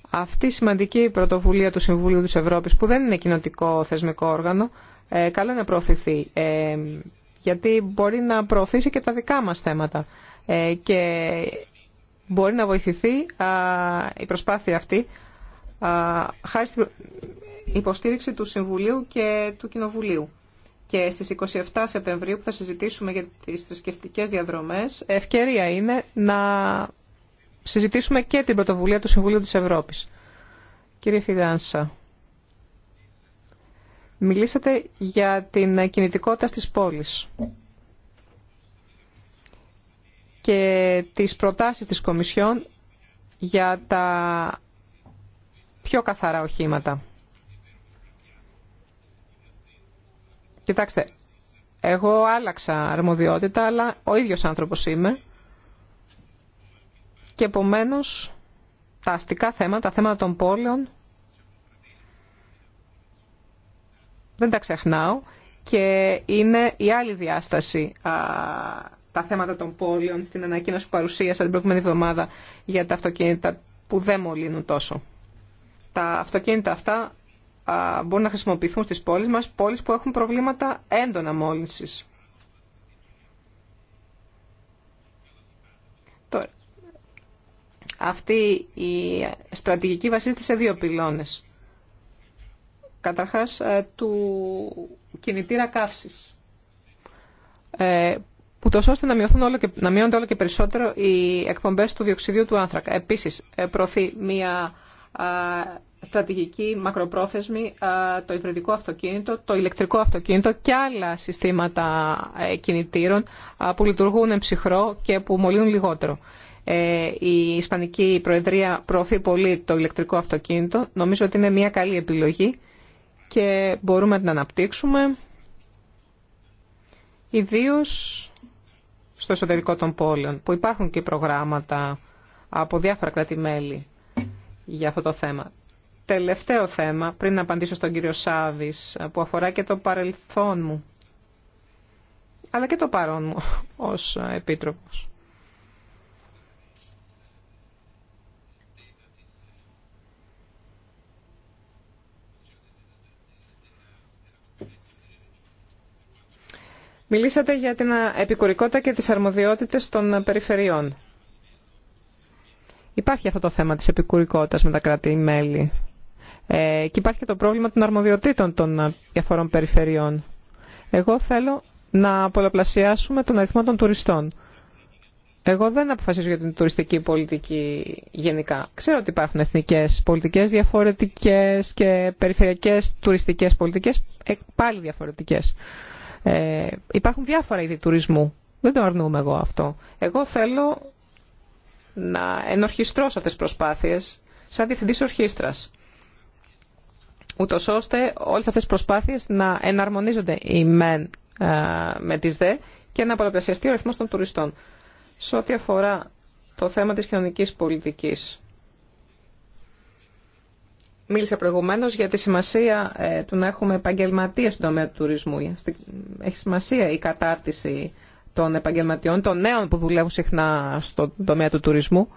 Αυτή η σημαντική πρωτοβουλία του Συμβουλίου της Ευρώπης, που δεν είναι κοινοτικό θεσμικό όργανο, ε, καλό να προωθηθεί, ε, γιατί μπορεί να προωθήσει και τα δικά μας θέματα. Ε, και μπορεί να βοηθηθεί η προσπάθεια αυτή χάρη στην υποστήριξη του Συμβουλίου και του Κοινοβουλίου. Και στις 27 Σεπτεμβρίου που θα συζητήσουμε για τις θρησκευτικέ διαδρομές, ευκαιρία είναι να συζητήσουμε και την πρωτοβουλία του Συμβουλίου της Ευρώπης. Κύριε Φιδάνσα, μιλήσατε για την κινητικότητα στις πόλεις και τις προτάσεις της Κομισιόν για τα πιο καθαρά οχήματα. Κοιτάξτε, εγώ άλλαξα αρμοδιότητα, αλλά ο ίδιος άνθρωπος είμαι και επομένω τα αστικά θέματα, τα θέματα των πόλεων, δεν τα ξεχνάω και είναι η άλλη διάσταση τα θέματα των πόλεων στην ανακοίνωση που παρουσίασα την προηγούμενη εβδομάδα για τα αυτοκίνητα που δεν μολύνουν τόσο. Τα αυτοκίνητα αυτά μπορούν να χρησιμοποιηθούν στις πόλεις μας, πόλεις που έχουν προβλήματα έντονα μόλυνσης. Τώρα, αυτή η στρατηγική βασίζεται σε δύο πυλώνες. Καταρχάς, ε, του κινητήρα καύσης ε, ούτω ώστε να, και, να μειώνονται όλο και περισσότερο οι εκπομπέ του διοξιδίου του άνθρακα. Επίση, ε, προωθεί μια στρατηγική μακροπρόθεσμη το υβριδικό αυτοκίνητο, το ηλεκτρικό αυτοκίνητο και άλλα συστήματα ε, κινητήρων που λειτουργούν ψυχρό και που μολύνουν λιγότερο. Ε, η Ισπανική Προεδρία προωθεί πολύ το ηλεκτρικό αυτοκίνητο. Νομίζω ότι είναι μια καλή επιλογή και μπορούμε να την αναπτύξουμε. Ιδίως στο εσωτερικό των πόλεων, που υπάρχουν και προγράμματα από διάφορα κράτη-μέλη για αυτό το θέμα. Τελευταίο θέμα, πριν να απαντήσω στον κύριο Σάβης, που αφορά και το παρελθόν μου, αλλά και το παρόν μου ως επίτροπος. Μιλήσατε για την ε, επικουρικότητα και τις αρμοδιότητες των ε, περιφερειών. Υπάρχει αυτό το θέμα της επικουρικότητας με τα κράτη-μέλη. Ε, και υπάρχει και το πρόβλημα των αρμοδιοτήτων των ε, διαφορών περιφερειών. Εγώ θέλω να πολλαπλασιάσουμε τον αριθμό των τουριστών. Εγώ δεν αποφασίζω για την τουριστική πολιτική γενικά. Ξέρω ότι υπάρχουν εθνικές πολιτικές διαφορετικές και περιφερειακές τουριστικές πολιτικές πάλι διαφορετικές. Ε, υπάρχουν διάφορα είδη τουρισμού. Δεν το αρνούμε εγώ αυτό. Εγώ θέλω να ενορχιστρώσω αυτές τις προσπάθειες σαν διευθυντής ορχήστρας. Ούτω ώστε όλες αυτές τις προσπάθειες να εναρμονίζονται οι μεν ε, με τις δε και να παραπλασιαστεί ο αριθμός των τουριστών. Σε ό,τι αφορά το θέμα της κοινωνικής πολιτικής, Μίλησα προηγουμένω για τη σημασία ε, του να έχουμε επαγγελματίε στον τομέα του τουρισμού. Έχει σημασία η κατάρτιση των επαγγελματιών, των νέων που δουλεύουν συχνά στον τομέα του τουρισμού.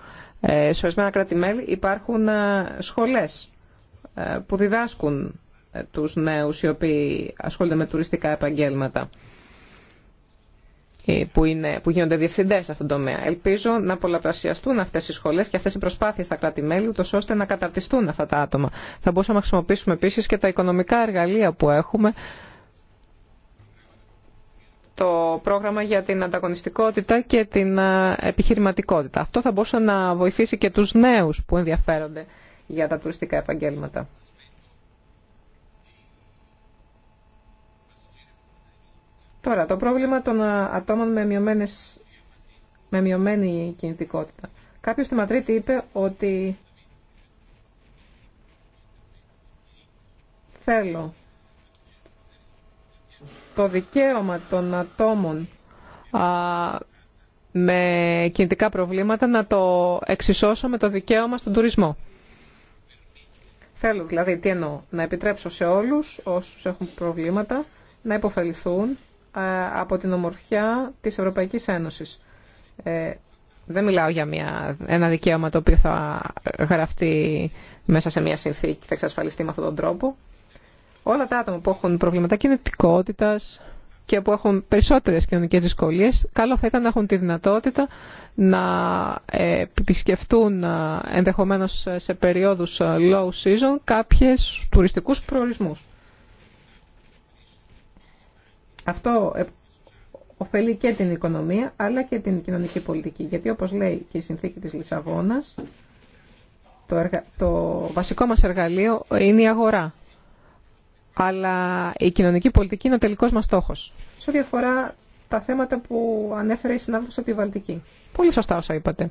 Ε, σε ορισμένα κράτη-μέλη υπάρχουν ε, σχολέ που διδάσκουν τους νέους οι οποίοι ασχολούνται με τουριστικά επαγγέλματα. Ε, που, είναι, που γίνονται διευθυντέ σε αυτόν τον τομέα. Ελπίζω να πολλαπλασιαστούν αυτέ οι σχολέ και αυτέ οι προσπάθειε στα κράτη-μέλη, ούτω ώστε να καταρτιστούν αυτά τα άτομα. Θα μπορούσαμε να χρησιμοποιήσουμε επίση και τα οικονομικά εργαλεία που έχουμε. Το πρόγραμμα για την ανταγωνιστικότητα και την ε, επιχειρηματικότητα. Αυτό θα μπορούσε να βοηθήσει και του νέου που ενδιαφέρονται για τα τουριστικά επαγγέλματα. Τώρα, το πρόβλημα των ε, ατόμων με, με μειωμένη κινητικότητα. Κάποιος στη Ματρίτη είπε ότι θέλω το δικαίωμα των ατόμων με κινητικά προβλήματα να το εξισώσω με το δικαίωμα στον τουρισμό. Θέλω δηλαδή, τι εννοώ, να επιτρέψω σε όλους όσους έχουν προβλήματα να υποφεληθούν ε, από την ομορφιά της Ευρωπαϊκής Ένωσης. Ε, δεν μιλάω για μια, ένα δικαίωμα το οποίο θα γραφτεί μέσα σε μια συνθήκη και θα εξασφαλιστεί με αυτόν τον τρόπο. Όλα τα άτομα που έχουν προβλήματα κινητικότητας και που έχουν περισσότερες κοινωνικές δυσκολίες, καλό θα ήταν να έχουν τη δυνατότητα να ε, επισκεφτούν ε, ενδεχομένως σε περίοδους low season κάποιες τουριστικούς προορισμούς. Αυτό ε, ωφελεί και την οικονομία αλλά και την κοινωνική πολιτική. Γιατί όπως λέει και η συνθήκη της Λισαβόνας, το, το βασικό μας εργαλείο είναι η αγορά. Αλλά η κοινωνική πολιτική είναι ο τελικός μας στόχος. Σε ό,τι αφορά τα θέματα που ανέφερε η συνάδελφος από τη Βαλτική. Πολύ σωστά όσα είπατε.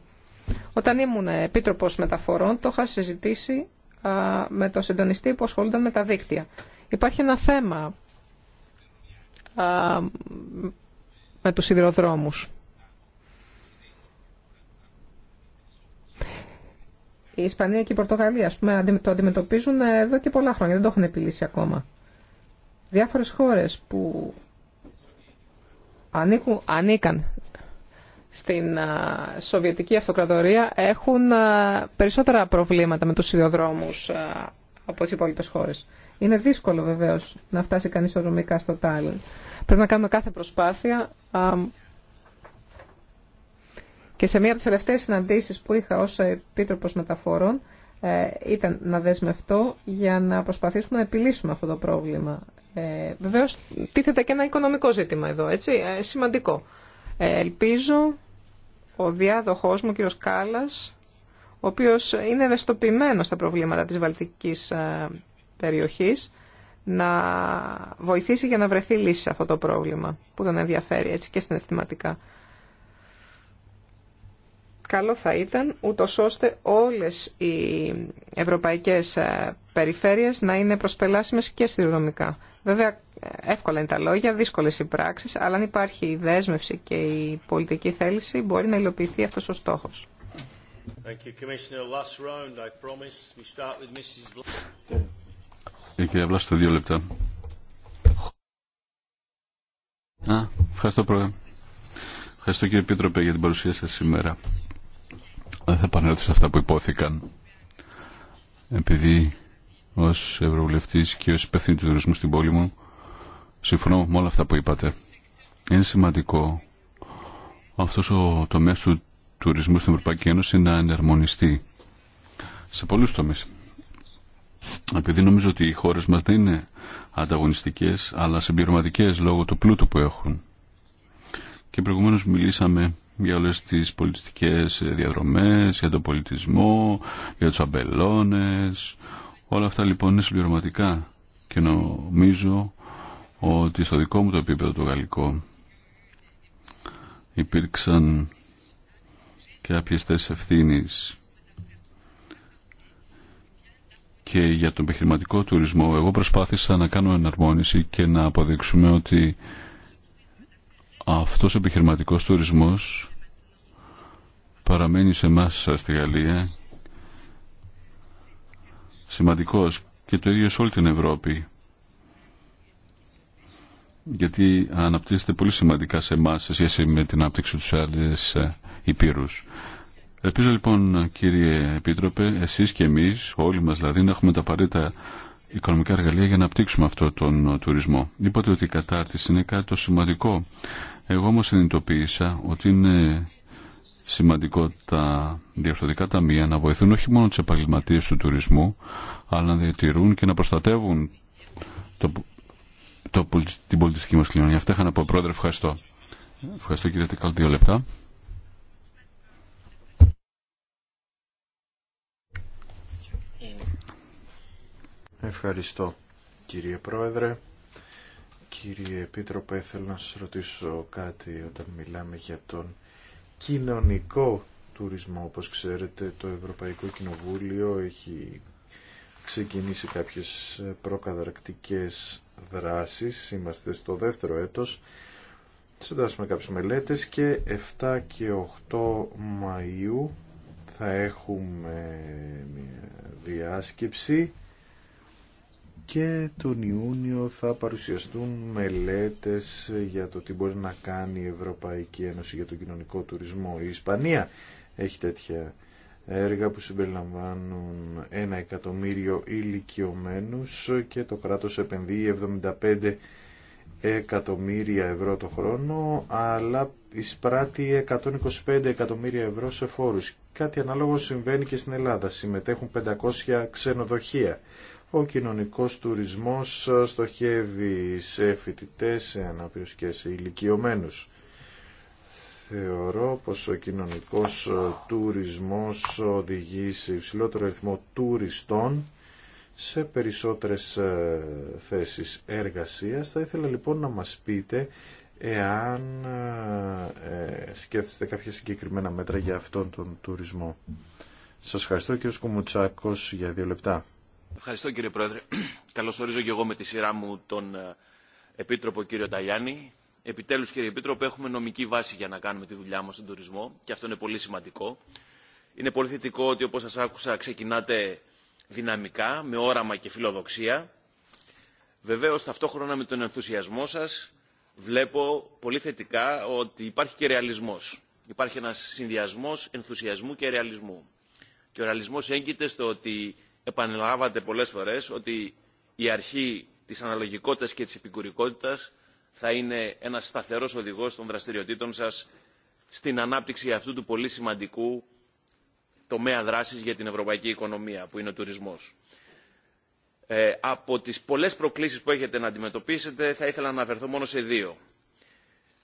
Όταν ήμουν επίτροπος μεταφορών το είχα συζητήσει με το συντονιστή που ασχολούνταν με τα δίκτυα. Υπάρχει ένα θέμα με τους σιδηροδρόμους. Η Ισπανία και η Πορτογαλία, το αντιμετωπίζουν ε, εδώ και πολλά χρόνια, δεν το έχουν επιλύσει ακόμα. Διάφορες χώρες που ανήκουν, ανήκαν στην Σοβιετική Αυτοκρατορία έχουν περισσότερα προβλήματα με τους σιδηροδρόμους από τις υπόλοιπες χώρες. Είναι δύσκολο βεβαίω να φτάσει κανεί ορμικά στο Τάλιν. Πρέπει να κάνουμε κάθε προσπάθεια. Και σε μία από τι τελευταίε συναντήσει που είχα ω Επίτροπο Μεταφορών ε, ήταν να δεσμευτώ για να προσπαθήσουμε να επιλύσουμε αυτό το πρόβλημα. Ε, βεβαίω τίθεται και ένα οικονομικό ζήτημα εδώ, έτσι, ε, σημαντικό. ελπίζω ο διάδοχός μου, κύριος Κάλλας, ο οποίος είναι ευαισθητοποιημένος στα προβλήματα της βαλτικής περιοχής να βοηθήσει για να βρεθεί λύση σε αυτό το πρόβλημα που τον ενδιαφέρει έτσι και συναισθηματικά. Καλό θα ήταν ούτω ώστε όλες οι ευρωπαϊκές ε, περιφέρειες να είναι προσπελάσιμες και συνδρομικά. Βέβαια εύκολα είναι τα λόγια, δύσκολες οι πράξεις, αλλά αν υπάρχει η δέσμευση και η πολιτική θέληση μπορεί να υλοποιηθεί αυτός ο στόχος. Thank you, Commissioner. Last round, I promise. We start with Mrs. Ε, δύο λεπτά. Α, ευχαριστώ, κύριε Πίτροπε, για την παρουσία σας σήμερα. Δεν θα επανέλθω σε αυτά που υπόθηκαν. Επειδή ως Ευρωβουλευτής και ως υπευθύνη του τουρισμού στην πόλη μου, συμφωνώ με όλα αυτά που είπατε. Είναι σημαντικό αυτός ο τομέας του τουρισμού στην Ευρωπαϊκή Ένωση να εναρμονιστεί σε πολλούς τομείς επειδή νομίζω ότι οι χώρες μας δεν είναι ανταγωνιστικές αλλά συμπληρωματικές λόγω του πλούτου που έχουν. Και προηγουμένως μιλήσαμε για όλες τις πολιτιστικές διαδρομές, για τον πολιτισμό, για τους αμπελώνες. Όλα αυτά λοιπόν είναι συμπληρωματικά και νομίζω ότι στο δικό μου το επίπεδο το γαλλικό υπήρξαν κάποιες θέσεις ευθύνης και για τον επιχειρηματικό τουρισμό. Εγώ προσπάθησα να κάνω εναρμόνιση και να αποδείξουμε ότι αυτός ο επιχειρηματικός τουρισμός παραμένει σε μας στη Γαλλία σημαντικός και το ίδιο σε όλη την Ευρώπη γιατί αναπτύσσεται πολύ σημαντικά σε εμά σε σχέση με την ανάπτυξη του άλλες ε, υπήρους. Ελπίζω λοιπόν κύριε Επίτροπε, εσείς και εμείς, όλοι μας δηλαδή, να έχουμε τα απαραίτητα οικονομικά εργαλεία για να απτύξουμε αυτό τον ε, τουρισμό. Είπατε ότι η κατάρτιση είναι κάτι το σημαντικό. Εγώ όμως συνειδητοποίησα ότι είναι σημαντικό τα διαφορετικά ταμεία να βοηθούν όχι μόνο τις επαγγελματίε του τουρισμού, αλλά να διατηρούν και να προστατεύουν το, το, την πολιτιστική μας κοινωνία. Αυτά είχα να πω. Πρόεδρε, ευχαριστώ. Ευχαριστώ κύριε Τεκάλ, δύο λεπτά. Ευχαριστώ κύριε Πρόεδρε. Κύριε Επίτροπε, θέλω να σας ρωτήσω κάτι όταν μιλάμε για τον κοινωνικό τουρισμό. Όπως ξέρετε, το Ευρωπαϊκό Κοινοβούλιο έχει ξεκινήσει κάποιες προκαταρκτικές δράσεις. Είμαστε στο δεύτερο έτος. Συντάσσουμε κάποιες μελέτες και 7 και 8 Μαΐου θα έχουμε μια διάσκεψη και τον Ιούνιο θα παρουσιαστούν μελέτες για το τι μπορεί να κάνει η Ευρωπαϊκή Ένωση για τον κοινωνικό τουρισμό. Η Ισπανία έχει τέτοια έργα που συμπεριλαμβάνουν ένα εκατομμύριο ηλικιωμένους και το κράτος επενδύει 75 εκατομμύρια ευρώ το χρόνο αλλά εισπράττει 125 εκατομμύρια ευρώ σε φόρους. Κάτι ανάλογο συμβαίνει και στην Ελλάδα. Συμμετέχουν 500 ξενοδοχεία. Ο κοινωνικός τουρισμός στοχεύει σε φοιτητές, σε ανάπηρους και σε ηλικιωμένους. Θεωρώ πως ο κοινωνικός τουρισμός οδηγεί σε υψηλότερο αριθμό τουριστών σε περισσότερες ε, θέσεις εργασίας. Θα ήθελα λοιπόν να μας πείτε εάν ε, ε, σκέφτεστε κάποια συγκεκριμένα μέτρα για αυτόν τον τουρισμό. Σας ευχαριστώ κύριος Κουμουτσάκος για δύο λεπτά. Ευχαριστώ κύριε Πρόεδρε. Καλωσορίζω και εγώ με τη σειρά μου τον ε, Επίτροπο κύριο Ταγιάννη. Επιτέλους κύριε Επίτροπο έχουμε νομική βάση για να κάνουμε τη δουλειά μας στον τουρισμό και αυτό είναι πολύ σημαντικό. Είναι πολύ θετικό ότι όπως σας άκουσα ξεκινάτε δυναμικά, με όραμα και φιλοδοξία. Βεβαίως ταυτόχρονα με τον ενθουσιασμό σας βλέπω πολύ θετικά ότι υπάρχει και ρεαλισμός. Υπάρχει ένας συνδυασμός ενθουσιασμού και ρεαλισμού. Και ο ρεαλισμός έγκυται στο ότι επανελάβατε πολλές φορές ότι η αρχή της αναλογικότητας και της επικουρικότητας θα είναι ένας σταθερός οδηγός των δραστηριοτήτων σας στην ανάπτυξη αυτού του πολύ σημαντικού τομέα δράσης για την ευρωπαϊκή οικονομία που είναι ο τουρισμός. Ε, από τις πολλές προκλήσεις που έχετε να αντιμετωπίσετε θα ήθελα να αναφερθώ μόνο σε δύο.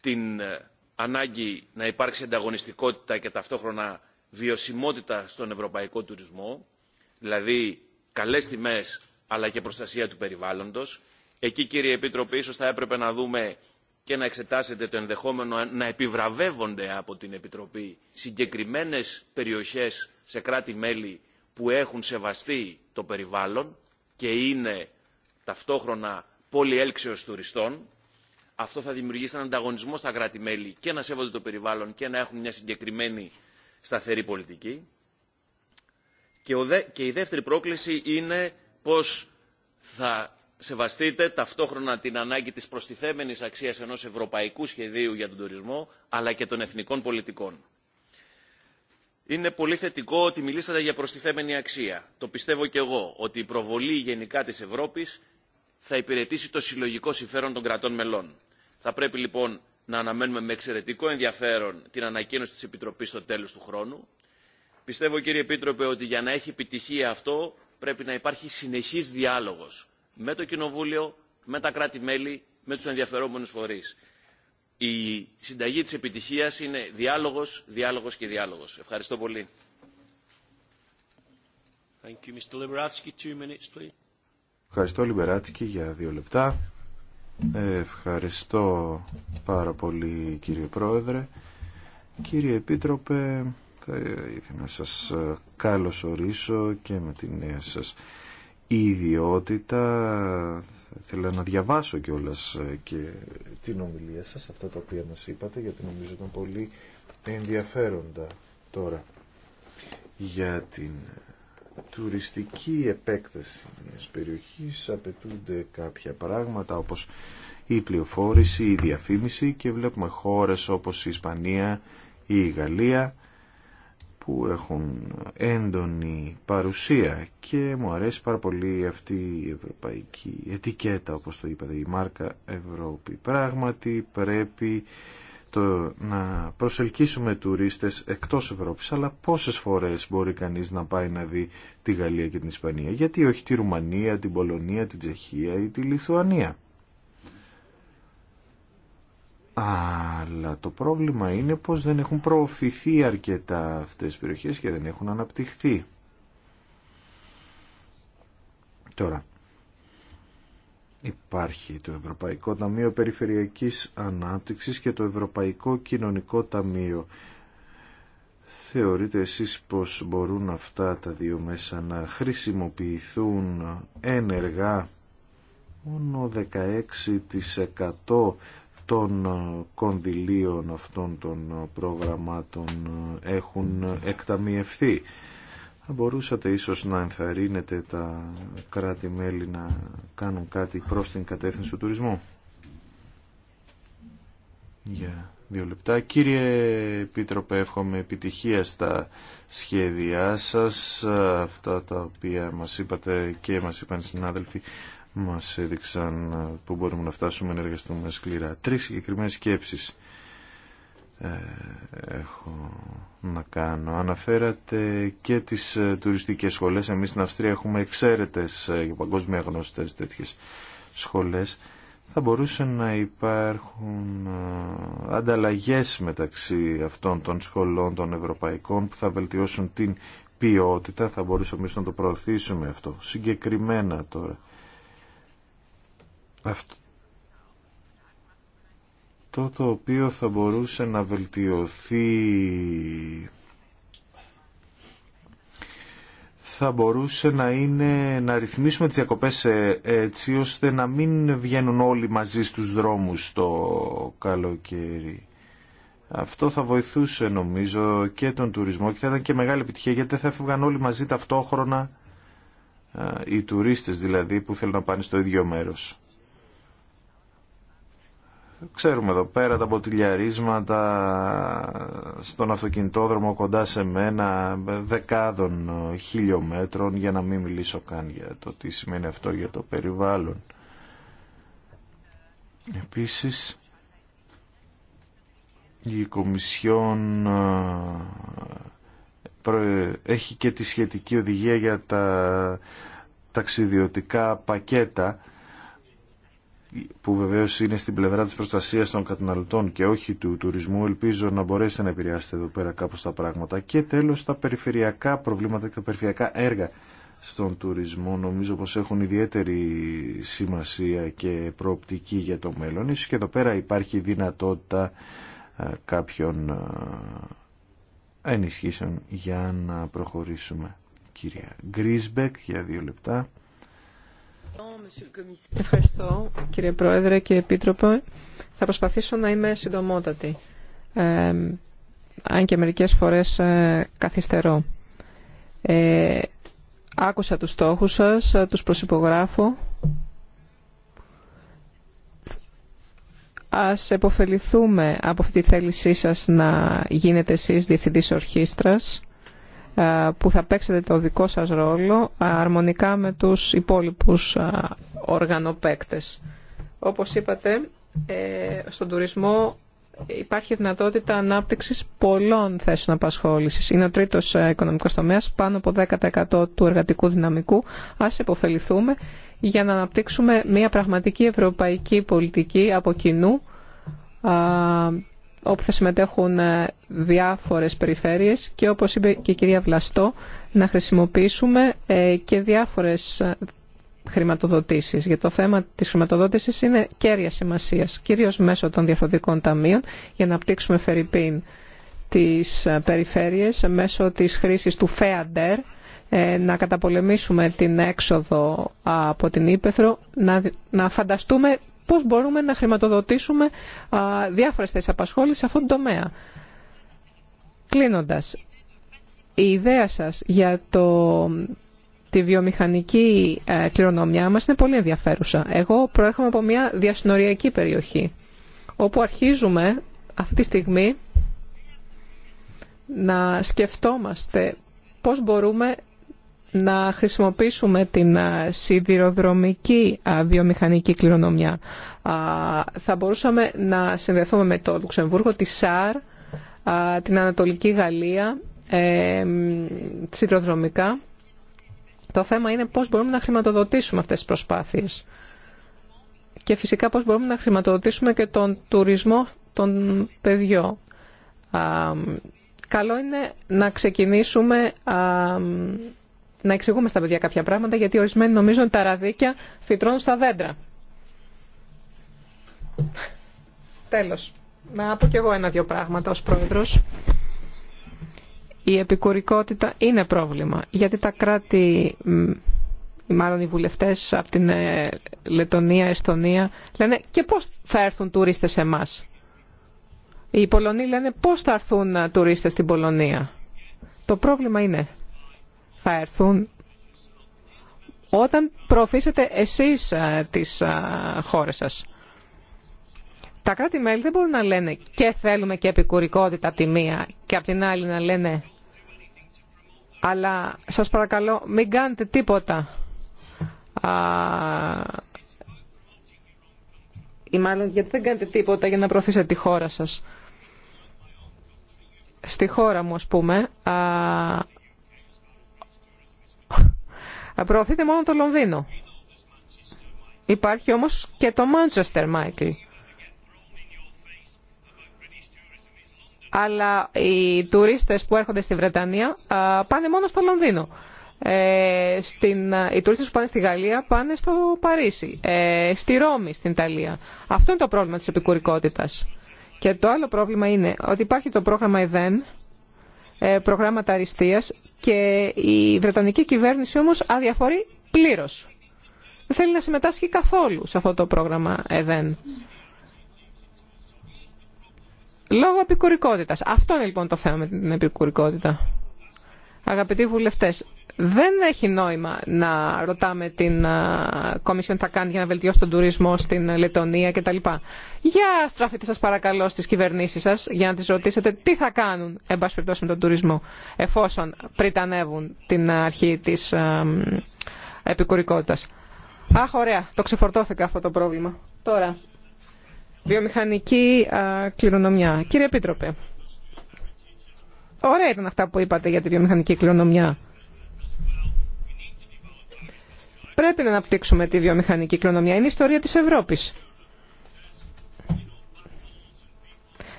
Την ε, ανάγκη να υπάρξει ανταγωνιστικότητα και ταυτόχρονα βιωσιμότητα στον ευρωπαϊκό τουρισμό δηλαδή καλές τιμές αλλά και προστασία του περιβάλλοντος. Εκεί κύριε Επίτροπε ίσως θα έπρεπε να δούμε και να εξετάσετε το ενδεχόμενο να επιβραβεύονται από την Επιτροπή συγκεκριμένες περιοχές σε κράτη-μέλη που έχουν σεβαστεί το περιβάλλον και είναι ταυτόχρονα έλξεως τουριστών. Αυτό θα δημιουργήσει έναν ανταγωνισμό στα κράτη-μέλη και να σέβονται το περιβάλλον και να έχουν μια συγκεκριμένη σταθερή πολιτική. Και η δεύτερη πρόκληση είναι πώς θα σεβαστείτε ταυτόχρονα την ανάγκη της προστιθέμενης αξίας ενός ευρωπαϊκού σχεδίου για τον τουρισμό, αλλά και των εθνικών πολιτικών. Είναι πολύ θετικό ότι μιλήσατε για προστιθέμενη αξία. Το πιστεύω και εγώ, ότι η προβολή γενικά της Ευρώπης θα υπηρετήσει το συλλογικό συμφέρον των κρατών μελών. Θα πρέπει λοιπόν να αναμένουμε με εξαιρετικό ενδιαφέρον την ανακοίνωση της Επιτροπής στο τέλος του χρόνου Πιστεύω κύριε Επίτροπε ότι για να έχει επιτυχία αυτό πρέπει να υπάρχει συνεχής διάλογος με το Κοινοβούλιο, με τα κράτη-μέλη, με τους ενδιαφερόμενους φορείς. Η συνταγή της επιτυχίας είναι διάλογος, διάλογος και διάλογος. Ευχαριστώ πολύ. Ευχαριστώ Λιμπεράτσκι για δύο λεπτά. Ευχαριστώ πάρα πολύ κύριε Πρόεδρε. Κύριε Επίτροπε, θα ήθελα να σας ε, καλωσορίσω και με την νέα σας ιδιότητα. θέλω να διαβάσω όλας ε, και την ομιλία σας, αυτά τα οποία μας είπατε, γιατί νομίζω ήταν πολύ ενδιαφέροντα τώρα για την τουριστική επέκταση μιας περιοχής απαιτούνται κάποια πράγματα όπως η πληροφόρηση, η διαφήμιση και βλέπουμε χώρες όπως η Ισπανία ή η Γαλλία που έχουν έντονη παρουσία και μου αρέσει πάρα πολύ αυτή η ευρωπαϊκή ετικέτα όπως το είπατε η μάρκα Ευρώπη πράγματι πρέπει το να προσελκύσουμε τουρίστες εκτός Ευρώπης αλλά πόσες φορές μπορεί κανείς να πάει να δει τη Γαλλία και την Ισπανία γιατί όχι τη Ρουμανία, την Πολωνία, την Τσεχία ή τη Λιθουανία αλλά το πρόβλημα είναι πως δεν έχουν προωθηθεί αρκετά αυτές τις περιοχές και δεν έχουν αναπτυχθεί. Τώρα, υπάρχει το Ευρωπαϊκό Ταμείο Περιφερειακής Ανάπτυξης και το Ευρωπαϊκό Κοινωνικό Ταμείο. Θεωρείτε εσείς πως μπορούν αυτά τα δύο μέσα να χρησιμοποιηθούν ένεργα μόνο 16% των ε, κονδυλίων αυτών των ε, προγραμμάτων ε, έχουν εκταμιευθεί. Θα μπορούσατε ίσως να ενθαρρύνετε τα κράτη-μέλη να κάνουν κάτι προς την κατεύθυνση του τουρισμού. Για δύο λεπτά. Κύριε Επίτροπε, εύχομαι επιτυχία στα σχέδιά σας, αυτά τα οποία μας είπατε και μας είπαν οι συνάδελφοι μας έδειξαν ε, που μπορούμε να φτάσουμε να εργαστούμε σκληρά. Τρεις συγκεκριμένε σκέψεις ε, έχω να κάνω. Αναφέρατε και τις ε, τουριστικές σχολές. Εμείς στην Αυστρία έχουμε εξαίρετες για παγκόσμια γνώστες τέτοιες σχολές. Θα μπορούσε να υπάρχουν ανταλλαγές μεταξύ αυτών των σχολών των ευρωπαϊκών που θα βελτιώσουν την ποιότητα. Θα μπορούσαμε να το προωθήσουμε αυτό. Συγκεκριμένα τώρα αυτό το οποίο θα μπορούσε να βελτιωθεί θα μπορούσε να είναι να ρυθμίσουμε τις διακοπές ε, έτσι ώστε να μην βγαίνουν όλοι μαζί στους δρόμους το καλοκαίρι. Αυτό θα βοηθούσε νομίζω και τον τουρισμό και θα ήταν και μεγάλη επιτυχία γιατί θα έφευγαν όλοι μαζί ταυτόχρονα ε, οι τουρίστες δηλαδή που θέλουν να πάνε στο ίδιο μέρος. Ξέρουμε εδώ πέρα τα ποτηλιαρίσματα στον αυτοκινητόδρομο κοντά σε μένα δεκάδων χιλιόμετρων για να μην μιλήσω καν για το τι σημαίνει αυτό για το περιβάλλον. Επίσης η Κομισιόν ε, έχει και τη σχετική οδηγία για τα ταξιδιωτικά πακέτα που βεβαίω είναι στην πλευρά της προστασίας των καταναλωτών και όχι του τουρισμού, ελπίζω να μπορέσετε να επηρεάσετε εδώ πέρα κάπως τα πράγματα. Και τέλος τα περιφερειακά προβλήματα και τα περιφερειακά έργα στον τουρισμό νομίζω πως έχουν ιδιαίτερη σημασία και προοπτική για το μέλλον. Ίσως και εδώ πέρα υπάρχει δυνατότητα ε, κάποιων ε, ενισχύσεων για να προχωρήσουμε. Κυρία Γκρίσμπεκ για δύο λεπτά. Ευχαριστώ κύριε Πρόεδρε και Επίτροπο. Θα προσπαθήσω να είμαι συντομότατη, αν και μερικές φορές ε, καθυστερώ. Ε, άκουσα τους στόχους σας, ε, τους προσυπογράφω. Ας επωφεληθούμε από αυτή τη θέλησή σας να γίνετε εσείς διευθυντής ορχήστρας ε, που θα παίξετε το δικό σας ρόλο ε, αρμονικά με τους υπόλοιπους ε, οργανοπαίκτες. Όπως είπατε, στον τουρισμό υπάρχει δυνατότητα ανάπτυξης πολλών θέσεων απασχόλησης. Είναι ο τρίτος οικονομικός τομέας, πάνω από 10% του εργατικού δυναμικού. Ας υποφεληθούμε για να αναπτύξουμε μια πραγματική ευρωπαϊκή πολιτική από κοινού όπου θα συμμετέχουν ε, διάφορες περιφέρειες και όπως είπε και η κυρία Βλαστό να χρησιμοποιήσουμε ε, και διάφορες ε, χρηματοδοτήσεις. Για το θέμα της χρηματοδότησης είναι κέρια σημασίας, κυρίως μέσω των διαφορετικών ταμείων για να απτύξουμε φερρυπίν τις περιφέρειες μέσω της χρήσης του ΦΕΑΝΤΕΡ να καταπολεμήσουμε την έξοδο από την Ήπεθρο, να φανταστούμε πώς μπορούμε να χρηματοδοτήσουμε διάφορες θέσεις απασχόλησης σε αυτόν τον τομέα. Κλείνοντας, η ιδέα σας για το, τη βιομηχανική ε, κληρονομιά μας είναι πολύ ενδιαφέρουσα. Εγώ προέρχομαι από μια διασυνοριακή περιοχή, όπου αρχίζουμε αυτή τη στιγμή να σκεφτόμαστε πώς μπορούμε να χρησιμοποιήσουμε την σιδηροδρομική βιομηχανική κληρονομιά. Θα μπορούσαμε να συνδεθούμε με το Λουξεμβούργο, τη ΣΑΡ, την Ανατολική Γαλλία, ε, σιδηροδρομικά. Το θέμα είναι πώς μπορούμε να χρηματοδοτήσουμε αυτές τις προσπάθειες. Και φυσικά πώς μπορούμε να χρηματοδοτήσουμε και τον τουρισμό των παιδιών. Καλό είναι να ξεκινήσουμε να εξηγούμε στα παιδιά κάποια πράγματα, γιατί ορισμένοι νομίζουν τα ραδίκια φυτρώνουν στα δέντρα. Τέλος. Να πω κι εγώ ένα-δύο πράγματα ως πρόεδρος. Η επικουρικότητα είναι πρόβλημα, γιατί τα κράτη, μάλλον οι βουλευτέ από την ε, Λετωνία, Εστονία, λένε και πώς θα έρθουν τουρίστες σε εμά. Οι Πολωνοί λένε πώς θα έρθουν ε, τουρίστες στην Πολωνία. Το πρόβλημα είναι θα έρθουν όταν προωθήσετε εσείς ε, τις ε, χώρες σας. Τα κράτη-μέλη δεν μπορούν να λένε και θέλουμε και επικουρικότητα από τη μία και από την άλλη να λένε αλλά σας παρακαλώ μην κάνετε τίποτα ή μάλλον γιατί δεν κάνετε τίποτα για να προωθήσετε τη χώρα σας. Στη χώρα μου, ας πούμε, Προωθείται μόνο το Λονδίνο. Υπάρχει όμως και το Μάντσεστερ, Μάικλ. Αλλά οι τουρίστες που έρχονται στη Βρετανία πάνε μόνο στο Λονδίνο. Ε, στην, οι τουρίστες που πάνε στη Γαλλία πάνε στο Παρίσι, ε, στη Ρώμη, στην Ιταλία. Αυτό είναι το πρόβλημα της επικουρικότητας. Και το άλλο πρόβλημα είναι ότι υπάρχει το πρόγραμμα ΕΔΕΝ, ε, προγράμματα αριστείας και η Βρετανική κυβέρνηση όμως αδιαφορεί πλήρως. Δεν θέλει να συμμετάσχει καθόλου σε αυτό το πρόγραμμα ΕΔΕΝ. Λόγω επικουρικότητας. Αυτό είναι λοιπόν το θέμα με την επικουρικότητα. Αγαπητοί βουλευτές, δεν έχει νόημα να ρωτάμε την Κομισιόν τι θα κάνει για να βελτιώσει τον τουρισμό στην Λετωνία κτλ. Για στραφείτε σας παρακαλώ στις κυβερνήσεις σας για να τις ρωτήσετε τι θα κάνουν εν με τον τουρισμό εφόσον πριτανεύουν την αρχή της επικουρικότητας. Αχ, ωραία, το ξεφορτώθηκα αυτό το πρόβλημα. Τώρα, βιομηχανική κληρονομιά. Κύριε Επίτροπε, Ωραία ήταν αυτά που είπατε για τη βιομηχανική κληρονομιά. Πρέπει να αναπτύξουμε τη βιομηχανική κληρονομιά. Είναι η ιστορία της Ευρώπης.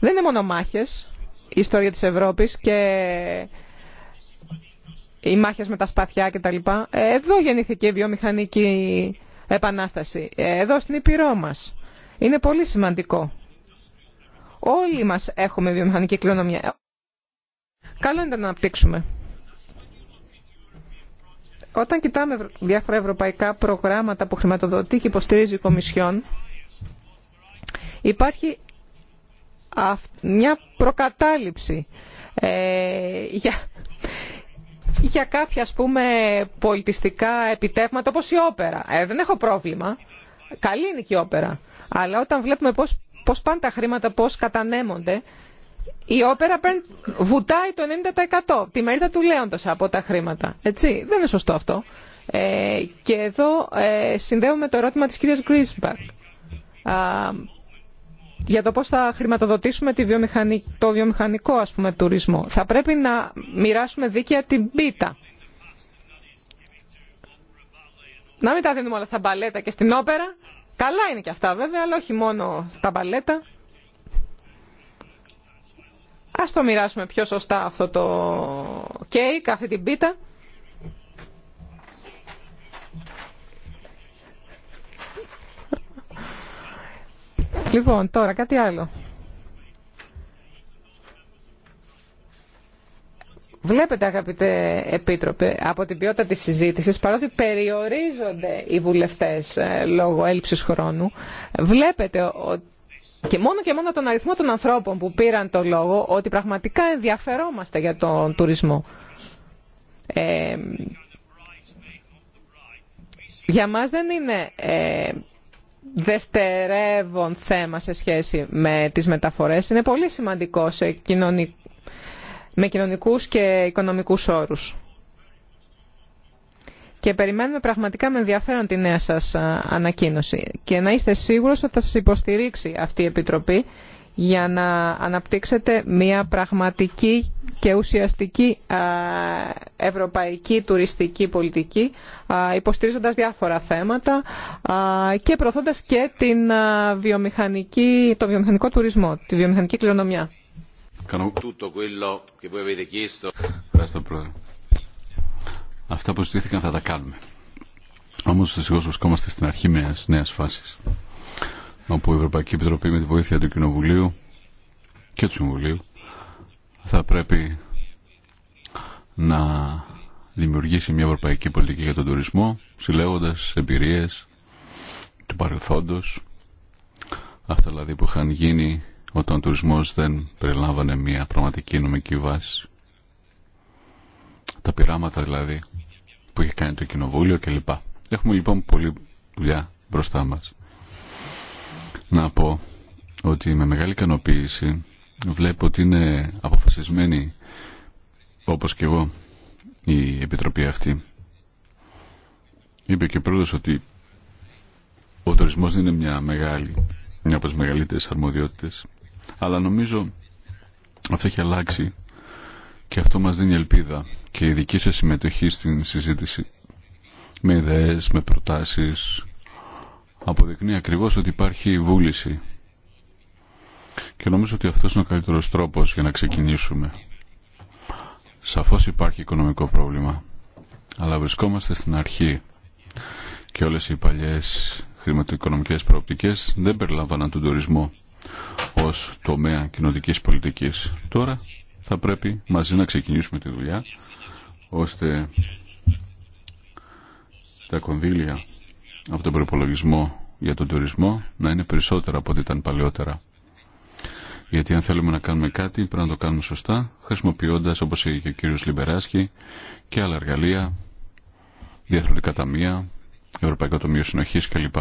Δεν είναι μόνο μάχες η ιστορία της Ευρώπης και οι μάχες με τα σπαθιά κτλ. Εδώ γεννήθηκε η βιομηχανική επανάσταση. Εδώ στην Ήπειρό μας. Είναι πολύ σημαντικό. Όλοι μας έχουμε βιομηχανική κληρονομιά. Καλό είναι να αναπτύξουμε. Όταν κοιτάμε διάφορα ευρωπαϊκά προγράμματα που χρηματοδοτεί και υποστηρίζει η Κομισιόν, υπάρχει μια προκατάληψη ε, για, για κάποια πούμε πολιτιστικά επιτεύγματα όπως η όπερα. Ε, δεν έχω πρόβλημα. Καλή είναι και η όπερα. Αλλά όταν βλέπουμε πώς, πώς πάνε τα χρήματα, πώς κατανέμονται, η όπερα βουτάει το 90% τη μερίδα του λέοντος από τα χρήματα. Έτσι, δεν είναι σωστό αυτό. Ε, και εδώ ε, συνδέουμε το ερώτημα της κυρίας Γκρίσμπακ για το πώς θα χρηματοδοτήσουμε το βιομηχανικό ας πούμε, τουρισμό. Θα πρέπει να μοιράσουμε δίκαια την πίτα. Να μην τα δίνουμε όλα στα μπαλέτα και στην όπερα. Καλά είναι και αυτά βέβαια, αλλά όχι μόνο τα μπαλέτα. Ας το μοιράσουμε πιο σωστά αυτό το κέικ, αυτή την πίτα. Λοιπόν, τώρα κάτι άλλο. Βλέπετε αγαπητέ Επίτροπε, από την ποιότητα της συζήτησης, παρότι περιορίζονται οι βουλευτές ε, λόγω έλλειψης χρόνου, βλέπετε ότι και μόνο και μόνο τον αριθμό των ανθρώπων που πήραν το λόγο ότι πραγματικά ενδιαφερόμαστε για τον τουρισμό. Ε, για μας δεν είναι ε, δευτερεύον θέμα σε σχέση με τις μεταφορές. Είναι πολύ σημαντικό σε με κοινωνικούς και οικονομικούς όρους και περιμένουμε πραγματικά με ενδιαφέρον τη νέα σα ανακοίνωση και να είστε σίγουροι ότι θα σα υποστηρίξει αυτή η Επιτροπή για να αναπτύξετε μια πραγματική και ουσιαστική ευρωπαϊκή τουριστική πολιτική υποστηρίζοντας διάφορα θέματα και προωθώντας και την το βιομηχανικό τουρισμό, τη βιομηχανική κληρονομιά. Αυτά που ζητήθηκαν θα τα κάνουμε. Όμω δυστυχώ βρισκόμαστε στην αρχή μια νέα φάση, όπου η Ευρωπαϊκή Επιτροπή με τη βοήθεια του Κοινοβουλίου και του Συμβουλίου θα πρέπει να δημιουργήσει μια ευρωπαϊκή πολιτική για τον τουρισμό συλλέγοντας εμπειρίε του παρελθόντος αυτά δηλαδή που είχαν γίνει όταν ο τουρισμός δεν περιλάμβανε μια πραγματική νομική βάση τα πειράματα δηλαδή που έχει κάνει το κοινοβούλιο κλπ. Έχουμε λοιπόν πολλή δουλειά μπροστά μας. Να πω ότι με μεγάλη ικανοποίηση βλέπω ότι είναι αποφασισμένη όπως και εγώ η Επιτροπή αυτή. Είπε και πρώτος ότι ο τουρισμός δεν είναι μια μεγάλη, μια από τις μεγαλύτερες αρμοδιότητες. Αλλά νομίζω αυτό έχει αλλάξει και αυτό μας δίνει ελπίδα και η δική σας συμμετοχή στην συζήτηση με ιδέες, με προτάσεις αποδεικνύει ακριβώς ότι υπάρχει βούληση και νομίζω ότι αυτός είναι ο καλύτερος τρόπος για να ξεκινήσουμε σαφώς υπάρχει οικονομικό πρόβλημα αλλά βρισκόμαστε στην αρχή και όλες οι παλιές χρηματοοικονομικές προοπτικές δεν περιλάμβαναν τον τουρισμό ως τομέα κοινωτικής πολιτικής. Τώρα θα πρέπει μαζί να ξεκινήσουμε τη δουλειά ώστε τα κονδύλια από τον προπολογισμό για τον τουρισμό να είναι περισσότερα από ό,τι ήταν παλαιότερα. Γιατί αν θέλουμε να κάνουμε κάτι πρέπει να το κάνουμε σωστά χρησιμοποιώντας όπως είπε και ο κύριος Λιμπεράσκη και άλλα εργαλεία, διεθνωτικά ταμεία, Ευρωπαϊκό Τομείο Συνοχής κλπ.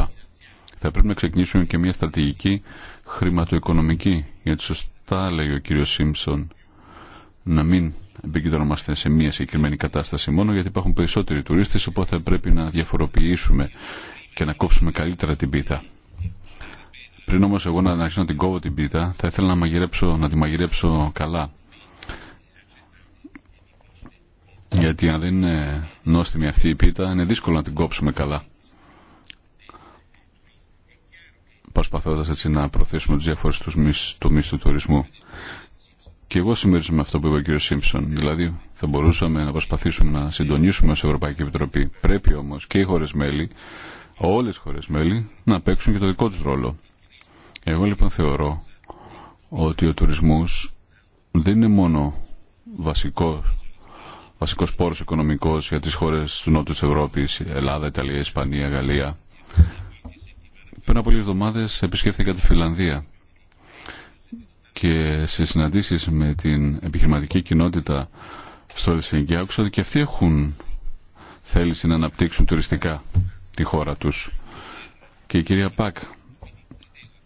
Θα πρέπει να ξεκινήσουμε και μια στρατηγική χρηματοοικονομική γιατί σωστά λέει ο κύριος Σίμψον να μην επικεντρωνόμαστε σε μία συγκεκριμένη κατάσταση μόνο γιατί υπάρχουν περισσότεροι τουρίστες οπότε πρέπει να διαφοροποιήσουμε και να κόψουμε καλύτερα την πίτα. Πριν όμως εγώ να αρχίσω να την κόβω την πίτα θα ήθελα να, μαγειρέψω, να τη μαγειρέψω καλά. Γιατί αν δεν είναι νόστιμη αυτή η πίτα είναι δύσκολο να την κόψουμε καλά. Προσπαθώντα έτσι να προωθήσουμε του διάφορου του τουρισμού. Και εγώ συμμερίζομαι με αυτό που είπε ο κύριο Σίμψον. Δηλαδή, θα μπορούσαμε να προσπαθήσουμε να συντονίσουμε ω Ευρωπαϊκή Επιτροπή. Πρέπει όμω και οι χώρε μέλη, όλε οι χώρε μέλη, να παίξουν και το δικό του ρόλο. Εγώ λοιπόν θεωρώ ότι ο τουρισμό δεν είναι μόνο βασικό βασικός πόρος οικονομικός για τις χώρες του Νότου της Ευρώπης, Ελλάδα, Ιταλία, Ισπανία, Γαλλία. Πριν από λίγες εβδομάδες επισκέφθηκα τη Φιλανδία και σε συναντήσεις με την επιχειρηματική κοινότητα στο Ελσίνγκη άκουσα ότι και αυτοί έχουν θέληση να αναπτύξουν τουριστικά τη χώρα τους. Και η κυρία Πακ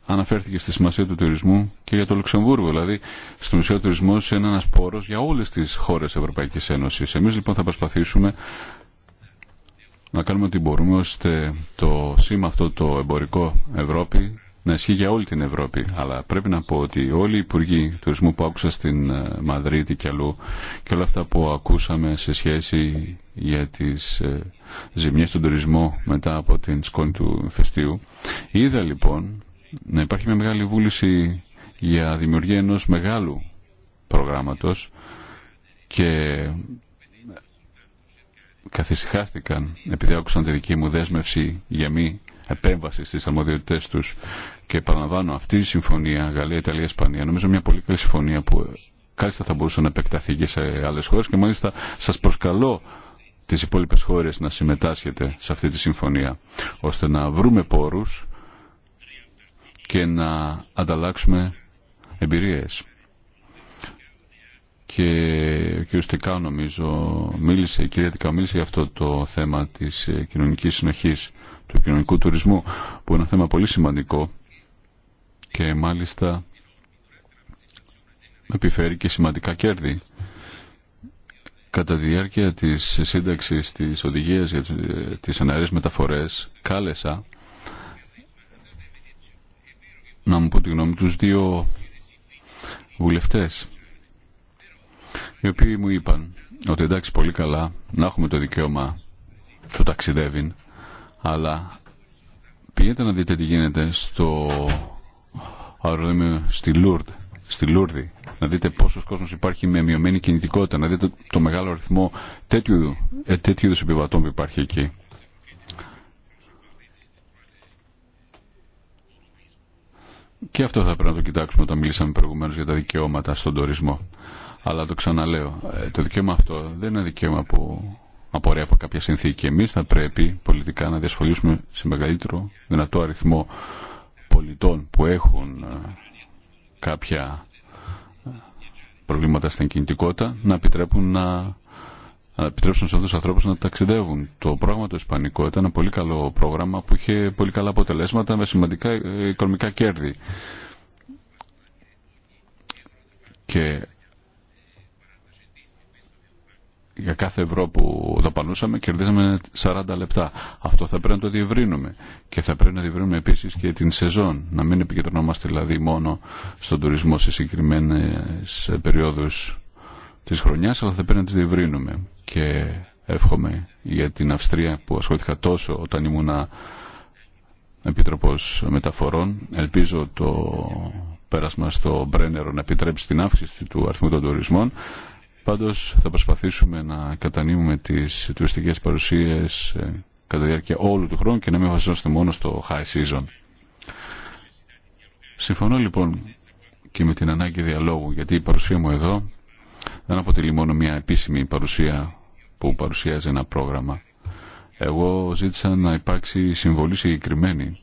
αναφέρθηκε στη σημασία του τουρισμού και για το Λουξεμβούργο. Δηλαδή, στο Μουσείο Τουρισμό είναι ένα πόρο για όλε τι χώρε Ευρωπαϊκή Ένωση. Εμεί λοιπόν θα προσπαθήσουμε να κάνουμε ό,τι μπορούμε ώστε το σήμα αυτό το εμπορικό Ευρώπη να ισχύει για όλη την Ευρώπη. Αλλά πρέπει να πω ότι όλοι οι υπουργοί τουρισμού που άκουσα στην ε, Μαδρίτη και αλλού και όλα αυτά που ακούσαμε σε σχέση για τις ε, ζημιές στον τουρισμό μετά από την σκόνη του φεστίου. Είδα λοιπόν να υπάρχει μια μεγάλη βούληση για δημιουργία ενός μεγάλου προγράμματος και καθησυχάστηκαν επειδή άκουσαν τη δική μου δέσμευση για μη επέμβαση στις αρμοδιότητες τους και επαναλαμβάνω, αυτή η συμφωνία Γαλλία, Ιταλία, Ισπανία, νομίζω μια πολύ καλή συμφωνία που κάλλιστα θα μπορούσε να επεκταθεί και σε άλλε χώρε και μάλιστα σα προσκαλώ τι υπόλοιπε χώρε να συμμετάσχετε σε αυτή τη συμφωνία, ώστε να βρούμε πόρου και να ανταλλάξουμε εμπειρίες. Και ο κ. Τικάου νομίζω μίλησε, η κυρία Τικάου μίλησε για αυτό το θέμα της κοινωνικής συνοχής, του κοινωνικού τουρισμού, που είναι ένα θέμα πολύ σημαντικό και μάλιστα επιφέρει και σημαντικά κέρδη. Κατά τη διάρκεια της σύνταξης της οδηγίας για τις αναρρές ε, μεταφορές κάλεσα να μου πω τη γνώμη τους δύο βουλευτές οι οποίοι μου είπαν ότι εντάξει πολύ καλά να έχουμε το δικαίωμα του ταξιδεύει αλλά πηγαίνετε να δείτε τι γίνεται στο αεροδρόμιο στη Λούρντ, στη Λούρδη, να δείτε πόσο κόσμο υπάρχει με μειωμένη κινητικότητα, να δείτε το, μεγάλο αριθμό τέτοιου, ε, τέτοιου είδους επιβατών που υπάρχει εκεί. Και αυτό θα πρέπει να το κοιτάξουμε όταν μιλήσαμε προηγουμένω για τα δικαιώματα στον τουρισμό. Αλλά το ξαναλέω, ε, το δικαίωμα αυτό δεν είναι δικαίωμα που απορρέει από κάποια συνθήκη. Εμεί θα πρέπει πολιτικά να διασφαλίσουμε σε μεγαλύτερο δυνατό αριθμό πολιτών που έχουν ε, κάποια ε, προβλήματα στην κινητικότητα να επιτρέπουν να να επιτρέψουν σε αυτού του ανθρώπου να ταξιδεύουν. Το πρόγραμμα το Ισπανικό ήταν ένα πολύ καλό πρόγραμμα που είχε πολύ καλά αποτελέσματα με σημαντικά ε, οικονομικά κέρδη. Και για κάθε ευρώ που δαπανούσαμε κερδίσαμε 40 λεπτά. Αυτό θα πρέπει να το διευρύνουμε. Και θα πρέπει να διευρύνουμε επίση και την σεζόν. Να μην επικεντρωνόμαστε δηλαδή μόνο στον τουρισμό σε συγκεκριμένε περιόδου τη χρονιά, αλλά θα πρέπει να τι διευρύνουμε. Και εύχομαι για την Αυστρία που ασχολήθηκα τόσο όταν ήμουνα Επίτροπος Μεταφορών. Ελπίζω το πέρασμα στο Μπρένερο να επιτρέψει την αύξηση του αριθμού των τουρισμών Πάντως θα προσπαθήσουμε να κατανείμουμε τις τουριστικές παρουσίες ε, κατά τη διάρκεια όλου του χρόνου και να μην βασιζόμαστε μόνο στο high season. Συμφωνώ λοιπόν και με την ανάγκη διαλόγου γιατί η παρουσία μου εδώ δεν αποτελεί μόνο μια επίσημη παρουσία που παρουσιάζει ένα πρόγραμμα. Εγώ ζήτησα να υπάρξει συμβολή συγκεκριμένη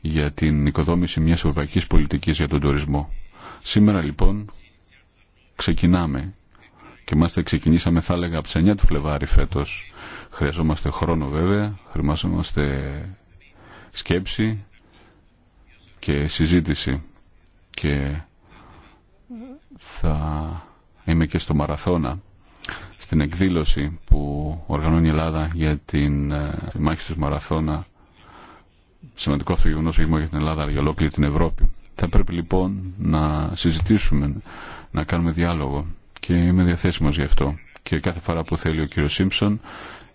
για την οικοδόμηση μιας ευρωπαϊκής πολιτικής για τον τουρισμό. Σήμερα λοιπόν ξεκινάμε και μάλιστα ξεκινήσαμε θα έλεγα από τις 9 του Φλεβάρι φέτος. Χρειαζόμαστε χρόνο βέβαια, χρειαζόμαστε σκέψη και συζήτηση και θα είμαι και στο Μαραθώνα στην εκδήλωση που οργανώνει η Ελλάδα για την ε, μάχη της Μαραθώνα σημαντικό αυτό γεγονός όχι μόνο για την Ελλάδα αλλά για ολόκληρη την Ευρώπη θα πρέπει λοιπόν να συζητήσουμε να κάνουμε διάλογο και είμαι διαθέσιμος γι' αυτό. Και κάθε φορά που θέλει ο κύριος Σίμψον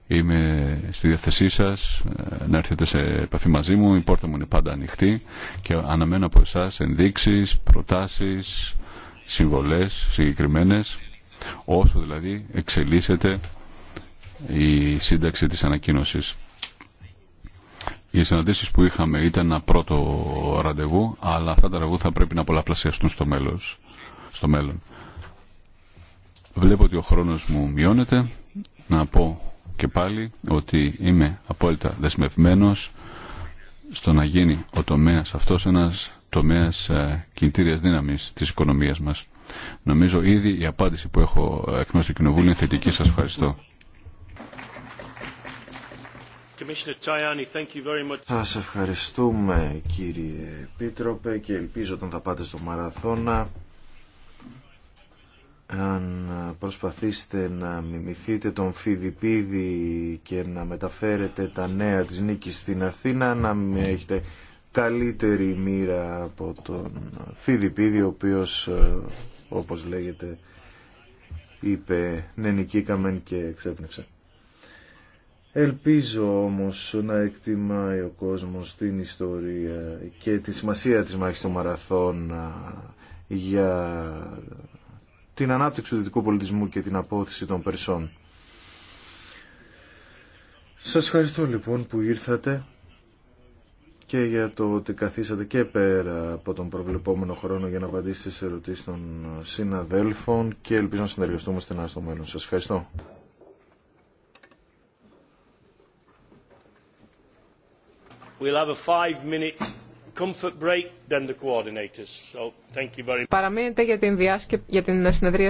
είμαι στη διάθεσή σας ε, να έρθετε σε επαφή μαζί μου. Η πόρτα μου είναι πάντα ανοιχτή και αναμένω από εσάς ενδείξεις, προτάσεις, συμβολές συγκεκριμένε, όσο δηλαδή εξελίσσεται η σύνταξη της ανακοίνωσης. Οι συναντήσεις που είχαμε ήταν ένα πρώτο ραντεβού, αλλά αυτά τα ραντεβού θα πρέπει να πολλαπλασιαστούν στο μέλλον. Στο μέλλον. Βλέπω ότι ο χρόνος μου μειώνεται. Να πω και πάλι ότι είμαι απόλυτα δεσμευμένος στο να γίνει ο τομέας αυτός ένας τομέας ε, κινητήριας δύναμης της οικονομίας μας. Νομίζω ήδη η απάντηση που έχω ε, εκ μέρους του Κοινοβούλου είναι θετική. Σας ευχαριστώ. Σας ευχαριστούμε κύριε πίτροπε και ελπίζω όταν θα πάτε στο Μαραθώνα αν προσπαθήσετε να μιμηθείτε τον Φιδιπίδη και να μεταφέρετε τα νέα της νίκης στην Αθήνα να μην έχετε καλύτερη μοίρα από τον Φιδιπίδη ο οποίος ε, όπως λέγεται είπε ναι νικήκαμε και ξέπνευσε. Ελπίζω όμως να εκτιμάει ο κόσμος την ιστορία και τη σημασία της μάχης του μαραθών ε, για την ανάπτυξη του δυτικού πολιτισμού και την απόθεση των Περσών. Σας ευχαριστώ λοιπόν που ήρθατε και για το ότι καθίσατε και πέρα από τον προβλεπόμενο χρόνο για να απαντήσετε σε ερωτήσεις των συναδέλφων και ελπίζω να συνεργαστούμε στενά στο μέλλον. Σας ευχαριστώ. We'll have a minute Παραμείνετε για την συνεδρία.